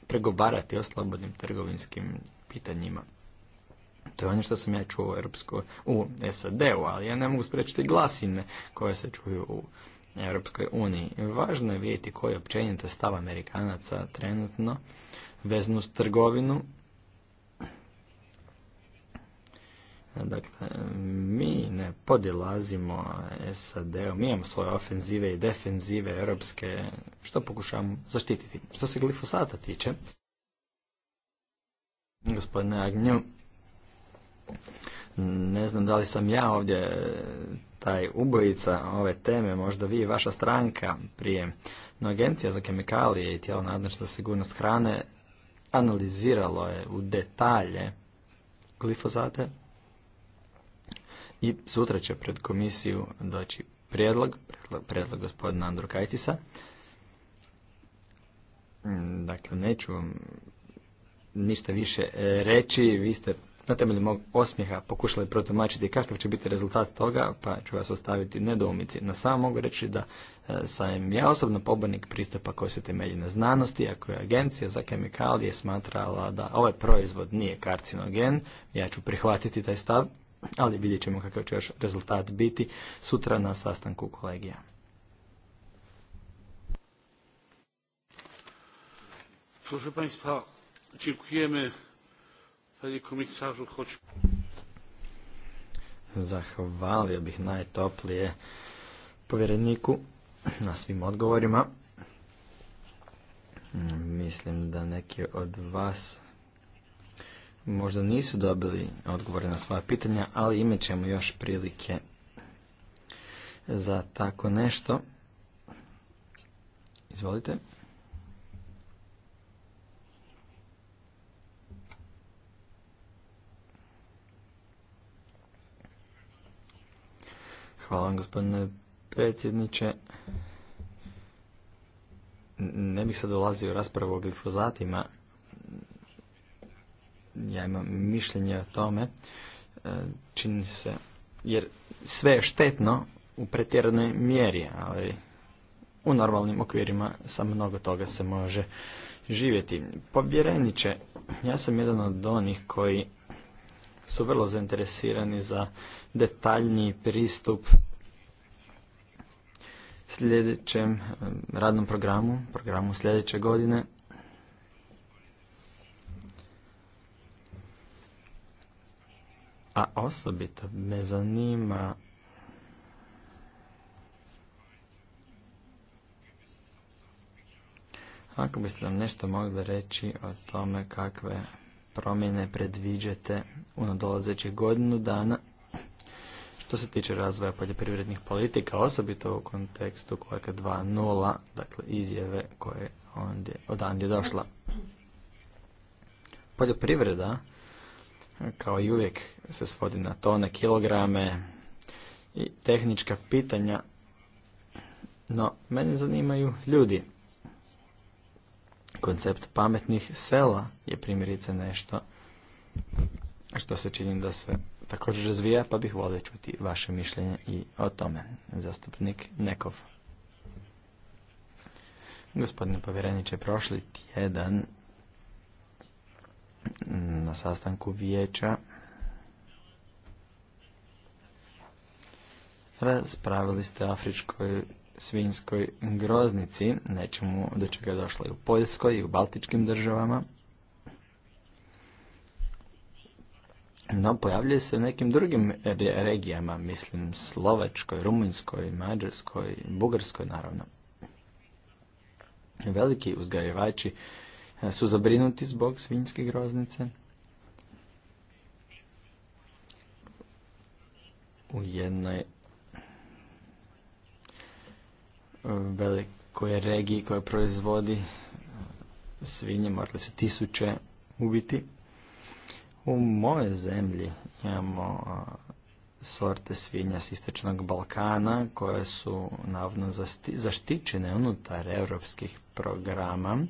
pregovarati o slobodnim trgovinskim pitanjima. To je ono što sam ja čuo u, Europsko, u SAD-u, ali ja ne mogu sprečiti glasine koje se čuju u Europskoj uniji. Važno je vidjeti koji je općenito stav Amerikanaca trenutno veznu s trgovinu Dakle, mi ne podilazimo SAD-om, mi imamo svoje ofenzive i defenzive europske, što pokušavamo zaštititi. Što se glifosata tiče, gospodine Agnju, ne znam da li sam ja ovdje taj ubojica ove teme, možda vi i vaša stranka prije, no Agencija za kemikalije i tijelo nadležno za sigurnost hrane analiziralo je u detalje glifosate, i sutra će pred komisiju doći prijedlog, prijedlog gospodina Androkajtisa. Kajtisa. Mm, dakle, neću vam ništa više e, reći, vi ste na temelju mog osmijeha pokušali protumačiti kakav će biti rezultat toga, pa ću vas ostaviti nedoumici. Na samo mogu reći da e, sam ja osobno pobornik pristupa koji se temelji na znanosti, ako je agencija za kemikalije smatrala da ovaj proizvod nije karcinogen, ja ću prihvatiti taj stav, ali vidjet ćemo kakav će još rezultat biti sutra na sastanku kolegija. Proszę Państwa, dziękujemy Panie Komisarzu. Choć... Zahvalio bih najtoplije povjereniku na svim odgovorima. Mislim da neki od vas možda nisu dobili odgovore na svoja pitanja, ali imat ćemo još prilike za tako nešto. Izvolite. Hvala vam gospodine predsjedniče. Ne bih sad dolazio u raspravu o glifozatima, ja imam mišljenje o tome, e, čini se, jer sve je štetno u pretjeranoj mjeri, ali u normalnim okvirima sa mnogo toga se može živjeti. Povjereniče, ja sam jedan od onih koji su vrlo zainteresirani za detaljniji pristup sljedećem e, radnom programu, programu sljedeće godine. A osobito me zanima Ako biste nam nešto mogli reći o tome kakve promjene predviđate u nadolazećih godinu dana što se tiče razvoja poljoprivrednih politika, osobito u kontekstu dva 2.0, dakle izjave koje ondje, odandje došla. Poljoprivreda kao i uvijek se svodi na tone, kilograme i tehnička pitanja, no mene zanimaju ljudi. Koncept pametnih sela je primjerice nešto što se čini da se također razvija, pa bih volio čuti vaše mišljenje i o tome. Zastupnik Nekov. Gospodine povjereniče, prošli tjedan na sastanku vijeća raspravili ste afričkoj svinjskoj groznici, nečemu do čega je došlo i u Poljskoj i u Baltičkim državama. No, pojavljuje se u nekim drugim regijama, mislim Slovačkoj, Rumunjskoj, Mađarskoj, Bugarskoj naravno. Veliki uzgajivači E, su zabrinuti zbog svinjske groznice. U jednoj e, velikoj regiji koja proizvodi e, svinje morali su tisuće ubiti. U moje zemlji imamo sorte svinja s istočnog Balkana koje su navodno zaštićene unutar europskih programa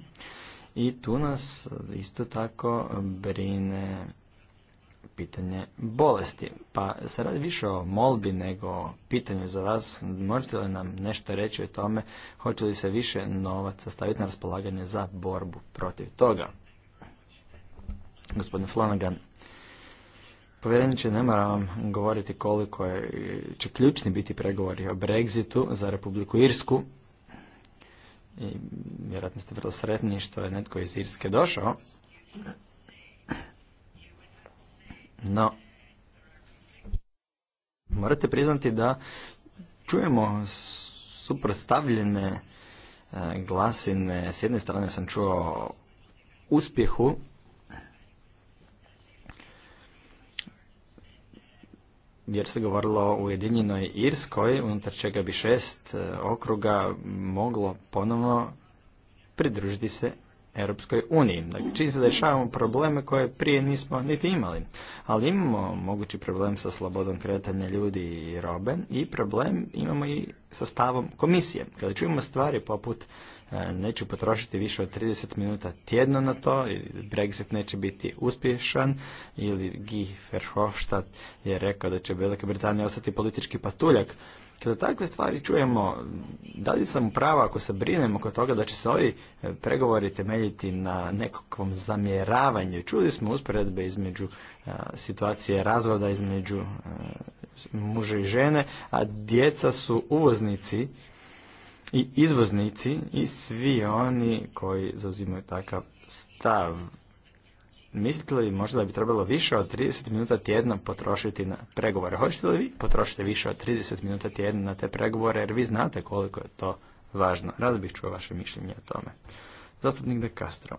i tu nas eh, isto tako eh, brine pitanje bolesti. Pa se radi više o molbi nego o pitanju za vas. Možete li nam nešto reći o tome? Hoće li se više novaca staviti na raspolaganje za borbu protiv toga? Gospodin Flanagan, povjereniče, ne moram govoriti koliko je, će ključni biti pregovori o Brexitu za Republiku Irsku, i vjerojatno ste vrlo sretni što je netko iz Irske došao. No, morate priznati da čujemo suprotstavljene e, glasine. S jedne strane sam čuo uspjehu jer se govorilo o Ujedinjenoj Irskoj, unutar čega bi šest e, okruga moglo ponovno pridružiti se Europskoj uniji. Dakle, čini se da rješavamo probleme koje prije nismo niti imali. Ali imamo mogući problem sa slobodom kretanja ljudi i robe i problem imamo i sa stavom komisije. Kada čujemo stvari poput E, neću potrošiti više od 30 minuta tjedno na to, Brexit neće biti uspješan ili Guy Verhofstadt je rekao da će Velika Britanija ostati politički patuljak. Kada takve stvari čujemo, da li sam prava ako se brinemo oko toga da će se ovi e, pregovori temeljiti na nekakvom zamjeravanju? Čuli smo usporedbe između e, situacije razvoda između muže muža i žene, a djeca su uvoznici i izvoznici i svi oni koji zauzimaju takav stav. Mislite li možda da bi trebalo više od 30 minuta tjedno potrošiti na pregovore? Hoćete li vi potrošiti više od 30 minuta tjedno na te pregovore jer vi znate koliko je to važno? Rado bih čuo vaše mišljenje o tome. Zastupnik De Castro.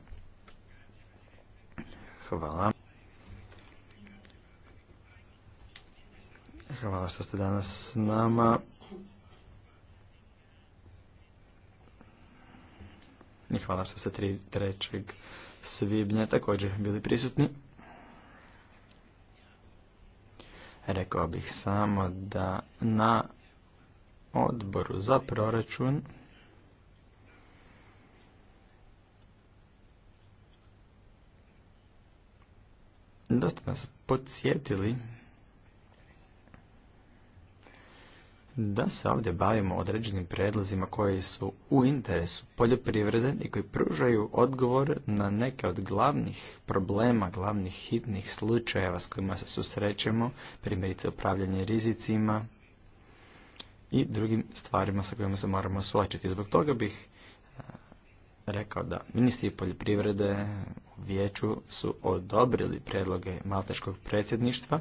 Hvala. Hvala što ste danas s nama. i hvala što ste 3. svibnja također bili prisutni. Rekao bih samo da na odboru za proračun dosta nas podsjetili da se ovdje bavimo određenim predlozima koji su u interesu poljoprivrede i koji pružaju odgovor na neke od glavnih problema, glavnih hitnih slučajeva s kojima se susrećemo, primjerice upravljanje rizicima i drugim stvarima sa kojima se moramo suočiti. Zbog toga bih e, rekao da ministri poljoprivrede u vijeću su odobrili predloge malteškog predsjedništva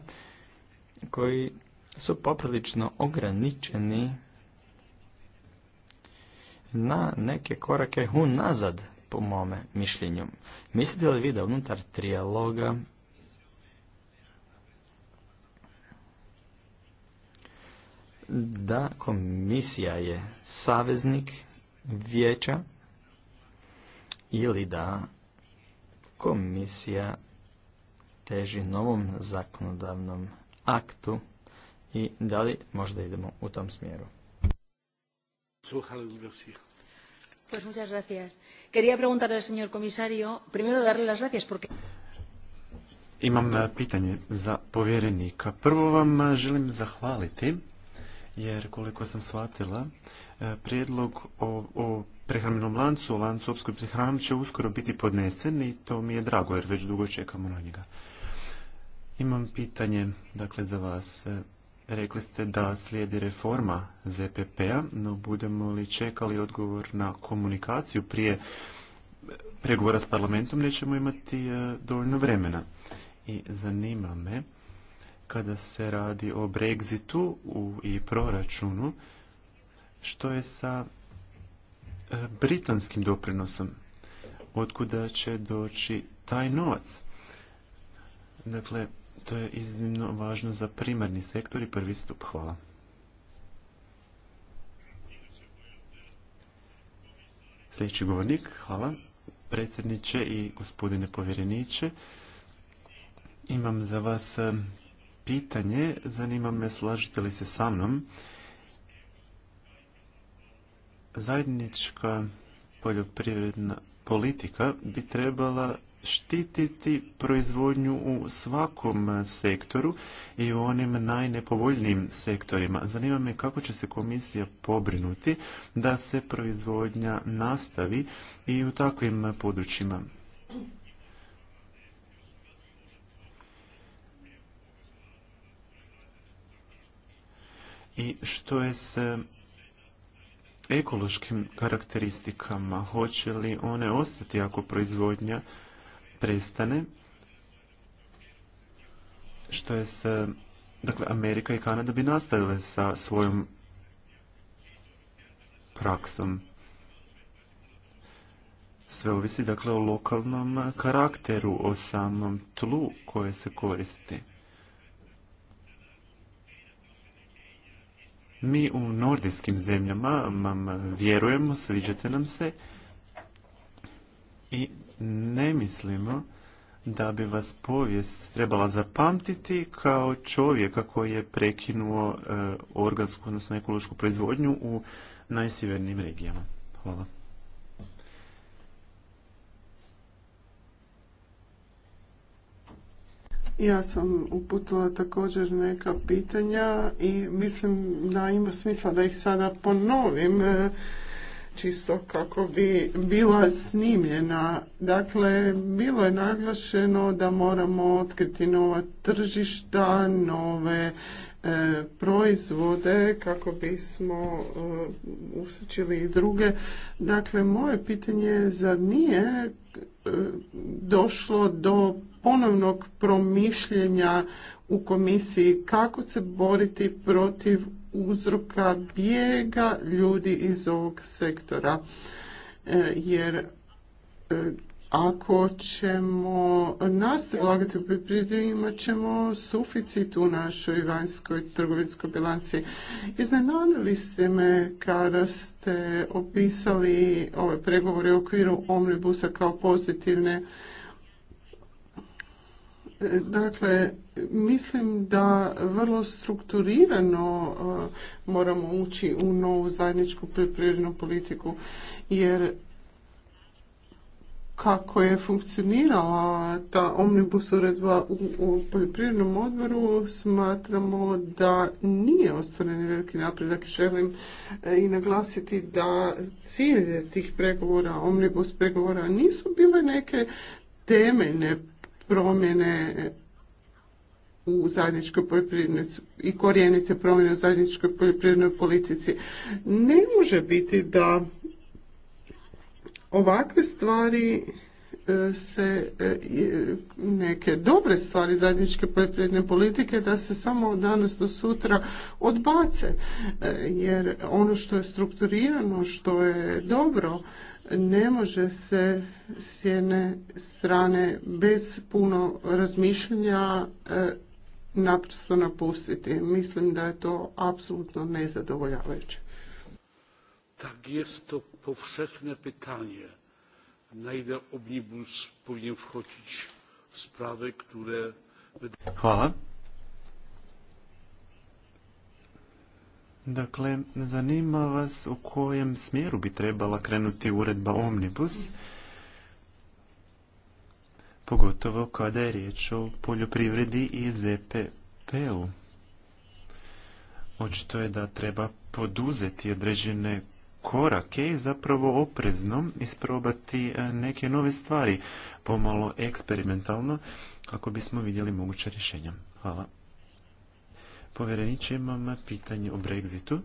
koji su poprilično ograničeni na neke korake unazad, po mome mišljenju. Mislite li vi da unutar trijaloga da komisija je saveznik vijeća ili da komisija teži novom zakonodavnom aktu i da li možda idemo u tom smjeru. Pues muchas gracias. Quería preguntarle al señor comisario, primero darle las gracias porque... Imam eh, pitanje za povjerenika. Prvo vam eh, želim zahvaliti, jer koliko sam shvatila, eh, prijedlog o, o prehrambenom lancu, o lancu opskrbe hranom će uskoro biti podnesen i to mi je drago jer već dugo čekamo na njega. Imam pitanje dakle za vas. Rekli ste da slijedi reforma ZPP-a, no budemo li čekali odgovor na komunikaciju prije pregovora s parlamentom, nećemo imati e, dovoljno vremena. I zanima me, kada se radi o Brexitu i proračunu, što je sa e, britanskim doprinosom? Otkuda će doći taj novac? Dakle, to je iznimno važno za primarni sektor i prvi stup. Hvala. Sljedeći govornik, hvala. Predsjedniče i gospodine povjereniče, imam za vas eh, pitanje. Zanima me, slažete li se sa mnom? Zajednička poljoprivredna politika bi trebala štititi proizvodnju u svakom sektoru i u onim najnepovoljnijim sektorima. Zanima me kako će se komisija pobrinuti da se proizvodnja nastavi i u takvim područjima. I što je s ekološkim karakteristikama? Hoće li one ostati ako proizvodnja prestane, što je se, dakle, Amerika i Kanada bi nastavile sa svojom praksom. Sve ovisi, dakle, o lokalnom karakteru, o samom tlu koje se koristi. Mi u nordijskim zemljama vam vjerujemo, sviđate nam se i ne mislimo da bi vas povijest trebala zapamtiti kao čovjeka koji je prekinuo eh, organsku, odnosno ekološku proizvodnju u najsjevernijim regijama. Hvala. Ja sam uputila također neka pitanja i mislim da ima smisla da ih sada ponovim eh, čisto kako bi bila snimljena. Dakle, bilo je naglašeno da moramo otkriti nova tržišta, nove e, proizvode kako bismo e, i druge. Dakle, moje pitanje je zar nije e, došlo do ponovnog promišljenja u komisiji kako se boriti protiv uzroka bijega ljudi iz ovog sektora. E, jer e, ako ćemo nastaviti ulagati u poljoprivredu imat ćemo suficit u našoj vanjskoj trgovinskoj bilanci. Iznenadili ste me kada ste opisali ove pregovore u okviru omnibusa kao pozitivne Dakle, mislim da vrlo strukturirano e, moramo ući u novu zajedničku poljoprivrednu politiku, jer kako je funkcionirala ta omnibus uredba u, u poljoprivrednom odboru, smatramo da nije ostvaren veliki napredak. Želim e, i naglasiti da cilje tih pregovora, omnibus pregovora, nisu bile neke temeljne promjene u zajedničkoj poljoprivrednoj i korijenite promjene u zajedničkoj poljoprivrednoj politici. Ne može biti da ovakve stvari e, se e, neke dobre stvari zajedničke poljoprivredne politike da se samo od danas do sutra odbace e, jer ono što je strukturirano, što je dobro ne može se s jedne strane bez puno razmišljanja e, naprosto napustiti. Mislim da je to apsolutno nezadovoljavajuće. Tak jest to powszechne pytanie, na ile omnibus powinien wchodzić w sprawy, które... Hvala. Dakle, zanima vas u kojem smjeru bi trebala krenuti uredba Omnibus, pogotovo kada je riječ o poljoprivredi i ZPP-u. Očito je da treba poduzeti određene korake i zapravo oprezno isprobati e, neke nove stvari, pomalo eksperimentalno, kako bismo vidjeli moguće rješenja. Hvala. Povjereniče, imam pitanje o Brexitu.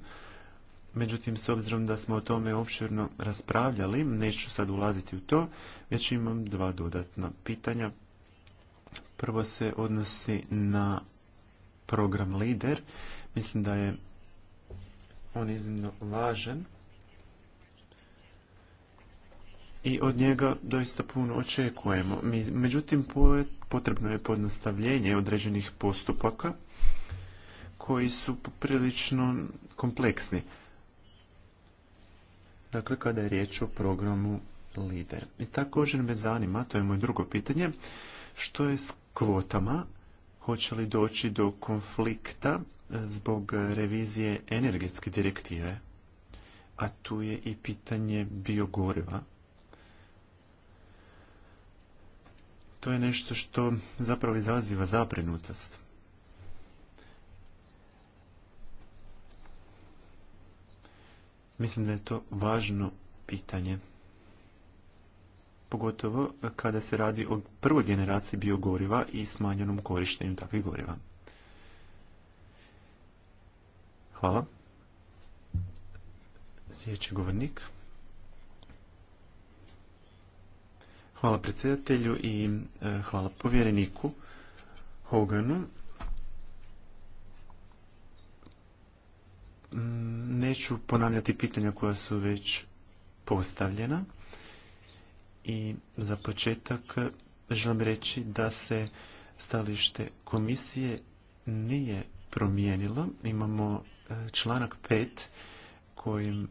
Međutim, s obzirom da smo o tome opširno raspravljali, neću sad ulaziti u to, već imam dva dodatna pitanja. Prvo se odnosi na program LIDER. Mislim da je on iznimno važan i od njega doista puno očekujemo. Međutim, potrebno je podnostavljenje određenih postupaka koji su prilično kompleksni. Dakle, kada je riječ o programu LIDER. I također me zanima, to je moje drugo pitanje, što je s kvotama? Hoće li doći do konflikta e, zbog revizije energetske direktive? A tu je i pitanje biogoriva. To je nešto što zapravo izaziva zabrinutost. Mislim da je to važno pitanje. Pogotovo kada se radi o prvoj generaciji biogoriva i smanjenom korištenju takvih goriva. Hvala. Sljedeći govornik. Hvala predsjedatelju i e, hvala povjereniku Hoganu Mm, neću ponavljati pitanja koja su već postavljena. I za početak želim reći da se stalište komisije nije promijenilo. Imamo e, članak 5 kojim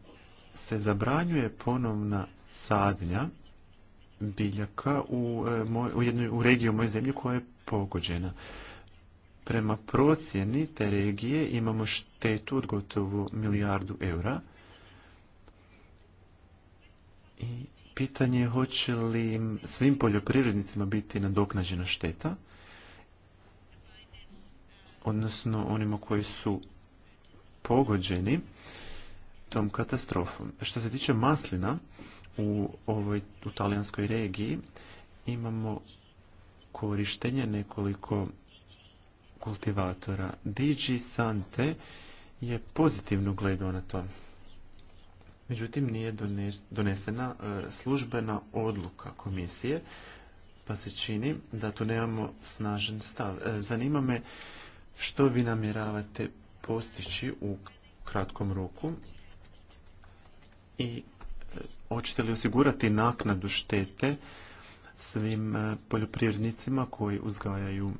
se zabranjuje ponovna sadnja biljaka u, e, u, jednoj, u regiji u mojoj zemlji koja je pogođena. Prema procjeni te regije imamo štetu od gotovo milijardu eura. I pitanje je hoće li svim poljoprivrednicima biti nadoknađena šteta, odnosno onima koji su pogođeni tom katastrofom. Što se tiče maslina u ovoj u talijanskoj regiji imamo korištenje nekoliko kultivatora. DG Sante je pozitivno gledao na to. Međutim, nije donesena e, službena odluka komisije, pa se čini da tu nemamo snažan stav. E, zanima me što vi namjeravate postići u kratkom roku i e, hoćete li osigurati naknadu štete svim poljoprivrednicima koji uzgajaju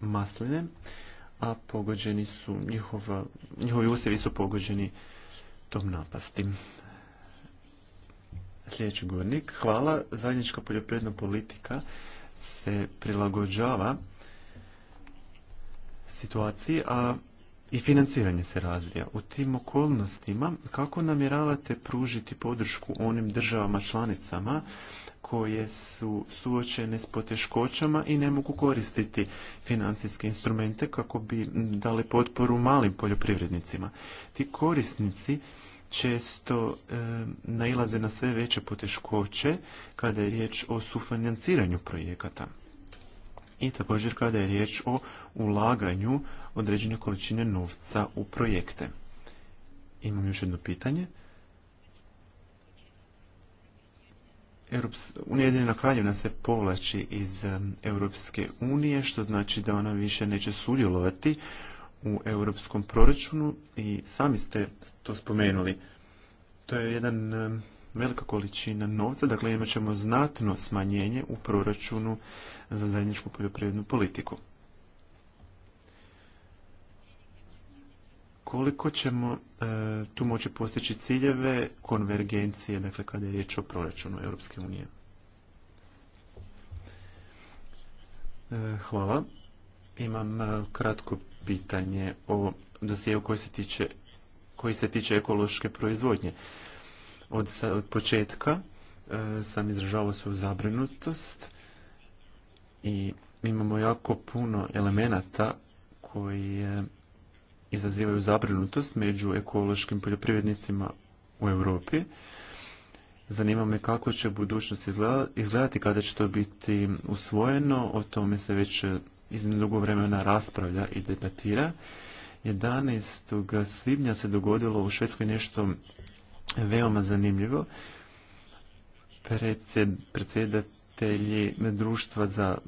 masline, a pogođeni su, njihova, njihovi usjevi su pogođeni tom napasti. Sljedeći govornik. Hvala. Zajednička poljoprivredna politika se prilagođava situaciji, a i financiranje se razvija. U tim okolnostima kako namjeravate pružiti podršku onim državama članicama koje su suočene s poteškoćama i ne mogu koristiti financijske instrumente kako bi dali potporu malim poljoprivrednicima. Ti korisnici često e, nailaze na sve veće poteškoće kada je riječ o sufinanciranju projekata i također kada je riječ o ulaganju određene količine novca u projekte. Imam još jedno pitanje. Unija Ujedinjena kraljevna se povlači iz Europske unije, što znači da ona više neće sudjelovati u europskom proračunu i sami ste to spomenuli. To je jedan velika količina novca, dakle imat ćemo znatno smanjenje u proračunu za zajedničku poljoprivrednu politiku. koliko ćemo e, tu moći postići ciljeve konvergencije, dakle kada je riječ o proračunu Europske unije. E, hvala. Imam e, kratko pitanje o dosijeu koji se tiče koji se tiče ekološke proizvodnje. Od, od početka sam izražavao svoju zabrinutost i imamo jako puno elemenata koji izazivaju zabrinutost među ekološkim poljoprivrednicima u Europi. Zanima me kako će budućnost izgledati, kada će to biti usvojeno, o tome se već iz dugo vremena raspravlja i debatira. 11. svibnja se dogodilo u Švedskoj nešto veoma zanimljivo. Predsjedatelji društva za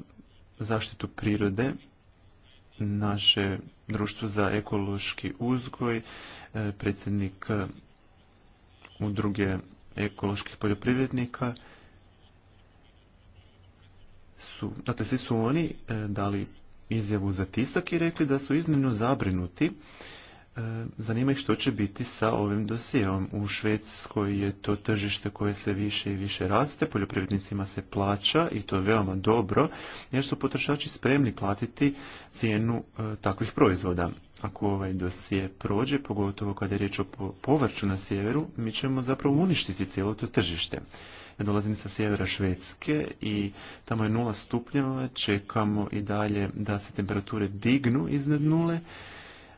zaštitu prirode naše društvu za ekološki uzgoj, e, predsjednik e, udruge ekoloških poljoprivrednika su, dakle svi su oni e, dali izjavu za tisak i rekli da su iznimno zabrinuti zanima ih što će biti sa ovim dosijevom. U Švedskoj je to tržište koje se više i više raste, poljoprivrednicima se plaća i to je veoma dobro, jer su potrošači spremni platiti cijenu e, takvih proizvoda. Ako ovaj dosije prođe, pogotovo kada je riječ o povrću na sjeveru, mi ćemo zapravo uništiti cijelo to tržište. Ja dolazim sa sjevera Švedske i tamo je nula stupnjeva, čekamo i dalje da se temperature dignu iznad nule.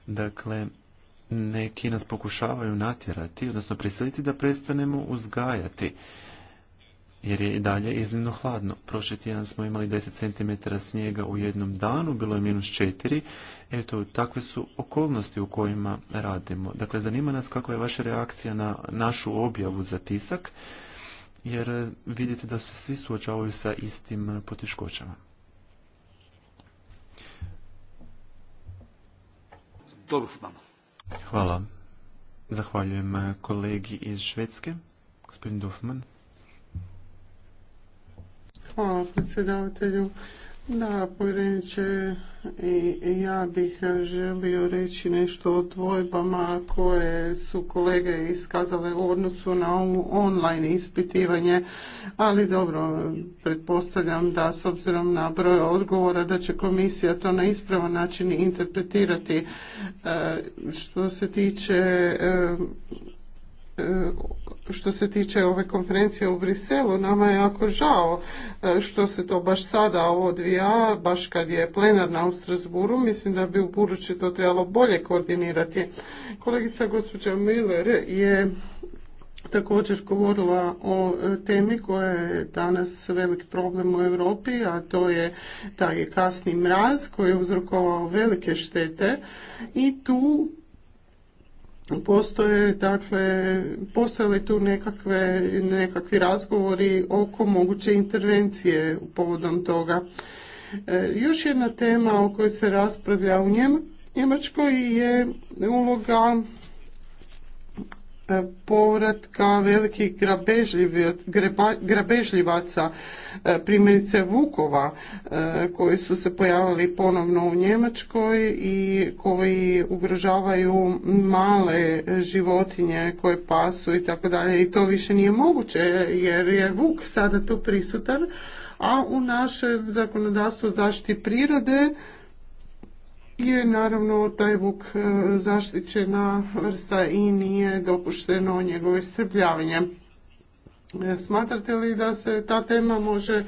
Dakle, neki nas pokušavaju natjerati, odnosno prisiliti da prestanemo uzgajati, jer je i dalje iznimno hladno. Prošli tjedan smo imali 10 cm snijega u jednom danu, bilo je minus 4. Eto, takve su okolnosti u kojima radimo. Dakle, zanima nas kakva je vaša reakcija na našu objavu za tisak, jer vidite da su svi suočavaju sa istim poteškoćama. Hvala. Zahvaljujem eh, kolegi iz Švedske, gospodin Dufman. Hvala predsjedavatelju. Da, povjereniče, ja bih želio reći nešto o dvojbama koje su kolege iskazale u odnosu na ovu online ispitivanje, ali dobro, pretpostavljam da s obzirom na broj odgovora da će komisija to na ispravan način interpretirati. E, što se tiče e, što se tiče ove konferencije u Briselu, nama je jako žao e, što se to baš sada odvija, baš kad je plenarna u Strasburu, mislim da bi u budući to trebalo bolje koordinirati. Kolegica gospođa Miller je također govorila o e, temi koja je danas velik problem u Europi, a to je taj kasni mraz koji je uzrokovao velike štete i tu Postoje, dakle, postoje li tu nekakve, nekakvi razgovori oko moguće intervencije povodom toga? E, još jedna tema o kojoj se raspravlja u Njemačkoj je uloga E, povratka velikih grabežljivaca, e, primjerice Vukova, e, koji su se pojavili ponovno u Njemačkoj i koji ugrožavaju male životinje koje pasu i tako dalje. I to više nije moguće jer je Vuk sada tu prisutan, a u našem zakonodavstvu zaštiti prirode je naravno taj vuk e, zaštićena vrsta i nije dopušteno njegovo istrbljavanje. E, smatrate li da se ta tema može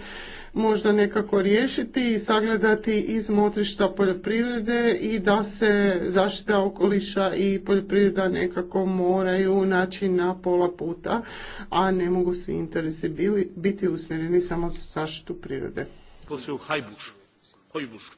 možda nekako riješiti i sagledati iz motrišta poljoprivrede i da se zaštita okoliša i poljoprivreda nekako moraju naći na pola puta, a ne mogu svi interesi biti usmjereni samo za zaštitu prirode. Hajbuš. Hajbuš.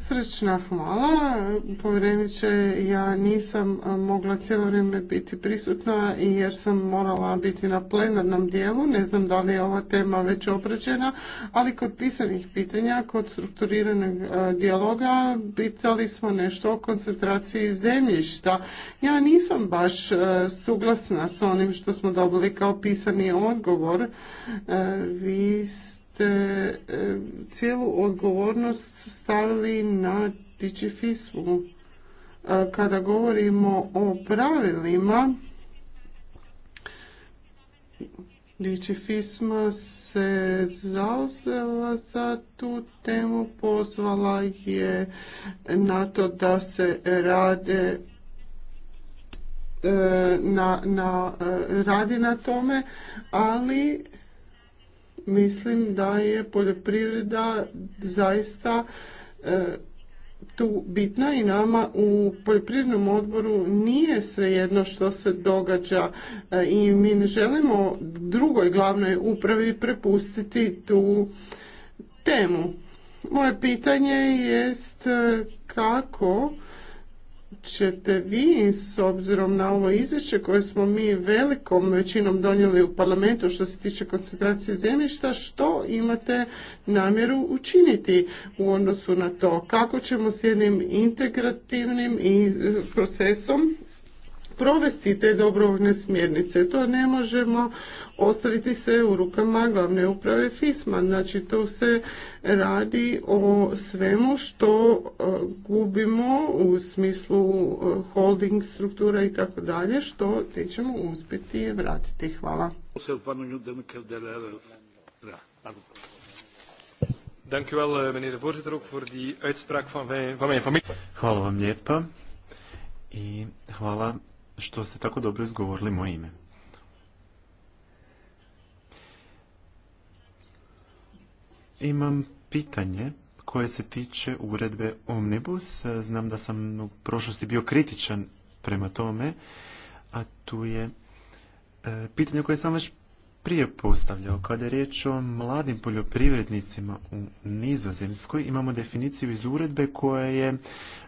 Srčna hvala, povjereniče, ja nisam mogla cijelo vrijeme biti prisutna jer sam morala biti na plenarnom dijelu, ne znam da li je ova tema već obrađena, ali kod pisanih pitanja, kod strukturiranog e, dijaloga, pitali smo nešto o koncentraciji zemljišta. Ja nisam baš e, suglasna s onim što smo dobili kao pisani odgovor. E, vi ste te e, cijelu odgovornost stavili na Digifismu. E, kada govorimo o pravilima, Digifisma se zauzela za tu temu, pozvala je na to da se rade e, na, na, radi na tome, ali mislim da je poljoprivreda zaista e, tu bitna i nama u poljoprivrednom odboru nije jedno što se događa e, i mi ne želimo drugoj glavnoj upravi prepustiti tu temu. Moje pitanje jest e, kako ćete vi s obzirom na ovo izvješće koje smo mi velikom većinom donijeli u parlamentu što se tiče koncentracije zemljišta, što imate namjeru učiniti u odnosu na to? Kako ćemo s jednim integrativnim i e, procesom provesti te dobrovoljne smjernice. To ne možemo ostaviti sve u rukama glavne uprave FISMA. Znači to se radi o svemu što e, gubimo u smislu e, holding struktura i tako dalje što nećemo uspjeti vratiti. Hvala. Hvala vam lijepa i hvala što ste tako dobro izgovorili moje ime. Imam pitanje koje se tiče uredbe Omnibus. Znam da sam u prošlosti bio kritičan prema tome, a tu je e, pitanje koje sam već prije postavljao. Kada je riječ o mladim poljoprivrednicima u Nizozemskoj, imamo definiciju iz uredbe koja je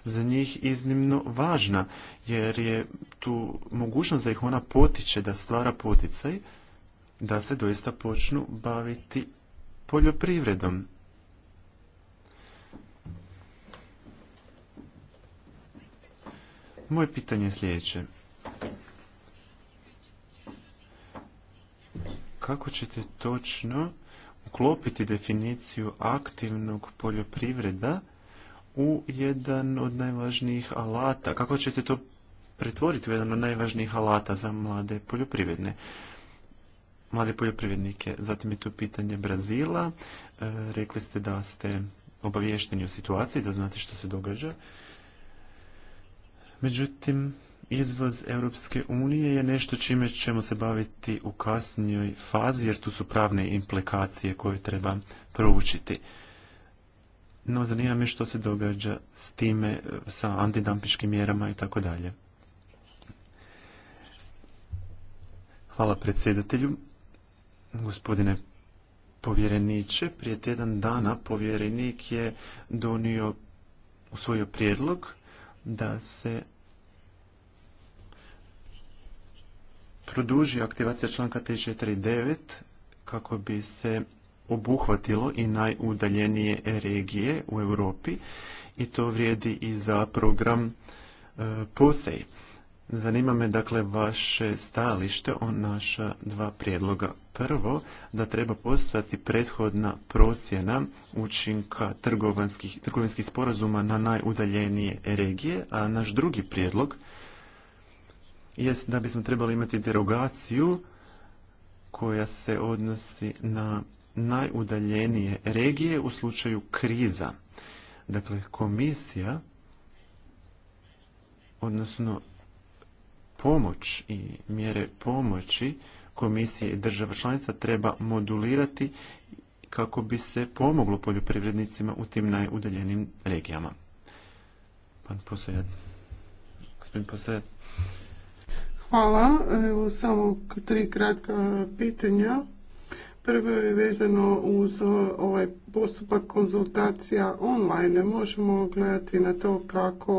za njih iznimno važna, jer je tu mogućnost da ih ona potiče, da stvara poticaj, da se doista počnu baviti poljoprivredom. Moje pitanje je sljedeće kako ćete točno uklopiti definiciju aktivnog poljoprivreda u jedan od najvažnijih alata? Kako ćete to pretvoriti u jedan od najvažnijih alata za mlade poljoprivredne? Mlade poljoprivrednike. Zatim je tu pitanje Brazila. E, rekli ste da ste obaviješteni o situaciji, da znate što se događa. Međutim, Izvoz Europske unije je nešto čime ćemo se baviti u kasnijoj fazi, jer tu su pravne implikacije koje treba proučiti. No, zanima me što se događa s time, sa antidampiškim mjerama i tako dalje. Hvala predsjedatelju. Gospodine povjereniče, prije tjedan dana povjerenik je donio usvojio prijedlog da se produži aktivacija članka 349 kako bi se obuhvatilo i najudaljenije regije u Europi i to vrijedi i za program e, POSEJ. Zanima me dakle vaše stajalište o naša dva prijedloga. Prvo, da treba postati prethodna procjena učinka trgovinskih sporazuma na najudaljenije regije, a naš drugi prijedlog jest da bismo trebali imati derogaciju koja se odnosi na najudaljenije regije u slučaju kriza. Dakle, komisija, odnosno pomoć i mjere pomoći komisije i država članica treba modulirati kako bi se pomoglo poljoprivrednicima u tim najudaljenim regijama. Pan posljedan. Gospodin posljedan. Hvala. Evo samo tri kratka pitanja. Prvo je vezano uz ovaj postupak konzultacija online. Možemo gledati na to kako,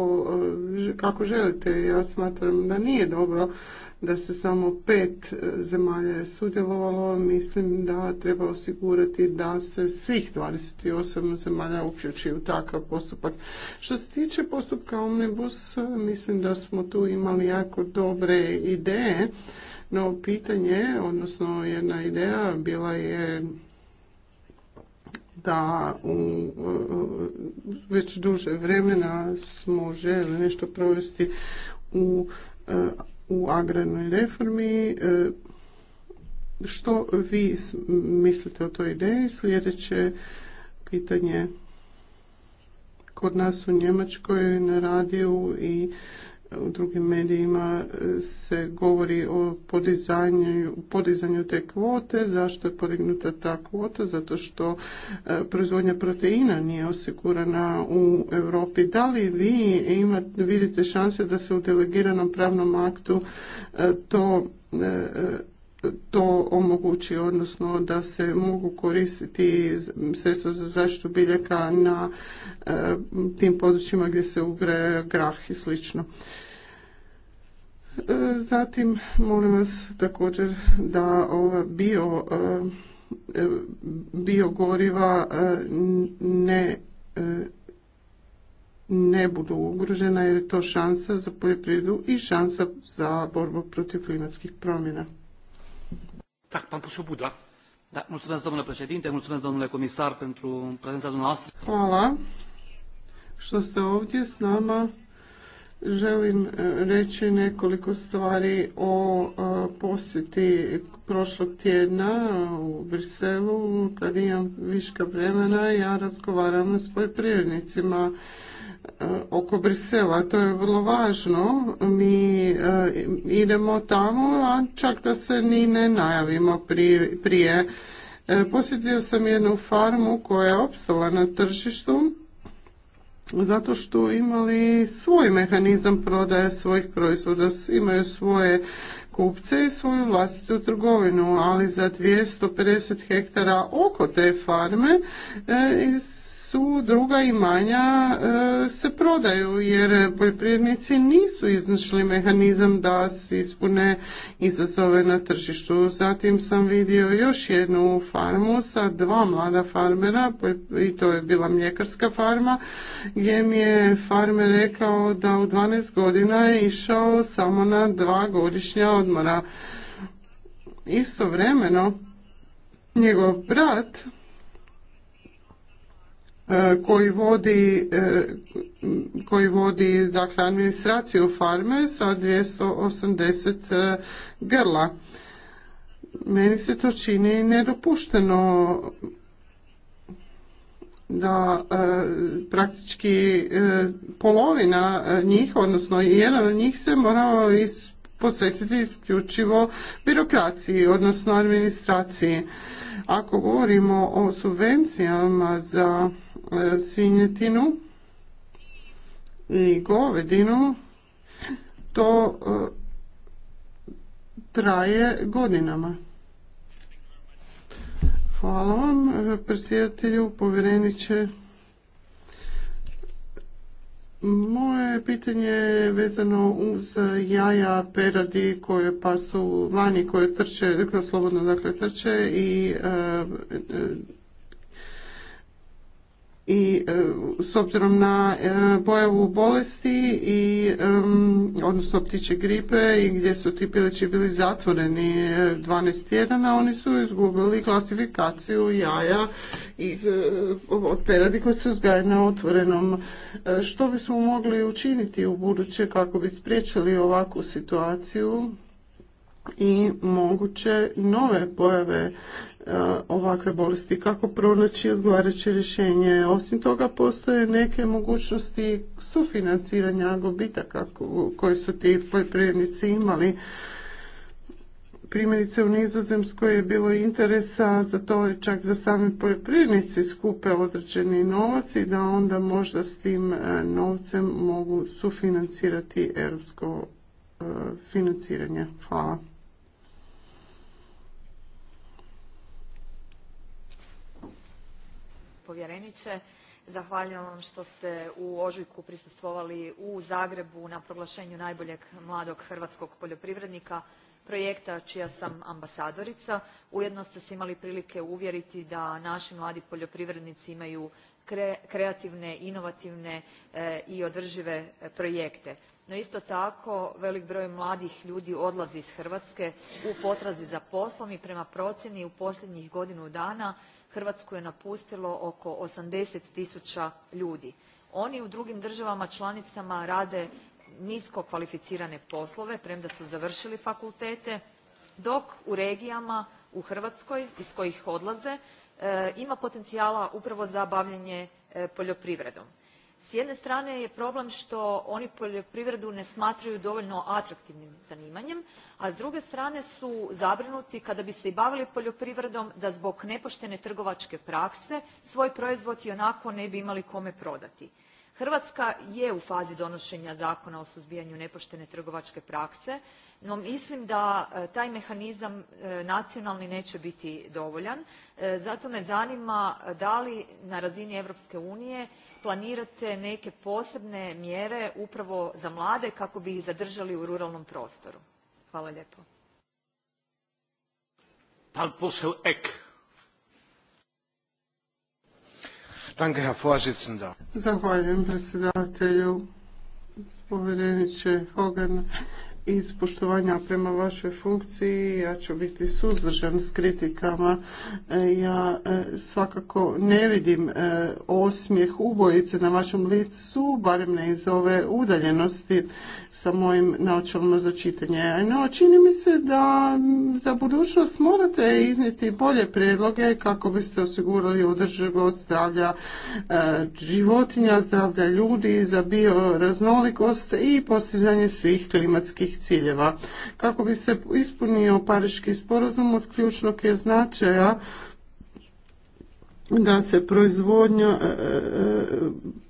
eh, kako želite. Ja smatram da nije dobro da se samo pet eh, zemalja je sudjelovalo. Mislim da treba osigurati da se svih 28 zemalja uključi u takav postupak. Što se tiče postupka Omnibus, mislim da smo tu imali jako dobre ideje no pitanje, odnosno jedna ideja bila je da u, već duže vremena smo želi nešto provesti u, u agrarnoj reformi. Što vi mislite o toj ideji? Sljedeće pitanje kod nas u Njemačkoj na radiju i u drugim medijima e, se govori o podizanju, podizanju te kvote. Zašto je podignuta ta kvota? Zato što e, proizvodnja proteina nije osigurana u Europi. Da li vi imate, vidite šanse da se u delegiranom pravnom aktu e, to to omogući, odnosno da se mogu koristiti sredstva za zaštitu biljaka na e, tim područjima gdje se ugre grah i slično. E, zatim, molim vas također da ova bio e, goriva ne ne budu ugrožena jer je to šansa za poljoprivredu i šansa za borbu protiv klimatskih promjena. Tak, Buda. Hvala što ste ovdje s nama. Želim e, reći nekoliko stvari o e, posjeti prošlog tjedna u Briselu. Kad imam viška vremena, ja razgovaram s poljoprivrednicima oko Brisela. To je vrlo važno. Mi e, idemo tamo, a čak da se ni ne najavimo prije. E, posjetio sam jednu farmu koja je opstala na tržištu zato što imali svoj mehanizam prodaje svojih proizvoda, imaju svoje kupce i svoju vlastitu trgovinu, ali za 250 hektara oko te farme e, iz su druga imanja e, se prodaju jer poljoprivrednici nisu iznašli mehanizam da se ispune izazove na tržištu. Zatim sam vidio još jednu farmu sa dva mlada farmera i to je bila mljekarska farma gdje mi je farmer rekao da u 12 godina je išao samo na dva godišnja odmora. Istovremeno njegov brat koji vodi, e, koji vodi dakle, administraciju farme sa 280 e, grla. Meni se to čini nedopušteno da e, praktički polovina njih, odnosno jedan od njih se morao is, posvetiti isključivo birokraciji, odnosno administraciji. Ako govorimo o subvencijama za E, svinjetinu i govedinu, to e, traje godinama. Hvala vam, e, predsjedatelju, povjereniče. Moje pitanje je vezano uz jaja, peradi koje pasu vani, koje trče, slobodno dakle trče i i e, s obzirom na e, pojavu bolesti i e, odnosno ptiče gripe i gdje su ti pileći bili zatvoreni 12 tjedana, oni su izgubili klasifikaciju jaja iz, od peradi koji se uzgaja na otvorenom. Što bismo mogli učiniti u buduće kako bi spriječili ovakvu situaciju? i moguće nove pojave e, ovakve bolesti, kako pronaći odgovarajuće rješenje. Osim toga postoje neke mogućnosti sufinanciranja gubitaka koje su ti poljoprivrednici imali. Primjerice u Nizozemskoj je bilo interesa za to čak da sami poljoprivrednici skupe određeni novac i da onda možda s tim e, novcem mogu sufinancirati europsko e, financiranje. Hvala. povjereniče. Zahvaljujem vam što ste u ožujku prisustvovali u Zagrebu na proglašenju najboljeg mladog hrvatskog poljoprivrednika, projekta čija sam ambasadorica. Ujedno ste se imali prilike uvjeriti da naši mladi poljoprivrednici imaju kreativne, inovativne eh, i održive eh, projekte. No isto tako velik broj mladih ljudi odlazi iz Hrvatske u potrazi za poslom i prema procjeni u posljednjih godinu dana Hrvatsku je napustilo oko 80 tisuća ljudi. Oni u drugim državama članicama rade nisko kvalificirane poslove premda su završili fakultete dok u regijama u Hrvatskoj iz kojih odlaze e, ima potencijala upravo za bavljenje e, poljoprivredom. S jedne strane je problem što oni poljoprivredu ne smatraju dovoljno atraktivnim zanimanjem, a s druge strane su zabrinuti kada bi se i bavili poljoprivredom da zbog nepoštene trgovačke prakse svoj proizvod ionako ne bi imali kome prodati. Hrvatska je u fazi donošenja Zakona o suzbijanju nepoštene trgovačke prakse, no mislim da e, taj mehanizam e, nacionalni neće biti dovoljan. E, zato me zanima da li na razini Europske unije planirate neke posebne mjere upravo za mlade kako bi ih zadržali u ruralnom prostoru? Hvala lijepo. Zahvaljujem predsjedavatelju, povjereniče Hogan iz poštovanja prema vašoj funkciji ja ću biti suzdržan s kritikama. E, ja e, svakako ne vidim e, osmijeh ubojice na vašem licu, barem ne iz ove udaljenosti sa mojim naočalama za čitanje. No, čini mi se da za budućnost morate iznijeti bolje predloge kako biste osigurali održivost zdravlja životinja, zdravlja ljudi, za bioraznolikost i postizanje svih klimatskih ciljeva. Kako bi se ispunio Pariški sporazum od ključnog je značaja da se proizvodnja e, e,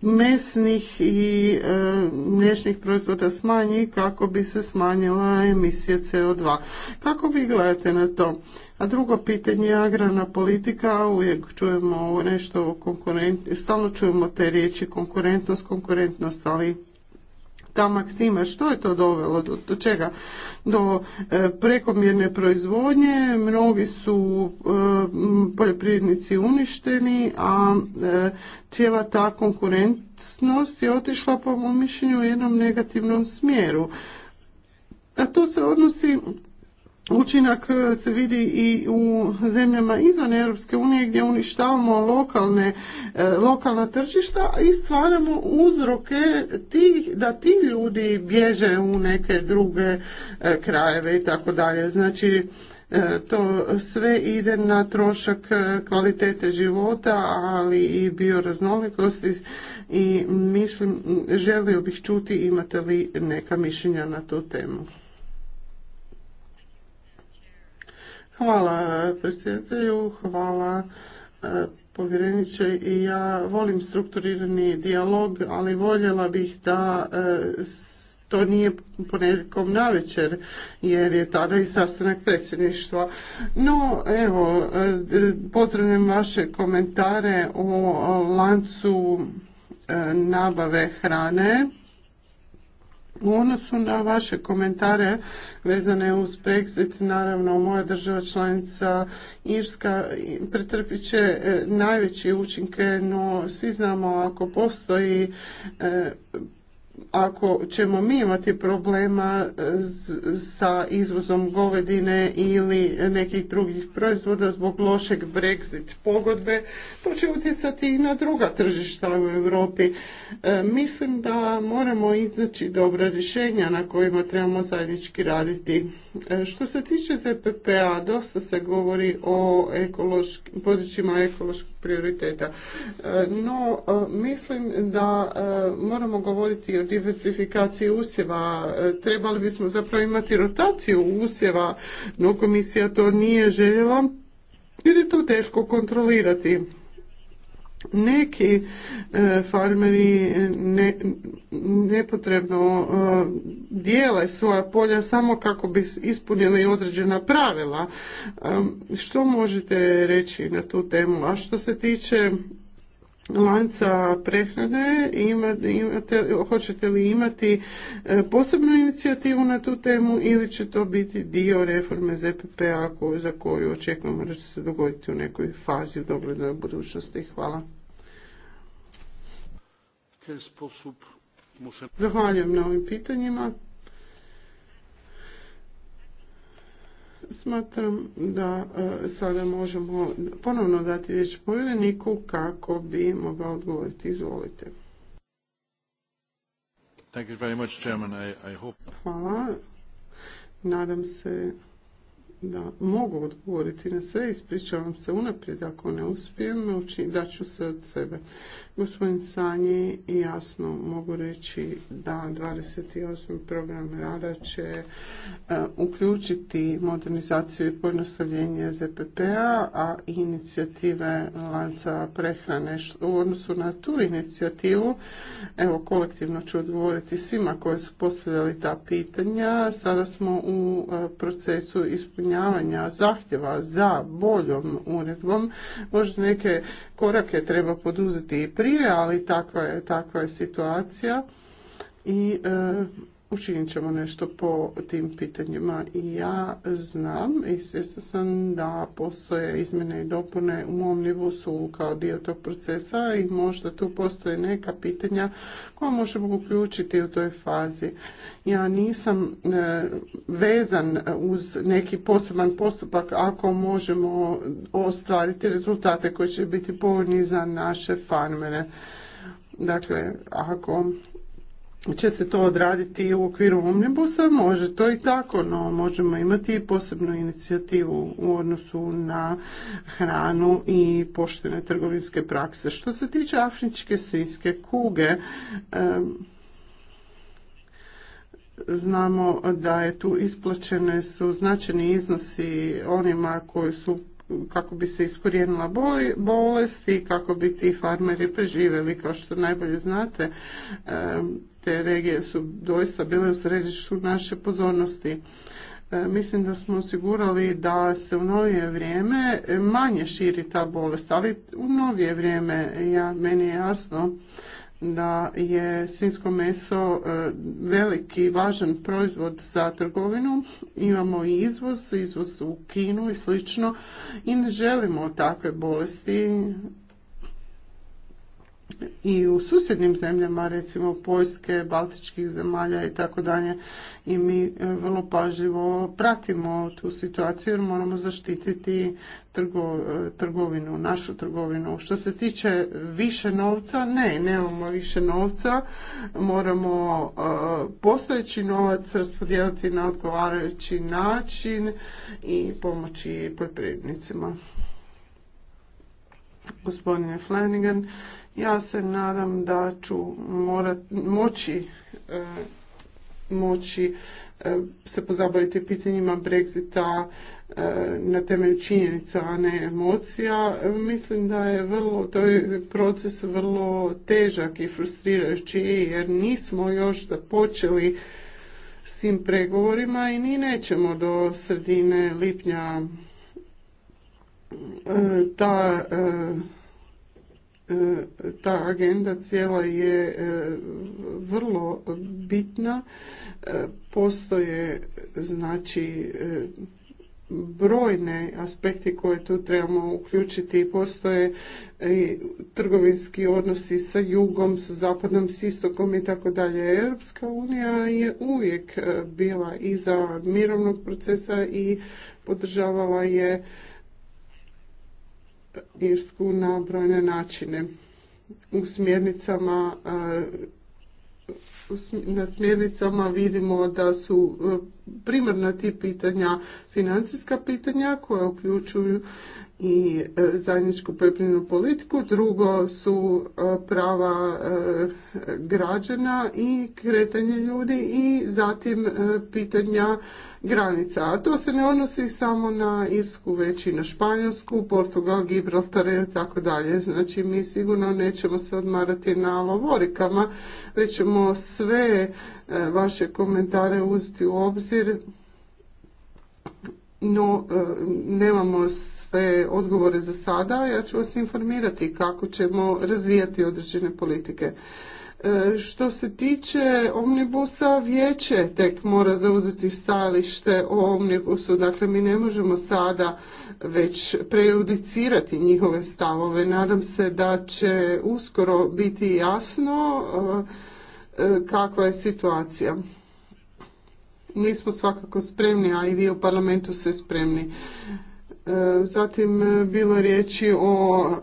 mesnih i e, mliječnih proizvoda smanji kako bi se smanjila emisija CO2. Kako vi gledate na to? A drugo pitanje je agrarna politika, uvijek čujemo nešto o konkurentnosti, stalno čujemo te riječi konkurentnost, konkurentnost, ali ta maksima, što je to dovelo, do, do čega? Do e, prekomjerne proizvodnje, mnogi su e, poljoprivrednici uništeni, a e, cijela ta konkurentnost je otišla po mom mišljenju u jednom negativnom smjeru. A to se odnosi učinak e, se vidi i u zemljama izvan Europske unije gdje uništavamo lokalne, e, lokalna tržišta i stvaramo uzroke tih, da ti ljudi bježe u neke druge e, krajeve i tako dalje. Znači, to sve ide na trošak kvalitete života, ali i bioraznolikosti i mislim, želio bih čuti imate li neka mišljenja na tu temu. Hvala predsjedatelju, hvala e, povjereniče i ja volim strukturirani dijalog, ali voljela bih da e, to nije ponedjeljkom navečer jer je tada i sastanak predsjedništva. No, evo, e, pozdravljam vaše komentare o lancu nabave hrane u odnosu na vaše komentare vezane uz Brexit, naravno moja država članica Irska pretrpit će e, najveće učinke, no svi znamo ako postoji e, ako ćemo mi imati problema e, sa izvozom govedine ili nekih drugih proizvoda zbog lošeg Brexit pogodbe, to će utjecati i na druga tržišta u Europi. E, mislim da moramo izaći dobra rješenja na kojima trebamo zajednički raditi. E, što se tiče ZPPA, dosta se govori o područjima ekološkog prioriteta. E, no, e, mislim da e, moramo govoriti o diversifikaciji usjeva. Trebali bismo zapravo imati rotaciju usjeva, no komisija to nije željela jer je to teško kontrolirati neki e, farmeri ne, nepotrebno e, dijele svoja polja samo kako bi ispunili određena pravila. E, što možete reći na tu temu? A što se tiče lanca prehrane imate, hoćete li imati posebnu inicijativu na tu temu ili će to biti dio reforme ZPP-a za koju očekujemo da će se dogoditi u nekoj fazi u doglednoj budućnosti. Hvala. Zahvaljujem na ovim pitanjima. Smatram da e, sada možemo ponovno dati riječ povjereniku kako bi mogao odgovoriti. Izvolite. Thank I, Hvala. Nadam se da mogu odgovoriti na sve, ispričavam se unaprijed ako ne uspijem, ću se od sebe. Gospodin Sanji jasno mogu reći da 28. program rada će e, uključiti modernizaciju i pojednostavljenje ZPP-a, a inicijative lanca prehrane. U odnosu na tu inicijativu, evo kolektivno ću odgovoriti svima koji su postavljali ta pitanja, sada smo u e, procesu ispunjenja ispunjavanja zahtjeva za boljom uredbom. Možda neke korake treba poduzeti i prije, ali takva je, takva je situacija i e, učinit ćemo nešto po tim pitanjima. I ja znam i svjesna sam da postoje izmjene i dopune u mom su kao dio tog procesa i možda tu postoje neka pitanja koja možemo uključiti u toj fazi. Ja nisam e, vezan uz neki poseban postupak ako možemo ostvariti rezultate koji će biti povoljni za naše farmere. Dakle, ako će se to odraditi u okviru omnibusa, može to i tako, no možemo imati i posebnu inicijativu u odnosu na hranu i poštene trgovinske prakse. Što se tiče afričke svinjske kuge, znamo da je tu isplaćene su značajni iznosi onima koji su kako bi se iskorijenila bolest i kako bi ti farmeri preživjeli. Kao što najbolje znate, te regije su doista bile u središtu naše pozornosti. E, mislim da smo osigurali da se u novije vrijeme manje širi ta bolest, ali u novije vrijeme ja, meni je jasno da je svinsko meso e, veliki važan proizvod za trgovinu. Imamo i izvoz, izvoz u Kinu i slično i ne želimo takve bolesti i u susjednim zemljama, recimo Poljske, Baltičkih zemalja i tako dalje. I mi e, vrlo pažljivo pratimo tu situaciju jer moramo zaštititi e, trgovinu, našu trgovinu. Što se tiče više novca, ne, nemamo više novca. Moramo e, postojeći novac raspodijeliti na odgovarajući način i pomoći poljoprivrednicima. Gospodine Flanagan, ja se nadam da ću moći, e, moći e, se pozabaviti pitanjima Brexita e, na temelju činjenica, a ne emocija. Mislim da je vrlo, to je proces vrlo težak i frustrirajući jer nismo još započeli s tim pregovorima i ni nećemo do sredine lipnja ta E, ta agenda cijela je e, vrlo bitna. E, postoje znači brojne aspekti koje tu trebamo uključiti. Postoje i trgovinski odnosi sa jugom, sa zapadnom, s istokom i tako dalje. Europska unija je uvijek bila iza mirovnog procesa i podržavala je Irsku na brojne načine. U smjernicama e, na smjernicama vidimo da su e, primarna ti pitanja financijska pitanja koja uključuju i e, zajedničku poljoprivrednu politiku, drugo su e, prava e, građana i kretanje ljudi i zatim pitanja granica. A to se ne odnosi samo na Irsku, već i na Španjolsku, Portugal, Gibraltar i tako dalje. Znači mi sigurno nećemo se odmarati na lovorikama, već ćemo sve vaše komentare uzeti u obzir no e, nemamo sve odgovore za sada. Ja ću vas informirati kako ćemo razvijati određene politike. E, što se tiče omnibusa, vijeće tek mora zauzeti stajalište o omnibusu, dakle mi ne možemo sada već prejudicirati njihove stavove. Nadam se da će uskoro biti jasno e, kakva je situacija mi smo svakako spremni, a i vi u parlamentu ste spremni. E, zatim e, bilo je riječi o e,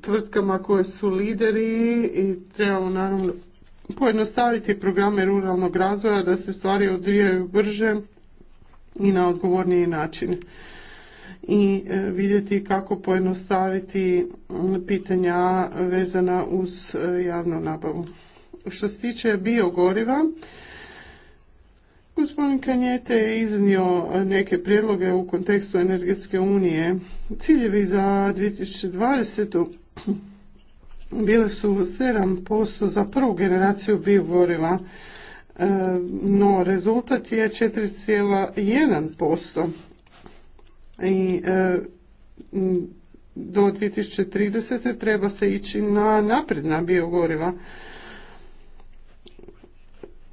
tvrtkama koje su lideri i trebamo naravno pojednostaviti programe ruralnog razvoja da se stvari odvijaju brže i na odgovorniji način i vidjeti kako pojednostaviti pitanja vezana uz javnu nabavu. Što se tiče biogoriva, Gospodin Kanjete je iznio neke prijedloge u kontekstu energetske unije. Ciljevi za 2020. bile su 7% za prvu generaciju biogoriva, e, no rezultat je 4,1%. I e, do 2030. treba se ići na napredna biogoriva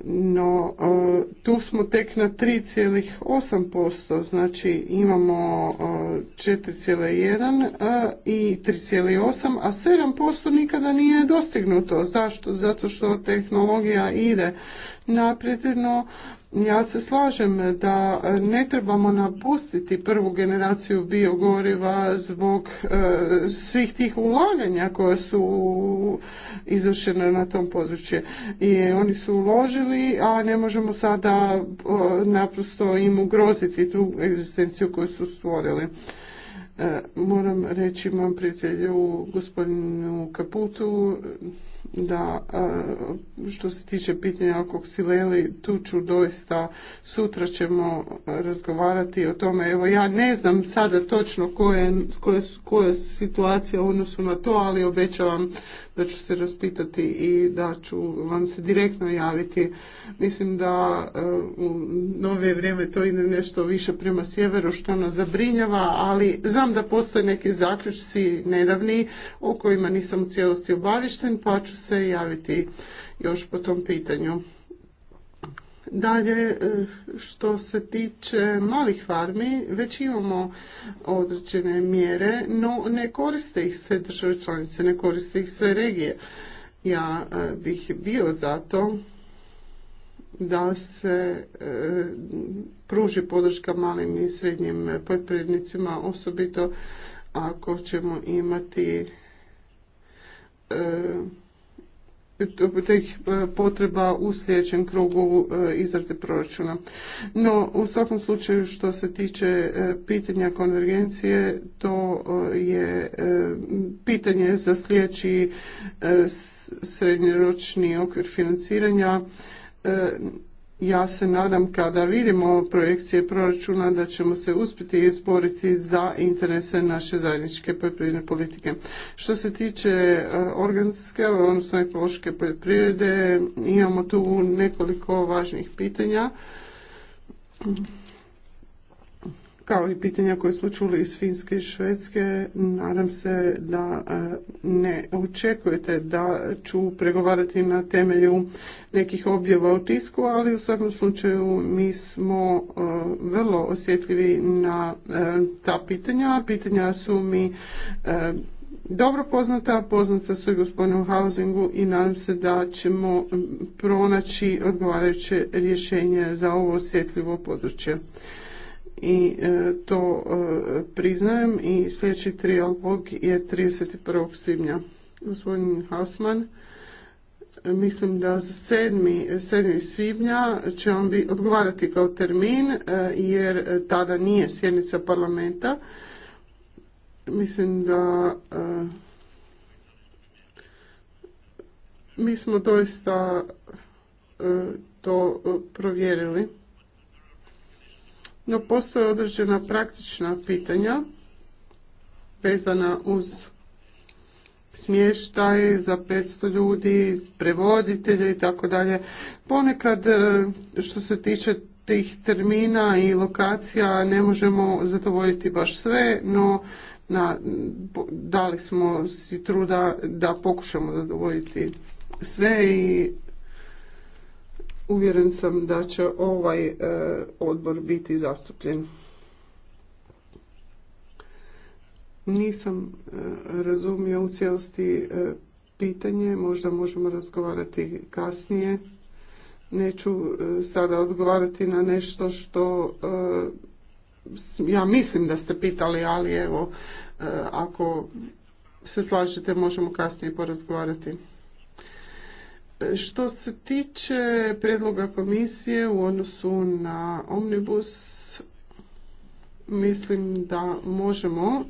no e, tu smo tek na 3,8%, znači imamo 4,1 e, e, i 3,8, a 7% nikada nije dostignuto. Zašto? Zato što tehnologija ide naprijed, ja se slažem da ne trebamo napustiti prvu generaciju biogoriva zbog e, svih tih ulaganja koja su izvršena na tom području. I oni su uložili, a ne možemo sada e, naprosto im ugroziti tu egzistenciju koju su stvorili. E, moram reći mom prijatelju gospodinu Kaputu da e, što se tiče pitanja oko tu ću doista sutra ćemo razgovarati o tome. Evo ja ne znam sada točno koja koja je situacija u odnosu na to, ali obećavam da ću se raspitati i da ću vam se direktno javiti. Mislim da e, u nove vrijeme to ide nešto više prema sjeveru što nas zabrinjava, ali znam da postoje neki zaključci nedavni o kojima nisam u cijelosti obavišten pa ću se javiti još po tom pitanju. Dalje, e, što se tiče malih farmi, već imamo određene mjere, no ne koriste ih sve države članice, ne koriste ih sve regije. Ja e, bih bio za to da se e, pruži podrška malim i srednjim poljoprivrednicima, osobito ako ćemo imati tih e, potreba u sljedećem krugu e, izrade proračuna. No, u svakom slučaju što se tiče e, pitanja konvergencije, to je pitanje za sljedeći srednjoročni okvir financiranja ja se nadam kada vidimo projekcije proračuna da ćemo se uspjeti izboriti za interese naše zajedničke poljoprivredne politike. Što se tiče e, organske, odnosno ekološke poljoprivrede, imamo tu nekoliko važnih pitanja kao i pitanja koje smo čuli iz Finske i Švedske, nadam se da e, ne očekujete da ću pregovarati na temelju nekih objava u tisku, ali u svakom slučaju mi smo e, vrlo osjetljivi na e, ta pitanja. Pitanja su mi dobro poznata, poznata su i gospodinu Housingu i nadam se da ćemo pronaći odgovarajuće rješenje za ovo osjetljivo područje i e, to e, priznajem i sljedeći trijalog je 31. svibnja. Gospodin Hasman mislim da za 7. 7. svibnja će on bi odgovarati kao termin e, jer tada nije sjednica parlamenta. Mislim da mi smo doista to provjerili. No postoje određena praktična pitanja vezana uz smještaj za 500 ljudi, prevoditelje i tako dalje. Ponekad e, što se tiče tih termina i lokacija ne možemo zadovoljiti baš sve, no na, dali smo si truda da pokušamo zadovoljiti sve i uvjeren sam da će ovaj e, odbor biti zastupljen. Nisam e, razumio u cijelosti e, pitanje, možda možemo razgovarati kasnije. Neću sada odgovarati na nešto što ja mislim da ste pitali, ali evo, ako se slažete možemo kasnije porazgovarati. Što se tiče predloga komisije u odnosu na omnibus, mislim da možemo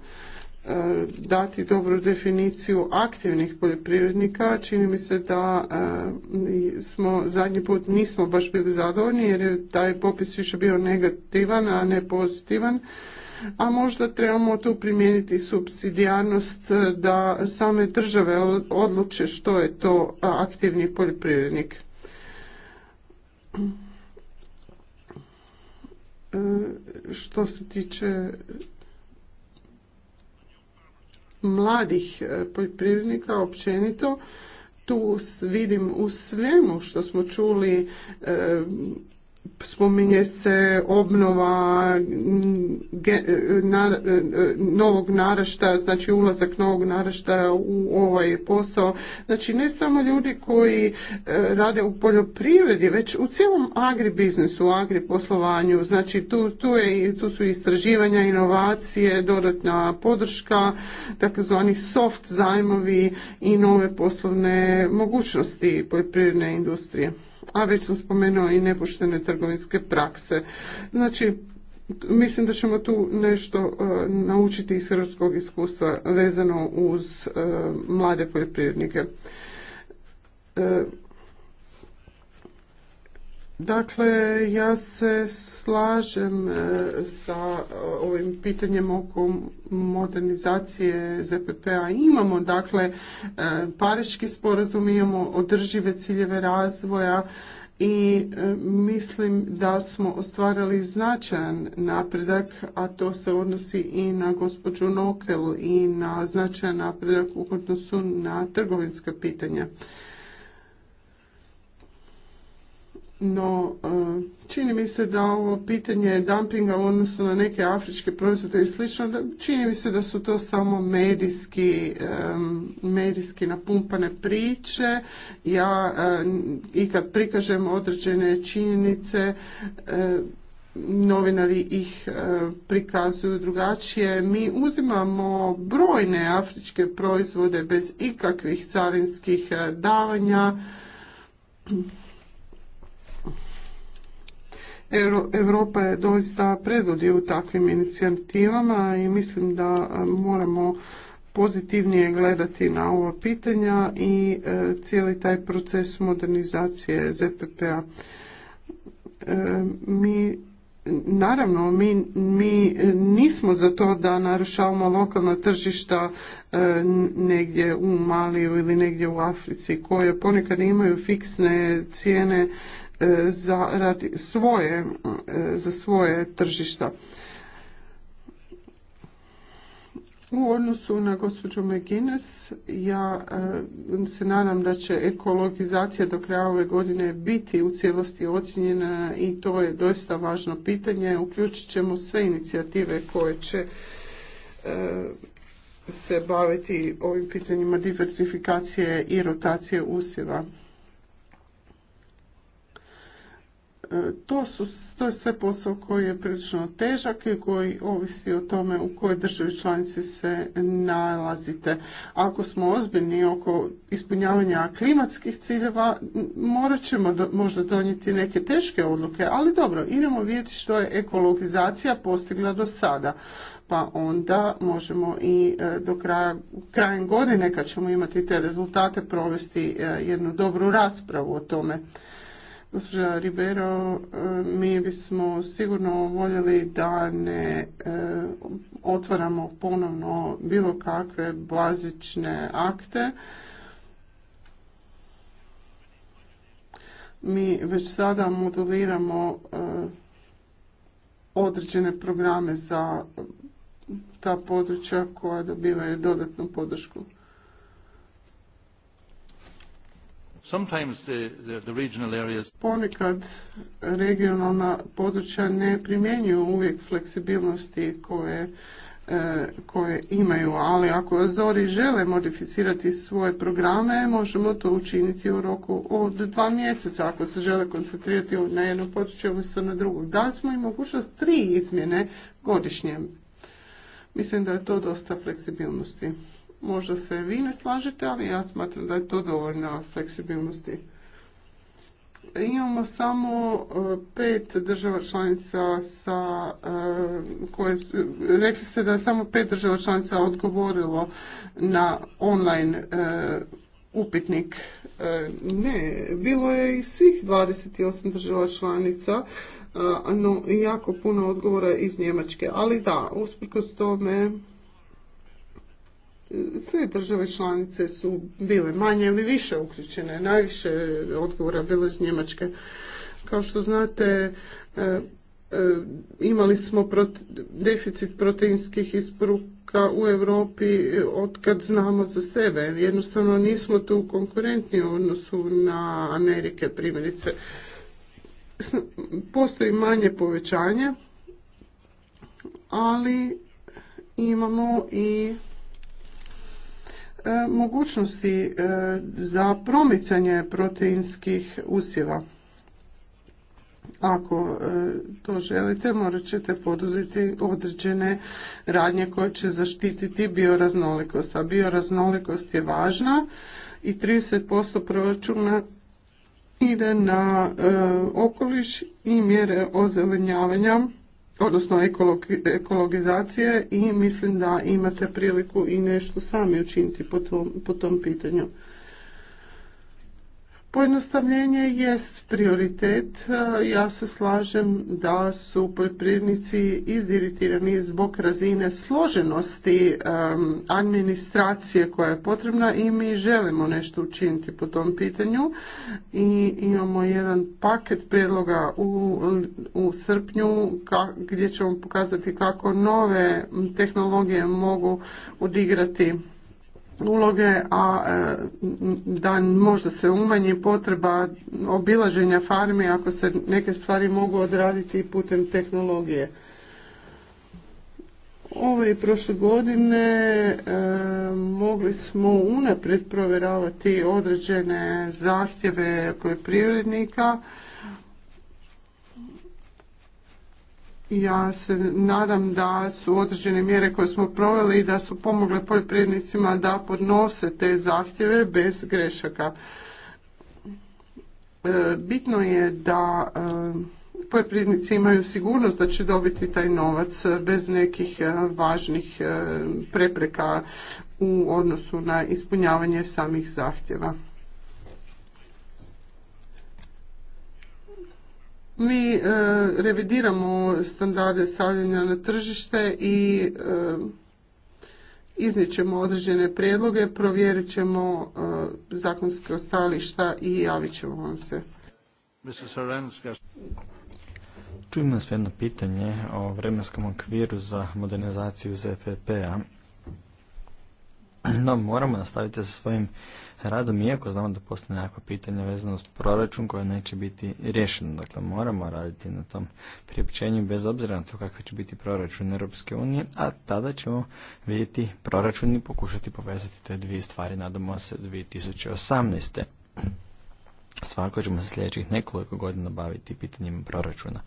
e, dati dobru definiciju aktivnih poljoprivrednika. Čini mi se da e, smo zadnji put nismo baš bili zadovoljni jer je taj popis više bio negativan, a ne pozitivan a možda trebamo tu primijeniti subsidijarnost e, da same države odluče što je to aktivni poljoprivrednik. E, što se tiče mladih e, poljoprivrednika općenito, tu vidim u svemu što smo čuli spominje se obnova mm, novog naraštaja, znači ulazak novog naraštaja u ovaj posao. Znači ne samo ljudi koji e, rade u poljoprivredi, već u cijelom agribiznisu, agriposlovanju. Znači tu, tu, je, tu su istraživanja, inovacije, dodatna podrška, takozvani soft zajmovi i nove poslovne mogućnosti poljoprivredne industrije a već sam spomenuo i nepoštene trgovinske prakse. Znači, mislim da ćemo tu nešto e, naučiti iz hrvatskog iskustva vezano uz e, mlade poljoprivrednike e, Dakle, ja se slažem e, sa e, ovim pitanjem oko modernizacije ZPP-a. Imamo, dakle, e, pariški sporazum, imamo održive ciljeve razvoja i mislim da smo ostvarili značajan napredak, a to se odnosi i na gospođu Nokel i na značajan napredak u odnosu na trgovinska pitanja. no e, čini mi se da ovo pitanje dumpinga u odnosu na neke afričke proizvode i slično, čini mi se da su to samo medijski, e, medijski napumpane priče. Ja e, i kad prikažem određene činjenice, novinari ih prikazuju drugačije. Mi uzimamo brojne afričke proizvode bez ikakvih carinskih davanja Europa je doista predvodi u takvim inicijativama i mislim da e, moramo pozitivnije gledati na ova pitanja i e, cijeli taj proces modernizacije ZPP-a. E, mi Naravno, mi, mi nismo za to da narušavamo lokalna tržišta negdje u Maliju ili negdje u Africi koje ponekad imaju fiksne cijene E, za, radi svoje, e, za svoje tržišta. U odnosu na gospođu McGuinness, ja e, se nadam da će ekologizacija do kraja ove godine biti u cijelosti ocjenjena i to je doista važno pitanje. Uključit ćemo sve inicijative koje će se baviti ovim pitanjima diversifikacije i rotacije usjeva. E, to, su, to je sve posao koji je prilično težak i koji ovisi o tome u kojoj državi članici se nalazite. Ako smo ozbiljni oko ispunjavanja klimatskih ciljeva, morat ćemo možda donijeti neke teške odluke, ali dobro, idemo vidjeti što je ekologizacija postigla do sada pa onda možemo i e, do kraja, krajem godine kad ćemo imati te rezultate provesti e, jednu dobru raspravu o tome. Gospođa Ribeiro, eh, mi bismo sigurno voljeli da ne eh, otvaramo ponovno bilo kakve bazične akte. Mi već sada moduliramo eh, određene programe za ta područja koja dobivaju dodatnu podršku. Sometimes the, the, regional areas... Ponekad regionalna područja ne primjenjuju uvijek fleksibilnosti koje e, koje imaju, ali ako Azori žele modificirati svoje programe, možemo to učiniti u roku od dva mjeseca, ako se žele koncentrirati na jedno područje umjesto na drugo Dali smo im mogućnost tri izmjene godišnje. Mislim da je to dosta fleksibilnosti. Možda se vi ne slažete, ali ja smatram da je to dovoljna fleksibilnosti. Imamo samo e, pet država članica sa e, koje rekli ste da je samo pet država članica odgovorilo na online e, upitnik. Ne, bilo je i svih 28 država članica, no jako puno odgovora iz Njemačke. Ali da, usprkos tome sve države članice su bile manje ili više uključene. Najviše odgovora bilo iz Njemačke. Kao što znate, e, e, imali smo deficit proteinskih isporuka u Europi otkad znamo za sebe. Jednostavno nismo tu konkurentni u odnosu na Amerike primjerice. Postoji manje povećanje, ali imamo i E, mogućnosti e, za promicanje proteinskih usjeva. Ako e, to želite, morat ćete poduzeti određene radnje koje će zaštititi bioraznolikost. A bioraznolikost je važna i 30% proračuna ide na okoliš i mjere ozelenjavanja odnosno ekologizacije i mislim da imate priliku i nešto sami učiniti po tom, pitanju. Pojednostavljenje jest prioritet. Ja se slažem da su poljoprivrednici iziritirani zbog razine složenosti administracije koja je potrebna i mi želimo nešto učiniti po tom pitanju. I imamo jedan paket prijedloga u, u srpnju gdje ćemo pokazati kako nove tehnologije mogu odigrati uloge, a e, da možda se umanji potreba obilaženja farmi ako se neke stvari mogu odraditi putem tehnologije. Ove i prošle godine e, mogli smo unaprijed provjeravati određene zahtjeve poljoprivrednika ja se nadam da su određene mjere koje smo proveli i da su pomogle poljoprivrednicima da podnose te zahtjeve bez grešaka. E, bitno je da e, poljoprivrednici imaju sigurnost da će dobiti taj novac bez nekih e, važnih prepreka u odnosu na ispunjavanje samih zahtjeva. Mi e, revidiramo standarde stavljanja na tržište i e, iznijet ćemo određene prijedloge, provjerit ćemo e, zakonske stališta i javit ćemo vam se. Čujem nas jedno pitanje o vremenskom okviru za modernizaciju ZPP-a. No, moramo nastaviti sa svojim radom, iako znamo da postoje nekako pitanje vezano s proračun koje neće biti rješeno. Dakle, moramo raditi na tom priopćenju bez obzira na to kakav će biti proračun Europske unije, a tada ćemo vidjeti proračun i pokušati povezati te dvije stvari, nadamo se 2018. Svako ćemo se sljedećih nekoliko godina baviti pitanjima proračuna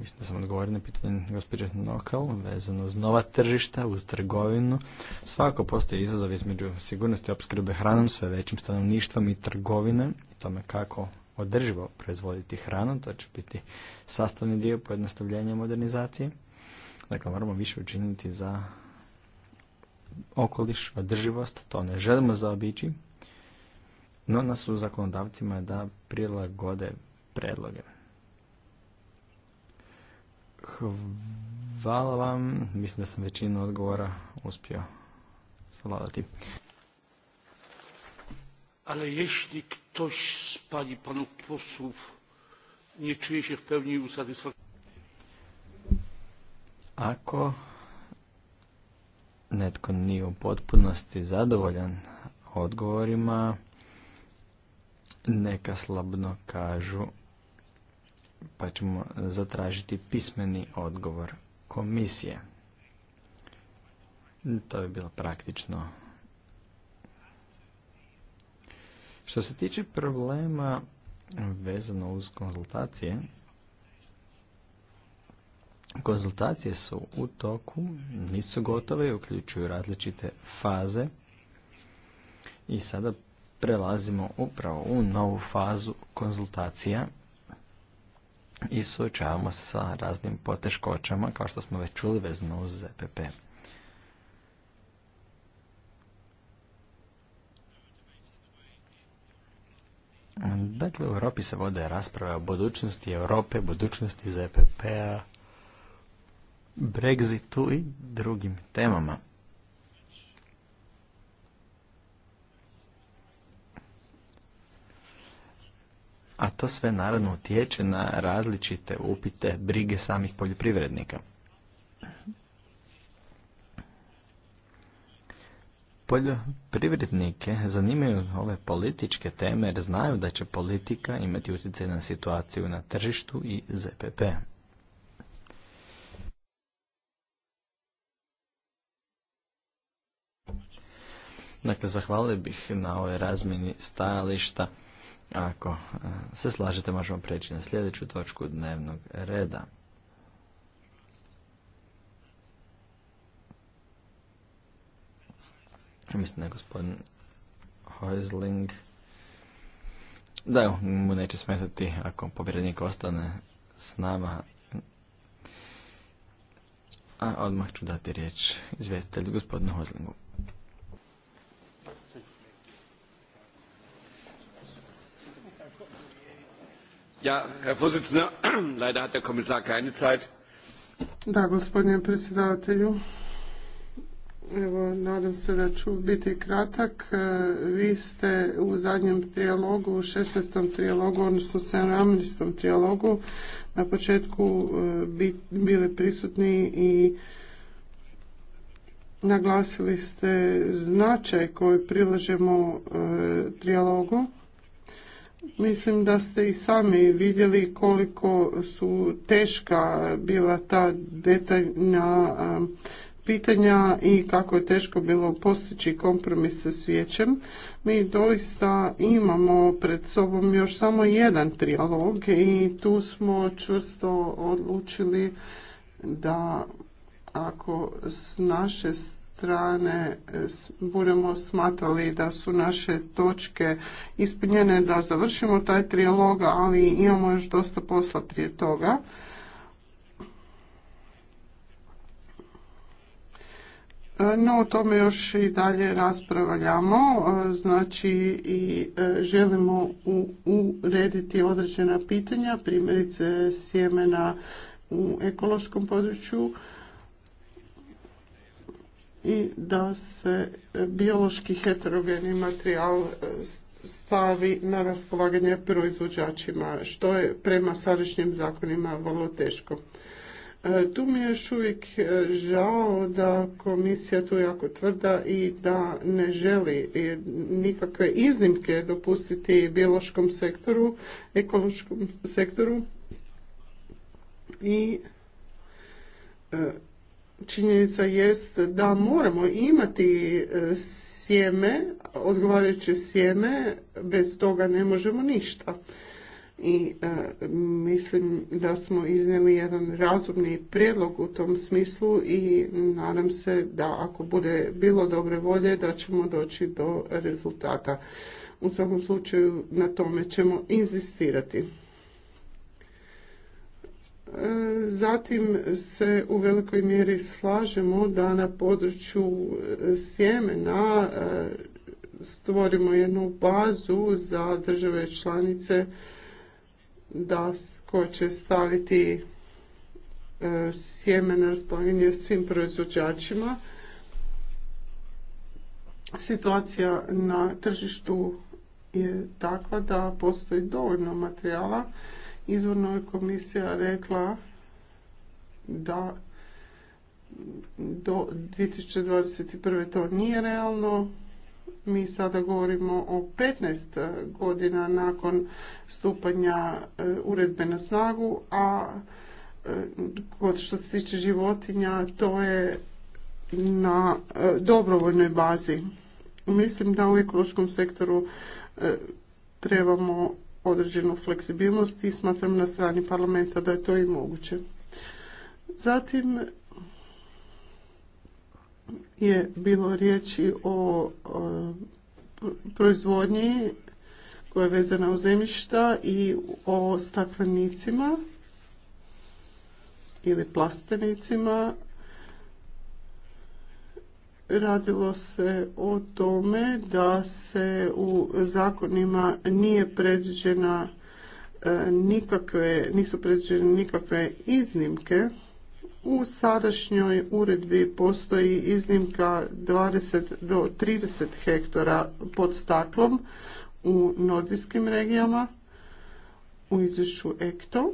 mislim da sam odgovorio na pitanje gospođe Nokal, vezano uz nova tržišta, uz trgovinu. Svako postoji izazov između sigurnosti opskrbe hranom, sve većim stanovništvom i trgovine, i tome kako održivo proizvoditi hranu, to će biti sastavni dio pojednostavljenja modernizacije. Dakle, moramo više učiniti za okoliš, održivost, to ne želimo zaobići, no nas u zakonodavcima je da prilagode predloge. Hvala vam. Mislim da sam većinu odgovora uspio savladati. Ale jeśli ktoś z pani panów posłów nie czuje się w pełni usatysfakcjonowany. Ako netko nije u potpunosti zadovoljan odgovorima, neka slabno kažu pa ćemo zatražiti pismeni odgovor komisije. To je bilo praktično. Što se tiče problema vezano uz konzultacije, konzultacije su u toku, nisu gotove i uključuju različite faze. I sada prelazimo upravo u novu fazu konzultacija i suočavamo se sa raznim poteškoćama kao što smo već čuli vezno uz ZPP. E dakle, u Europi se vode rasprave o budućnosti Europe, budućnosti ZPP-a, Brexitu i drugim temama. a to sve naravno utječe na različite upite brige samih poljoprivrednika. Poljoprivrednike zanimaju ove političke teme jer znaju da će politika imati utjecaj na situaciju na tržištu i ZPP. Dakle, zahvalio bih na ovoj razmjeni stajališta ako e, se slažete, možemo preći na sljedeću točku dnevnog reda. Mislim da je gospodin Heusling. Da, mu neće smetati ako povjerenik ostane s nama. A odmah ću dati riječ izvjestitelju gospodinu Hozlingu. Da, gospodine predsjedavatelju, Evo, nadam se da ću biti kratak. E, vi ste u zadnjem trijalogu, u trijalogu, odnosno sedamnaestom trijalogu, na početku e, bili prisutni i naglasili ste značaj koji prilažemo e, trijalogu Mislim da ste i sami vidjeli koliko su teška bila ta detaljna pitanja i kako je teško bilo postići kompromis sa svijećem. Mi doista imamo pred sobom još samo jedan trijalog i tu smo čvrsto odlučili da ako s naše strane e, budemo smatrali da su naše točke ispunjene da završimo taj trijalog, ali imamo još dosta posla prije toga. E, no, o tome još i dalje raspravljamo, e, znači i želimo urediti određena pitanja, primjerice sjemena u ekološkom području, i da se biološki heterogeni materijal e, stavi na raspolaganje proizvođačima, što je prema sadašnjim zakonima vrlo teško. E, tu mi je još uvijek e, žao da komisija tu jako tvrda i da ne želi nikakve iznimke dopustiti biološkom sektoru, ekološkom sektoru i činjenica jest da moramo imati e, sjeme, odgovarajuće sjeme, bez toga ne možemo ništa. I e, mislim da smo iznijeli jedan razumni prijedlog u tom smislu i nadam se da ako bude bilo dobre volje da ćemo doći do rezultata. U svakom slučaju na tome ćemo inzistirati. Zatim se u velikoj mjeri slažemo da na području e, sjemena e, stvorimo jednu bazu za države članice da koje će staviti e, sjeme na raspolaganje svim proizvođačima. Situacija na tržištu je takva da postoji dovoljno materijala Izvorno je komisija rekla da do 2021. to nije realno. Mi sada govorimo o 15 godina nakon stupanja e, uredbe na snagu, a e, što se tiče životinja to je na e, dobrovoljnoj bazi. Mislim da u ekološkom sektoru trebamo određenu fleksibilnost i smatram na strani parlamenta da je to i moguće. Zatim je bilo riječi o proizvodnji koja je vezana u zemljišta i o staklenicima ili plastenicima radilo se o tome da se u zakonima nije predviđena e, nikakve, nisu predviđene nikakve iznimke. U sadašnjoj uredbi postoji iznimka 20 do 30 hektara pod staklom u nordijskim regijama u izvješću EKTO,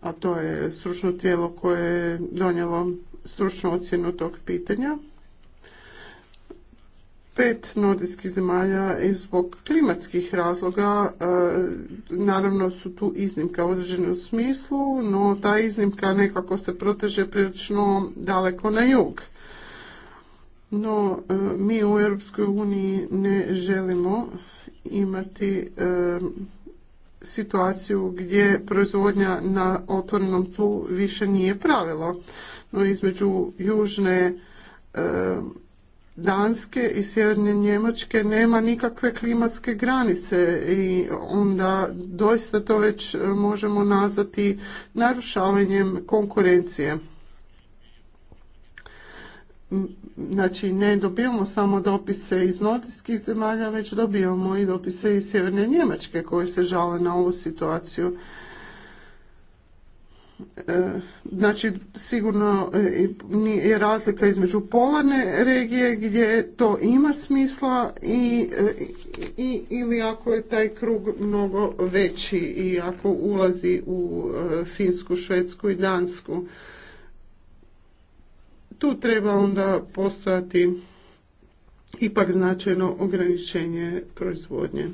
a to je stručno tijelo koje je donijelo stručnu ocjenu tog pitanja pet nordijskih zemalja i zbog klimatskih razloga e, naravno su tu iznimka u određenom smislu, no ta iznimka nekako se proteže prilično daleko na jug. No, e, mi u Europskoj uniji ne želimo imati e, situaciju gdje proizvodnja na otvorenom tlu više nije pravilo. No, između južne Danske i sjeverne Njemačke nema nikakve klimatske granice i onda doista to već e, možemo nazvati narušavanjem konkurencije. Znači ne dobijamo samo dopise iz nordijskih zemalja, već dobijamo i dopise iz sjeverne Njemačke koji se žale na ovu situaciju. E, znači, sigurno e, je razlika između polarne regije gdje to ima smisla i, e, i, ili ako je taj krug mnogo veći i ako ulazi u Finsku, Švedsku i Dansku. Tu treba onda postojati ipak značajno ograničenje proizvodnje.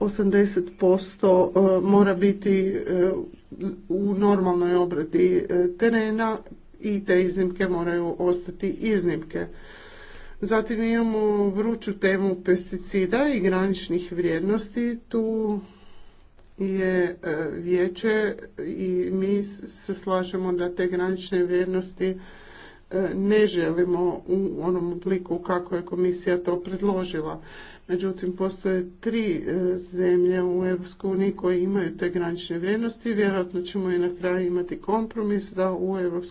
80% e, mora biti e, u normalnoj obradi e, terena i te iznimke moraju ostati iznimke. Zatim imamo vruću temu pesticida i graničnih vrijednosti. Tu je vijeće i mi se slažemo da te granične vrijednosti E, ne želimo u onom obliku kako je komisija to predložila. Međutim, postoje tri e, zemlje u EU koje imaju te granične vrijednosti. Vjerojatno ćemo i na kraju imati kompromis da u EU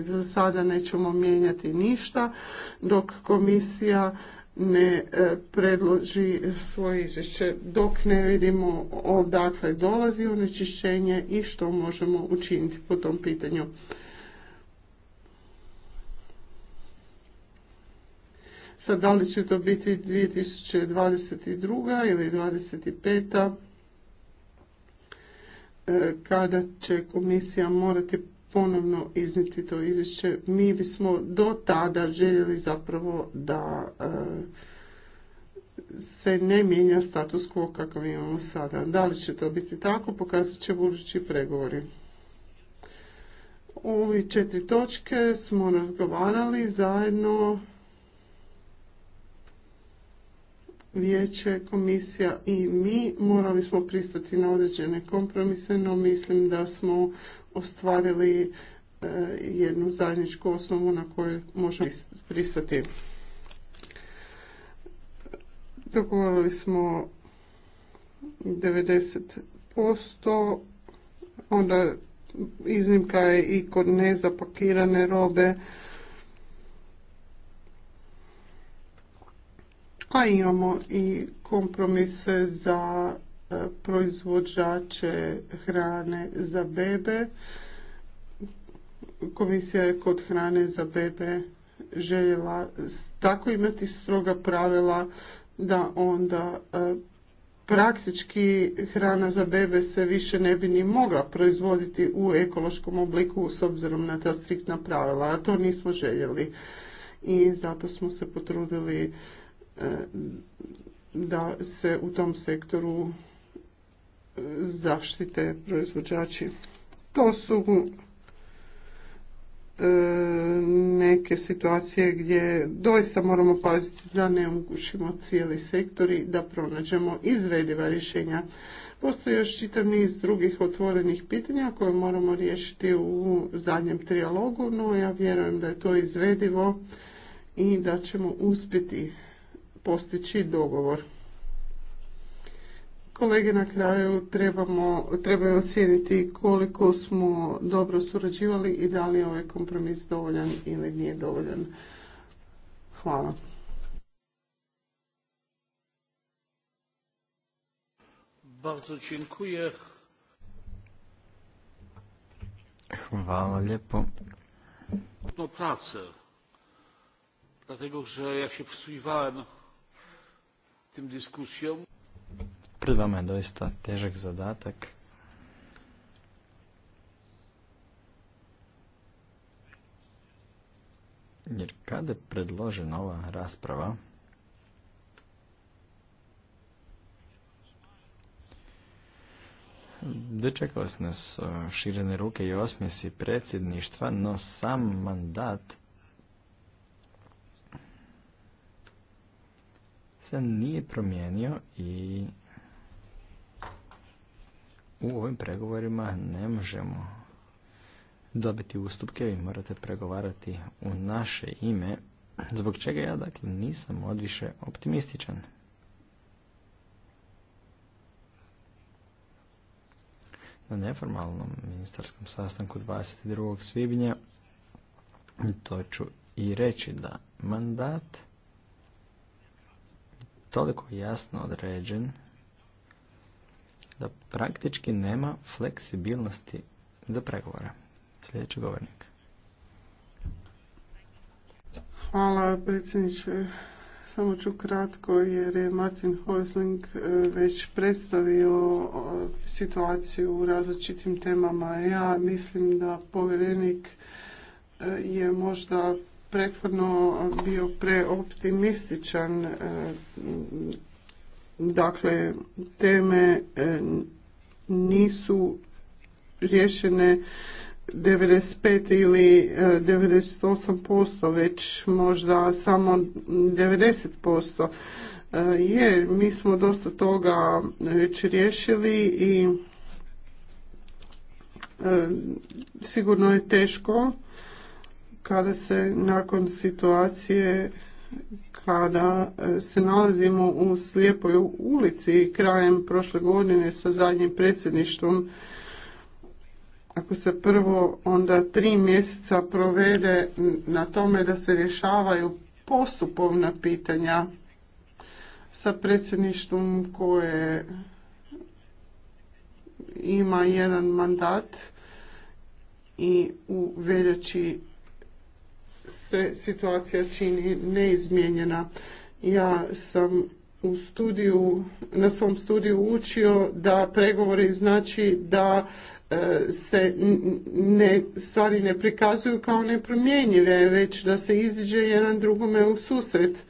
za sada nećemo mijenjati ništa dok komisija ne e, predloži svoje izvješće dok ne vidimo odakle dolazi onečišćenje i što možemo učiniti po tom pitanju. Sad, da li će to biti 2022. ili 2025. E, kada će komisija morati ponovno izniti to izvješće. Mi bismo do tada željeli zapravo da e, se ne mijenja status quo kakav imamo sada. Da li će to biti tako, pokazat će budući pregovori. Ovi četiri točke smo razgovarali zajedno vijeće, komisija i mi morali smo pristati na određene kompromise, no mislim da smo ostvarili e, jednu zajedničku osnovu na kojoj možemo pristati. Dogovorili smo 90%, onda iznimka je i kod nezapakirane robe, Pa imamo i kompromise za e, proizvođače hrane za bebe. Komisija je kod hrane za bebe željela tako imati stroga pravila da onda e, praktički hrana za bebe se više ne bi ni mogla proizvoditi u ekološkom obliku s obzirom na ta striktna pravila, a to nismo željeli. I zato smo se potrudili E, da se u tom sektoru e, zaštite proizvođači. To su e, neke situacije gdje doista moramo paziti da ne ugušimo cijeli sektor i da pronađemo izvediva rješenja. Postoji još čitav niz drugih otvorenih pitanja koje moramo riješiti u zadnjem trialogu, no ja vjerujem da je to izvedivo i da ćemo uspjeti postići dogovor. Kolege na kraju trebamo, trebaju ocijeniti koliko smo dobro surađivali i da li je ovaj kompromis dovoljan ili nije dovoljan. Hvala. Bardzo dziękuję. Hvala lijepo. pracę, dlatego że jak się przysłuchiwałem Pred vama je doista težak zadatak. Jer kada je predložena ova rasprava, Dočekali smo nas e, širene ruke i osmjesi predsjedništva, no sam mandat se nije promijenio i u ovim pregovorima ne možemo dobiti ustupke, vi morate pregovarati u naše ime, zbog čega ja dakle nisam odviše optimističan. Na neformalnom ministarskom sastanku 22. svibnja to ću i reći da mandat toliko jasno određen da praktički nema fleksibilnosti za pregovore. Sljedeći govornik. Hvala predsjedniče. Samo ću kratko jer je Martin Hosling e, već predstavio e, situaciju u različitim temama. Ja mislim da povjerenik e, je možda prethodno bio preoptimističan. E, dakle, teme e, nisu rješene 95 ili 98%, e, već možda samo 90%. Jer mi smo dosta toga već riješili i sigurno je teško kada se nakon situacije kada e, se nalazimo u slijepoj ulici krajem prošle godine sa zadnjim predsjedništvom ako se prvo onda tri mjeseca provede na tome da se rješavaju postupovna pitanja sa predsjedništvom koje ima jedan mandat i u veljači se situacija čini neizmijenjena. Ja sam u studiju, na svom studiju učio da pregovori znači da e, se ne, stvari ne prikazuju kao nepromjenjive, već da se iziđe jedan drugome u susret.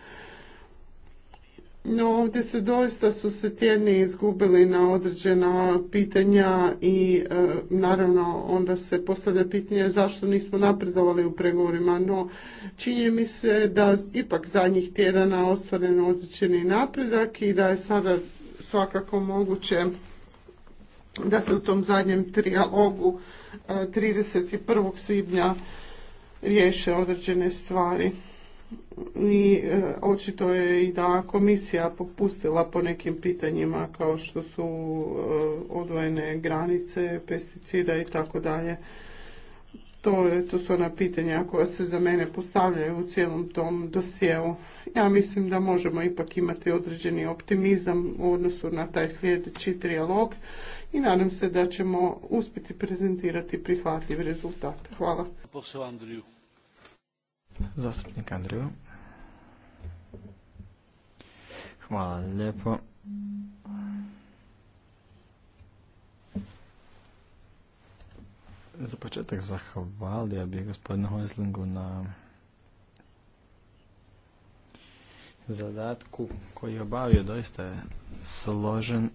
No ovdje se doista su se tjedni izgubili na određena pitanja i e, naravno onda se postavlja pitanje zašto nismo napredovali u pregovorima, no čini mi se da ipak zadnjih tjedana ostvaren određeni napredak i da je sada svakako moguće da se u tom zadnjem trijalogu e, 31. svibnja riješe određene stvari i e, očito je i da komisija popustila po nekim pitanjima kao što su e, odvojene granice, pesticida i tako dalje. To, je, to su ona pitanja koja se za mene postavljaju u cijelom tom dosjeu. Ja mislim da možemo ipak imati određeni optimizam u odnosu na taj sljedeći trijalog i nadam se da ćemo uspjeti prezentirati prihvatljiv rezultat. Hvala. Andriju. Zastupnik Andriju. Hvala lijepo. Za početak zahvalio bih gospodinu Hojslingu na zadatku koji je obavio doista je složen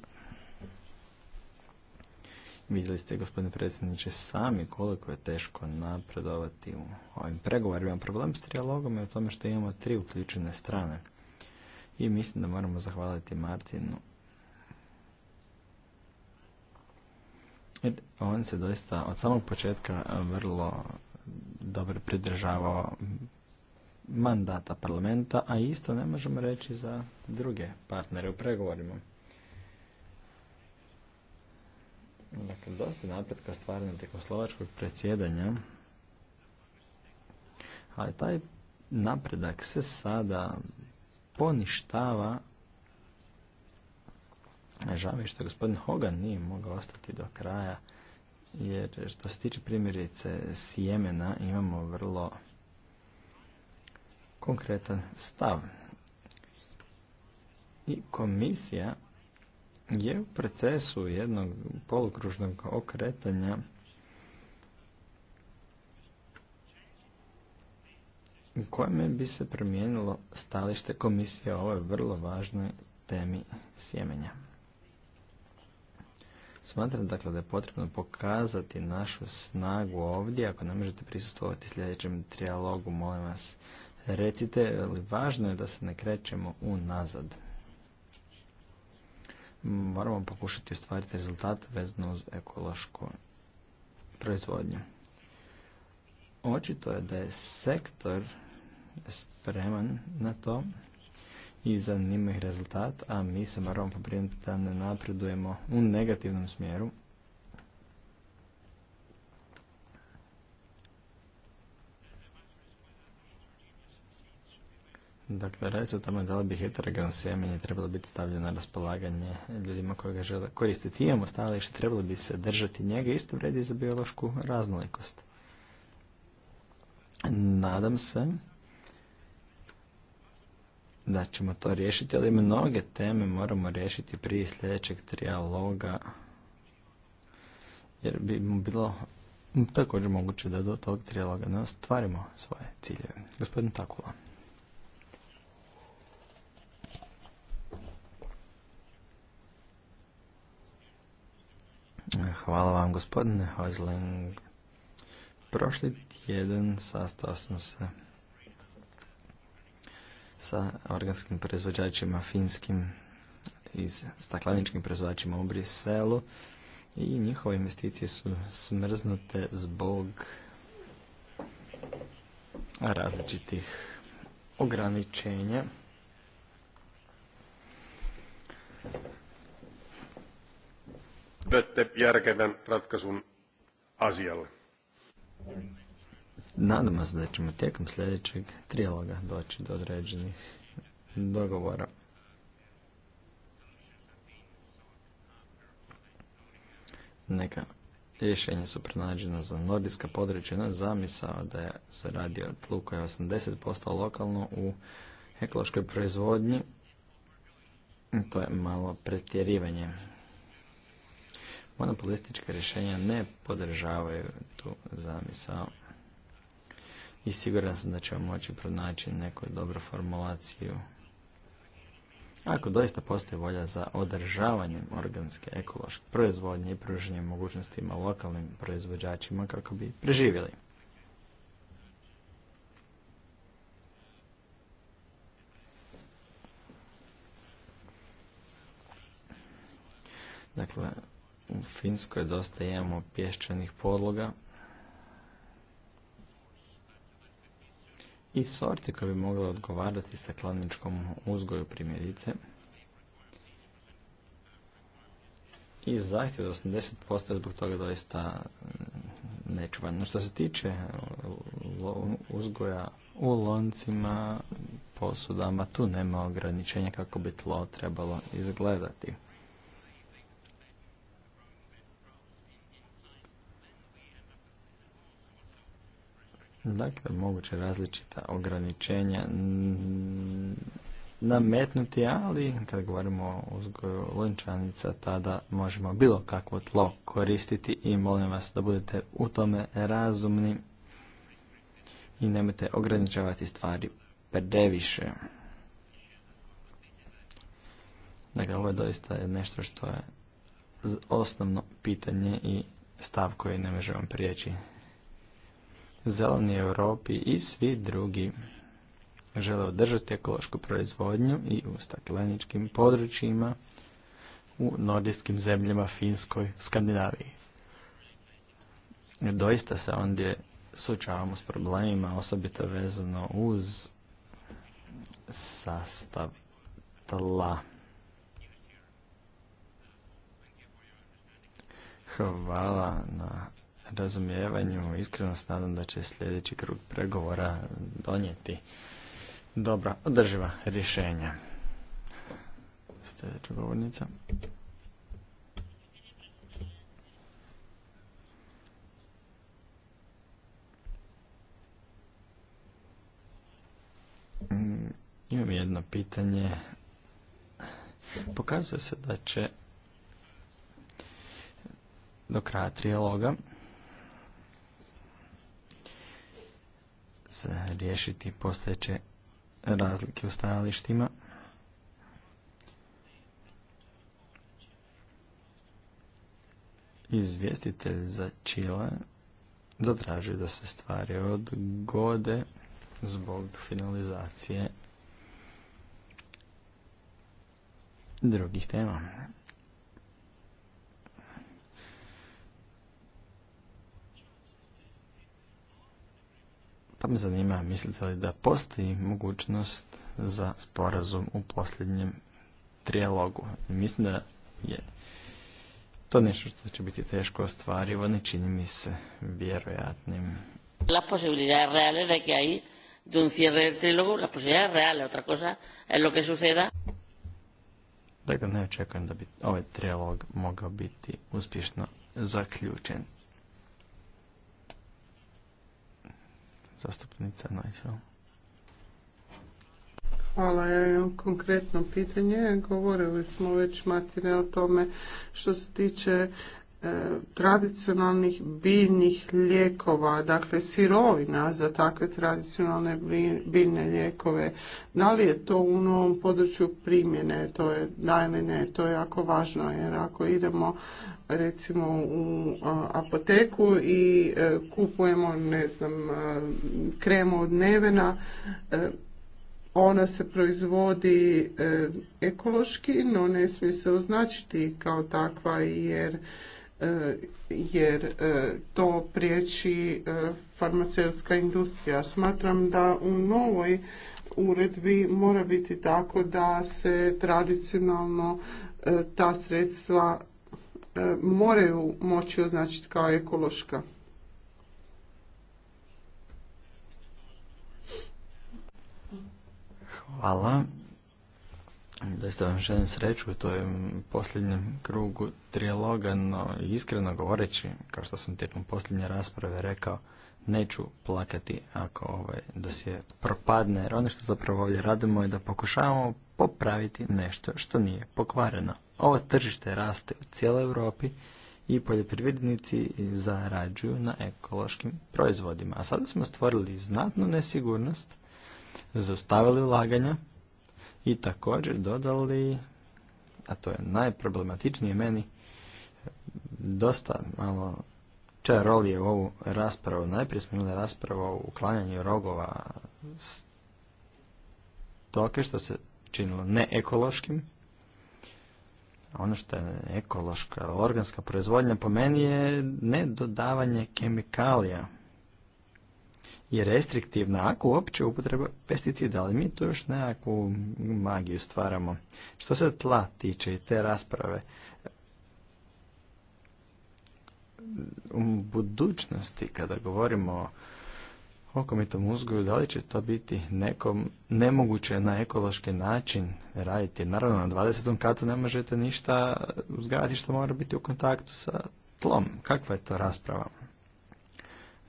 Vidjeli ste, gospodine predsjedniče, sami koliko je teško napredovati u ovim pregovorima. Problem s trijalogom je u tome što imamo tri uključene strane. I mislim da moramo zahvaliti Martinu. Jer on se doista od samog početka vrlo dobro pridržavao mandata parlamenta, a isto ne možemo reći za druge partnere u pregovorima. Dakle, dosta napretka stvarno tijekom slovačkog predsjedanja, ali taj napredak se sada poništava. Žao mi što gospodin Hogan nije mogao ostati do kraja, jer što se tiče primjerice sjemena imamo vrlo konkretan stav. I komisija je u procesu jednog polukružnog okretanja u kojem bi se promijenilo stalište komisije o ovoj vrlo važnoj temi sjemenja. Smatram dakle da je potrebno pokazati našu snagu ovdje. Ako ne možete prisustvovati sljedećem trijalogu, molim vas recite, ali važno je da se ne krećemo unazad moramo pokušati ostvariti rezultate vezano uz ekološku proizvodnju. Očito je da je sektor spreman na to i zanima ih rezultat, a mi se moramo pobrinuti da ne napredujemo u negativnom smjeru Dakle, radi se o tome da li bi heterogen sjemenje trebalo biti stavljeno na raspolaganje ljudima koji ga žele koristiti. Imamo stajalište, trebalo bi se držati njega, isto vredi za biološku raznolikost. Nadam se da ćemo to riješiti, ali mnoge teme moramo riješiti prije sljedećeg trijaloga, jer bi mu bilo također moguće da do tog trijaloga ne ostvarimo svoje ciljeve. Gospodin Takula. Hvala vam gospodine Hojzling. Prošli tjedan sastao sam se sa organskim proizvođačima finskim i stakleničkim proizvođačima u Briselu i njihove investicije su smrznute zbog različitih ograničenja Nadamo se da ćemo tijekom sljedećeg trijaloga doći do određenih dogovora. Neka rješenja su pronađena za nordijska područja, zamisao da je se radi o tlu koja je 80% lokalno u ekološkoj proizvodnji, to je malo pretjerivanje. Monopolistička rješenja ne podržavaju tu zamisao i siguran sam da ćemo moći pronaći neku dobru formulaciju. Ako doista postoji volja za održavanjem organske ekološke proizvodnje i pruženjem mogućnostima lokalnim proizvođačima kako bi preživjeli. Dakle, u Finskoj dosta imamo pješčanih podloga i sorti koje bi mogle odgovarati stakleničkom uzgoju primjerice i zahtjev za 80% zbog toga doista nečuvan. što se tiče uzgoja u loncima, posudama, tu nema ograničenja kako bi tlo trebalo izgledati. Dakle, moguće različita ograničenja nametnuti, ali kada govorimo o uzgoju lončanica, tada možemo bilo kakvo tlo koristiti i molim vas da budete u tome razumni i nemojte ograničavati stvari previše. Dakle, ovo je doista nešto što je osnovno pitanje i stav koji ne vam prijeći zeleni Europi i svi drugi žele održati ekološku proizvodnju i u stakleničkim područjima u nordijskim zemljama, Finskoj, Skandinaviji. Doista se ondje sučavamo s problemima, osobito vezano uz sastav tla. Hvala na razumijevanju. Iskreno se nadam da će sljedeći krug pregovora donijeti dobra, održiva rješenja. Sljedeća govornica. Mm, imam jedno pitanje. Pokazuje se da će do kraja trijaloga se riješiti postojeće razlike u stajalištima. Izvjestitelj za Čile zatražio da se stvari odgode zbog finalizacije drugih tema. Pa me zanima, mislite li da postoji mogućnost za sporazum u posljednjem trijalogu? Mislim da je to nešto što će biti teško ostvarivo, ne čini mi se vjerojatnim. La posibilidad real de que un cierre otra cosa es lo que suceda. Dakle, ne očekujem da bi ovaj trijalog mogao biti uspješno zaključen. Zastupnica Najčeva. Hvala. Ja imam konkretno pitanje. Govorili smo već, Martine, o tome što se tiče E, tradicionalnih biljnih lijekova, dakle sirovina za takve tradicionalne biljne lijekove. Da li je to u novom području primjene, to je najmene to je jako važno jer ako idemo recimo u apoteku i e, kupujemo ne znam e, kremu od nevena, ona se proizvodi ekološki, no ne smije se označiti kao takva jer jer e, to priječi e, farmaceutska industrija. Smatram da u novoj uredbi mora biti tako da se tradicionalno e, ta sredstva moraju moći označiti kao ekološka. Hvala. Doista vam želim sreću u tom posljednjem krugu trijaloga, no iskreno govoreći, kao što sam tijekom posljednje rasprave rekao, neću plakati ako ovaj, da se propadne, jer ono što zapravo ovdje radimo je da pokušavamo popraviti nešto što nije pokvareno. Ovo tržište raste u cijeloj Europi i poljoprivrednici zarađuju na ekološkim proizvodima. A sada smo stvorili znatnu nesigurnost, zaustavili ulaganja, i također dodali, a to je najproblematičnije meni, dosta malo je u ovu raspravu. Najprije smo imali raspravu o uklanjanju rogova toke što se činilo neekološkim. Ono što je ekološka, organska proizvodnja po meni je nedodavanje kemikalija je restriktivna ako uopće upotreba pesticida, ali mi tu još nekakvu magiju stvaramo. Što se tla tiče i te rasprave, u budućnosti kada govorimo o okomitom uzgoju, da li će to biti nekom nemoguće na ekološki način raditi? Naravno, na 20. katu ne možete ništa uzgajati što mora biti u kontaktu sa tlom. Kakva je to rasprava?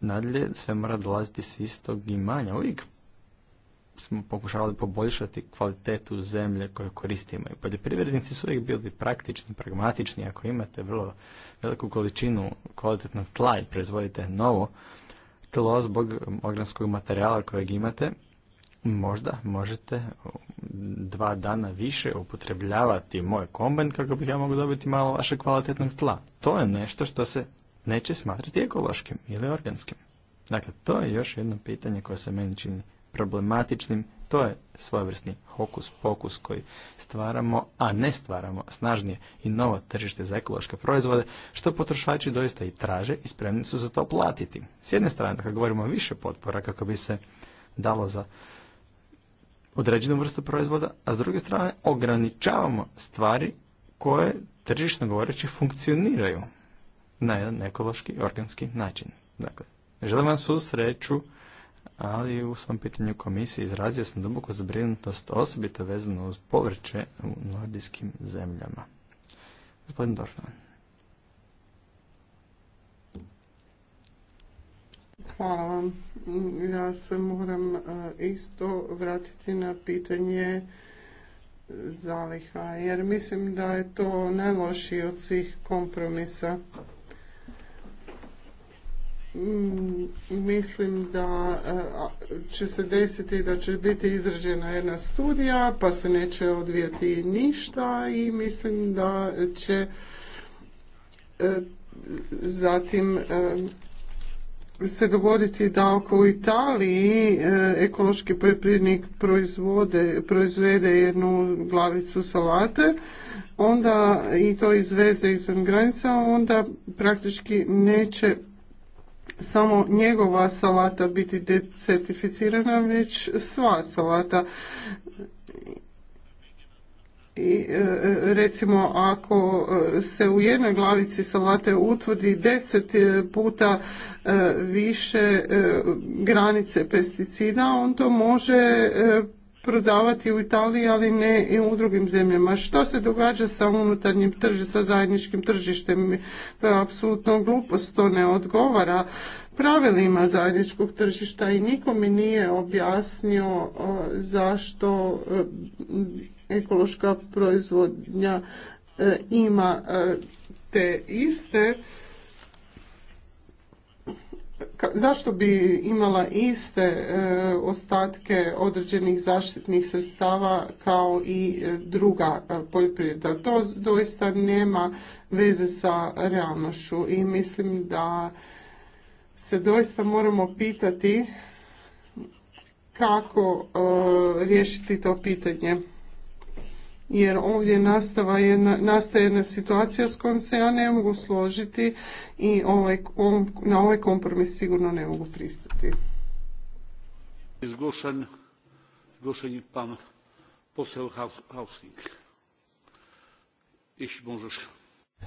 Nadalje, sve mora dolaziti s istog imanja. Uvijek smo pokušavali poboljšati kvalitetu zemlje koju koristimo. I poljoprivrednici su uvijek bili praktični, pragmatični. Ako imate vrlo veliku količinu kvalitetnog tla i proizvodite novo tlo zbog organskog materijala kojeg imate, možda možete dva dana više upotrebljavati moj kombajn kako bih ja mogao dobiti malo vaše kvalitetnog tla. To je nešto što se neće smatrati ekološkim ili organskim. Dakle, to je još jedno pitanje koje se meni čini problematičnim. To je svojevrsni hokus pokus koji stvaramo, a ne stvaramo snažnije i novo tržište za ekološke proizvode, što potrošači doista i traže i spremni su za to platiti. S jedne strane, kada dakle, govorimo više potpora kako bi se dalo za određenu vrstu proizvoda, a s druge strane ograničavamo stvari koje tržišno govoreći funkcioniraju na jedan ekološki, organski način. Dakle, želim vam svu sreću, ali u svom pitanju komisije izrazio sam duboko zabrinutost osobito vezano uz povrće u nordijskim zemljama. Gospodin Dorfman. Hvala vam. Ja se moram e, isto vratiti na pitanje zaliha, jer mislim da je to najlošiji od svih kompromisa. Mm, mislim da e, će se desiti da će biti izrađena jedna studija pa se neće odvijati ništa i mislim da će e, zatim e, se dogoditi da ako u Italiji ekološki poljoprivrednik proizvede jednu glavicu salate, onda i to izveze izvan granica, onda praktički neće samo njegova salata biti decertificirana, već sva salata. I, e, recimo ako e, se u jednoj glavici salate utvrdi deset e, puta više granice pesticida, on to može prodavati u Italiji, ali ne i u drugim zemljama. Što se događa sa unutarnjim tržištem, sa zajedničkim tržištem? To je apsolutno glupost, to ne odgovara pravilima zajedničkog tržišta i nikome nije objasnio zašto e, ekološka proizvodnja e, ima e, te iste zašto bi imala iste e, ostatke određenih zaštitnih sredstava kao i e, druga e, poljoprivreda. To doista nema veze sa realnošću i mislim da se doista moramo pitati kako riješiti to pitanje jer ovdje nastava jedna, nastaje jedna situacija s kojom se ja ne mogu složiti i ovaj, na ovaj kompromis sigurno ne mogu pristati. pan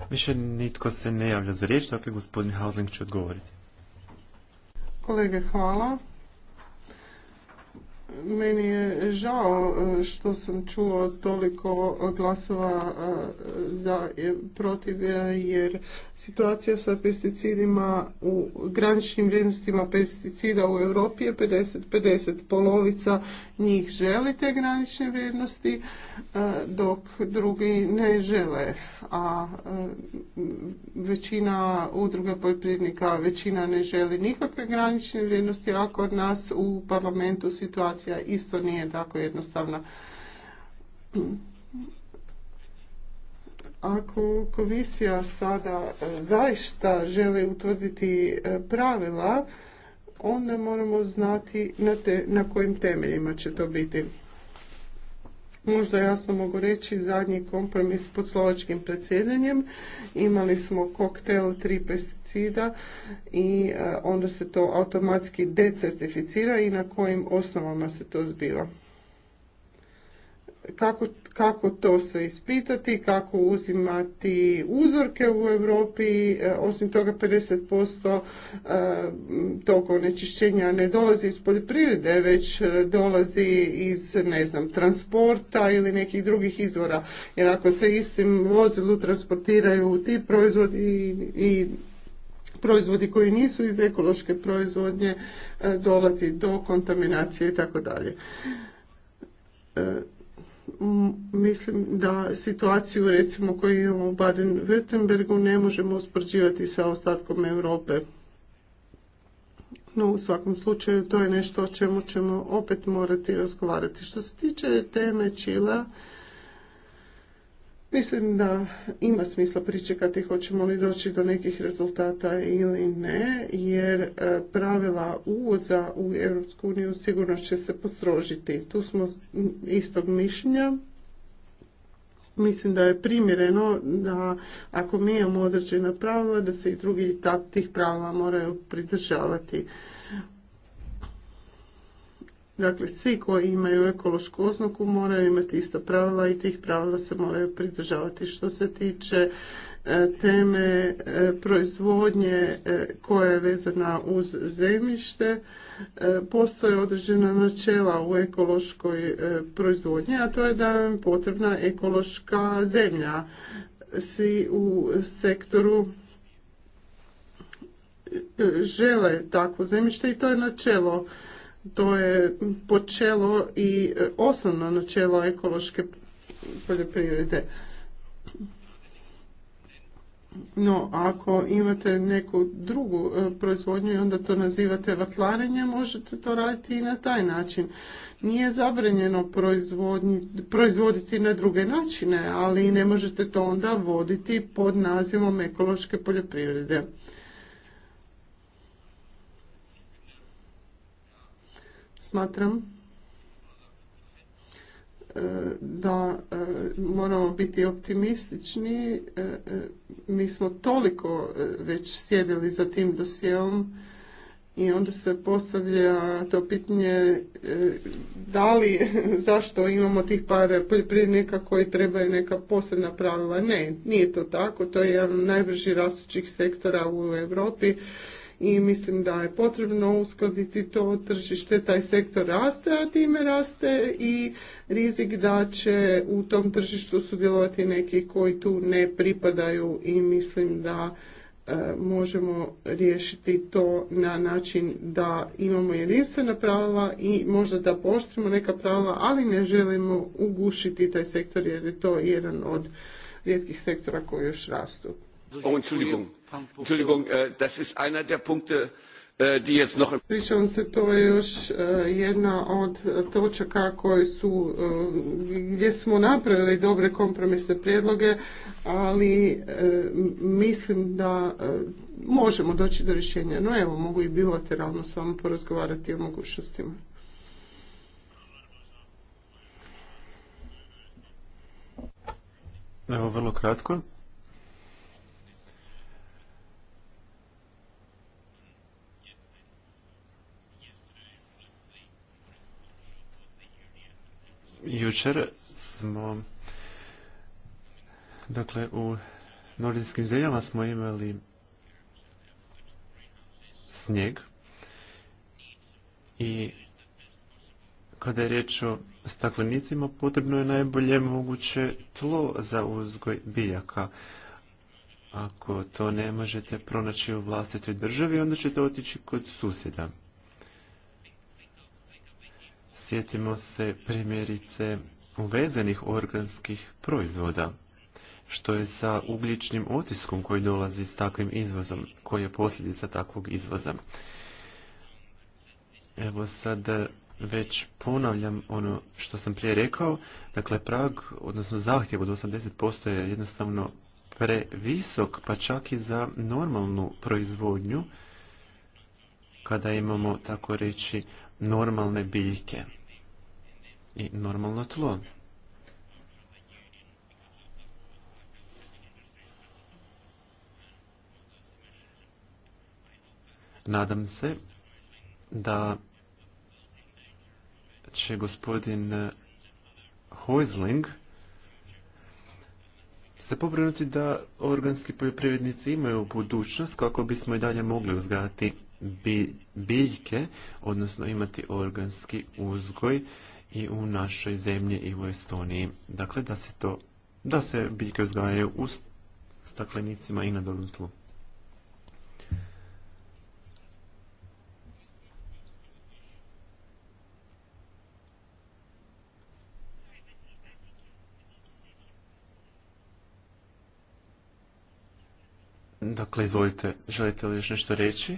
Više nitko se ne javlja za riječ, dakle gospodin Hausling će odgovoriti. Kolege, hvala. Meni je žao e, što sam čuo toliko glasova e, za, protiv jer situacija sa pesticidima u graničnim vrijednostima pesticida u Europi je 50-50. Polovica njih želi te granične vrijednosti e, dok drugi ne žele. A većina udruga poljoprivrednika, većina ne želi nikakve granične vrijednosti, a kod nas u parlamentu situacija situacija isto nije tako jednostavna. Ako komisija sada e, zaista želi utvrditi e, pravila, onda moramo znati na, na kojim temeljima će to biti možda jasno mogu reći zadnji kompromis pod slovačkim predsjedanjem. Imali smo koktel tri pesticida i e, onda se to automatski decertificira i na kojim osnovama se to zbiva. Kako kako to sve ispitati, kako uzimati uzorke u Europi, e, osim toga 50% e, tog onečišćenja ne dolazi iz poljoprivrede, već e, dolazi iz ne znam, transporta ili nekih drugih izvora. Jer ako se istim vozilu transportiraju ti proizvodi i, proizvodi koji nisu iz ekološke proizvodnje dolazi do kontaminacije i tako dalje mislim da situaciju recimo koju imamo u Baden-Württembergu ne možemo uspoređivati sa ostatkom Europe. No u svakom slučaju to je nešto o čemu ćemo opet morati razgovarati. Što se tiče teme Čila, Mislim da ima smisla pričekati hoćemo li doći do nekih rezultata ili ne, jer e, pravila uvoza u EU sigurno će se postrožiti. Tu smo istog mišljenja. Mislim da je primjereno da ako mi imamo određena pravila, da se i drugi tih pravila moraju pridržavati. Dakle, svi koji imaju ekološku oznaku moraju imati ista pravila i tih pravila se moraju pridržavati. Što se tiče e, teme e, proizvodnje e, koja je vezana uz zemljište, postoje određena načela u ekološkoj proizvodnji, a to je da je potrebna ekološka zemlja. Svi u sektoru žele takvo zemljište i to je načelo to je počelo i e, osnovno načelo ekološke poljoprivrede. No, ako imate neku drugu e, proizvodnju i onda to nazivate vatlarenjem, možete to raditi i na taj način. Nije zabranjeno proizvoditi na druge načine, ali ne možete to onda voditi pod nazivom ekološke poljoprivrede. smatram e, da e, moramo biti optimistični. E, mi smo toliko već sjedili za tim dosjeom i onda se postavlja to pitanje da li, zašto imamo tih par poljoprivrednika koji trebaju neka posebna pravila. Ne, nije to tako. To je jedan najbrži rastućih sektora u Europi i mislim da je potrebno uskladiti to tržište, taj sektor raste, a time raste i rizik da će u tom tržištu sudjelovati neki koji tu ne pripadaju i mislim da e, možemo riješiti to na način da imamo jedinstvena pravila i možda da poštrimo neka pravila, ali ne želimo ugušiti taj sektor jer je to jedan od rijetkih sektora koji još rastu. Oh, Entschuldigung. Entschuldigung, äh, das ist einer äh, se, to je još e, jedna od e, točaka koje su, e, gdje smo napravili dobre kompromisne prijedloge, ali mislim da možemo doći do rješenja. No evo, mogu i bilateralno s vama porazgovarati o mogućnostima. Evo, vrlo kratko. Jučer smo, dakle, u nordijskim zemljama smo imali snijeg i kada je riječ o staklenicima, potrebno je najbolje moguće tlo za uzgoj biljaka. Ako to ne možete pronaći u vlastitoj državi, onda ćete otići kod susjeda. Sjetimo se primjerice uvezenih organskih proizvoda, što je sa ugljičnim otiskom koji dolazi s takvim izvozom, koji je posljedica takvog izvoza. Evo sad već ponavljam ono što sam prije rekao, dakle prag, odnosno zahtjev od 80% je jednostavno previsok, pa čak i za normalnu proizvodnju, kada imamo tako reći normalne biljke i normalno tlo. Nadam se da će gospodin Hoisling se pobrinuti da organski poljoprivrednici imaju budućnost kako bismo i dalje mogli uzgajati biljke, odnosno imati organski uzgoj i u našoj zemlji i u Estoniji. Dakle, da se to, da se biljke uzgajaju u staklenicima i na dobrom tlu. Dakle, izvolite, želite li još nešto reći?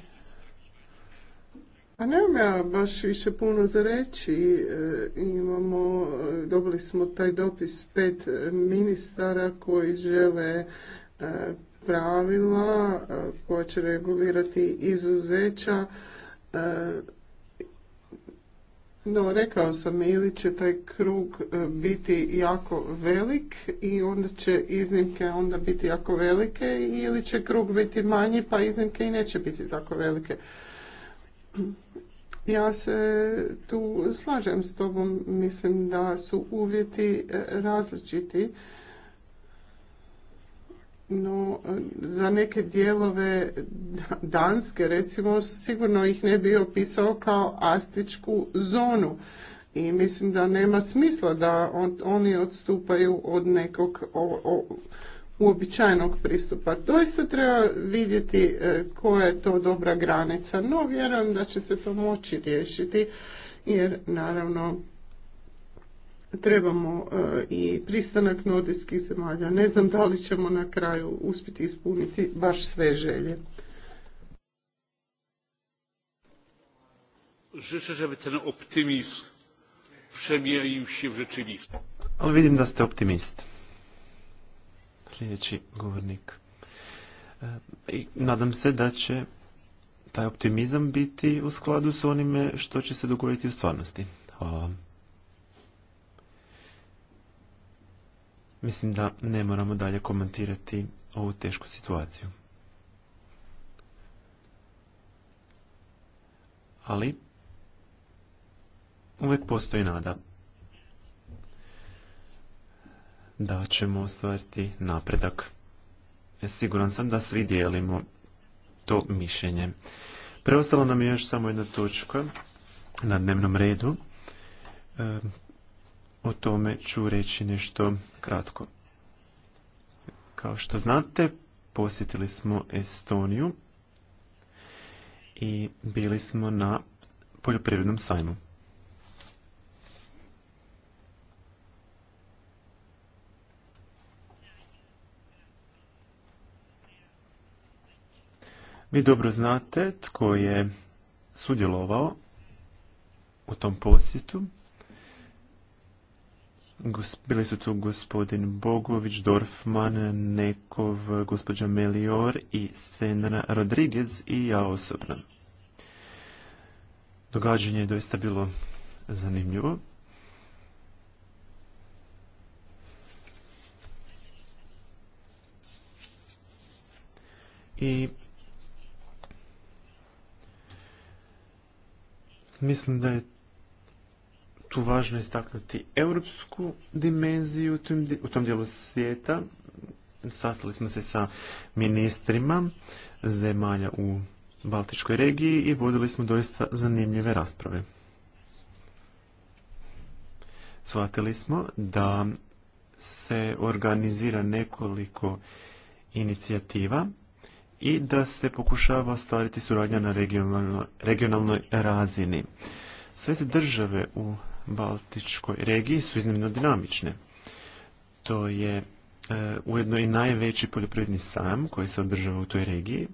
A nemam ja baš više puno za reći. E, imamo, e, dobili smo taj dopis pet ministara koji žele e, pravila koja će regulirati izuzeća. No, rekao sam ili će taj krug biti jako velik i onda će iznimke onda biti jako velike ili će krug biti manji pa iznimke i neće biti tako velike. Ja se tu slažem s tobom, mislim da su uvjeti e, različiti. No, e, za neke dijelove Danske, recimo, sigurno ih ne bi opisao kao artičku zonu. I mislim da nema smisla da oni odstupaju od nekog o, uobičajenog pristupa. Doista treba vidjeti e, koja je to dobra granica, no vjerujem da će se to moći riješiti jer naravno trebamo e, i pristanak nordijskih zemalja. Ne znam da li ćemo na kraju uspjeti ispuniti baš sve želje. Życzę, żeby ten vidim da ste optimist sljedeći govornik. E, I nadam se da će taj optimizam biti u skladu s onime što će se dogoditi u stvarnosti. Hvala vam. Mislim da ne moramo dalje komentirati ovu tešku situaciju. Ali, uvijek postoji nada da ćemo ostvariti napredak. Siguran sam da svi dijelimo to mišljenje. Preostala nam je još samo jedna točka na dnevnom redu. E, o tome ću reći nešto kratko. Kao što znate, posjetili smo Estoniju i bili smo na poljoprivrednom sajmu. Vi dobro znate tko je sudjelovao u tom posjetu. Bili su tu gospodin Bogović, Dorfman, Nekov, gospođa Melior i Senra Rodriguez i ja osobno. Događanje je doista bilo zanimljivo. I Mislim da je tu važno istaknuti europsku dimenziju u tom dijelu svijeta. Sastali smo se sa ministrima zemalja u Baltičkoj regiji i vodili smo doista zanimljive rasprave. Shvatili smo da se organizira nekoliko inicijativa i da se pokušava ostvariti suradnja na regionalnoj razini. Sve te države u Baltičkoj regiji su iznimno dinamične. To je e, ujedno i najveći poljoprivredni sajam koji se održava u toj regiji.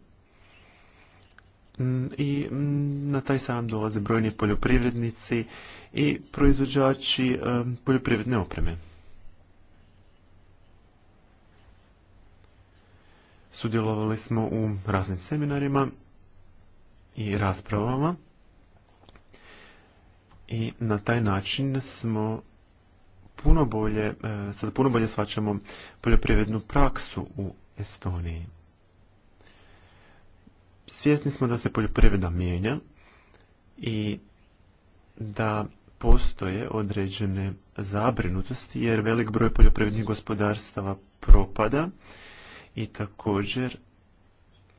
Mm, I mm, na taj sajam dolaze brojni poljoprivrednici i proizvođači e, poljoprivredne opreme. Sudjelovali smo u raznim seminarima i raspravama i na taj način smo puno bolje, e, sada puno bolje svačamo poljoprivrednu praksu u Estoniji. Svjesni smo da se poljoprivreda mijenja i da postoje određene zabrinutosti jer velik broj poljoprivrednih gospodarstava propada i također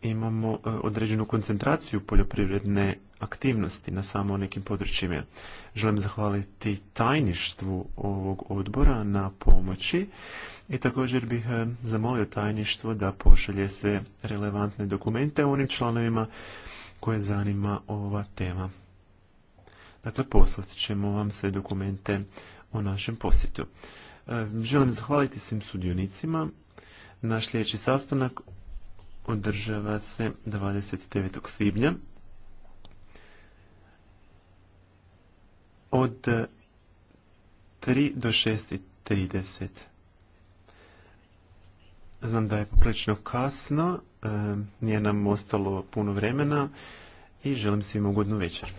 imamo e, određenu koncentraciju poljoprivredne aktivnosti na samo nekim područjima. Želim zahvaliti tajništvu ovog odbora na pomoći i također bih e, zamolio tajništvo da pošalje sve relevantne dokumente onim članovima koje zanima ova tema. Dakle, poslat ćemo vam sve dokumente o našem posjetu. E, želim zahvaliti svim sudionicima naš sljedeći sastanak održava se 29. svibnja od 3 do 6.30. Znam da je poprilično kasno, e, nije nam ostalo puno vremena i želim svima ugodnu večer.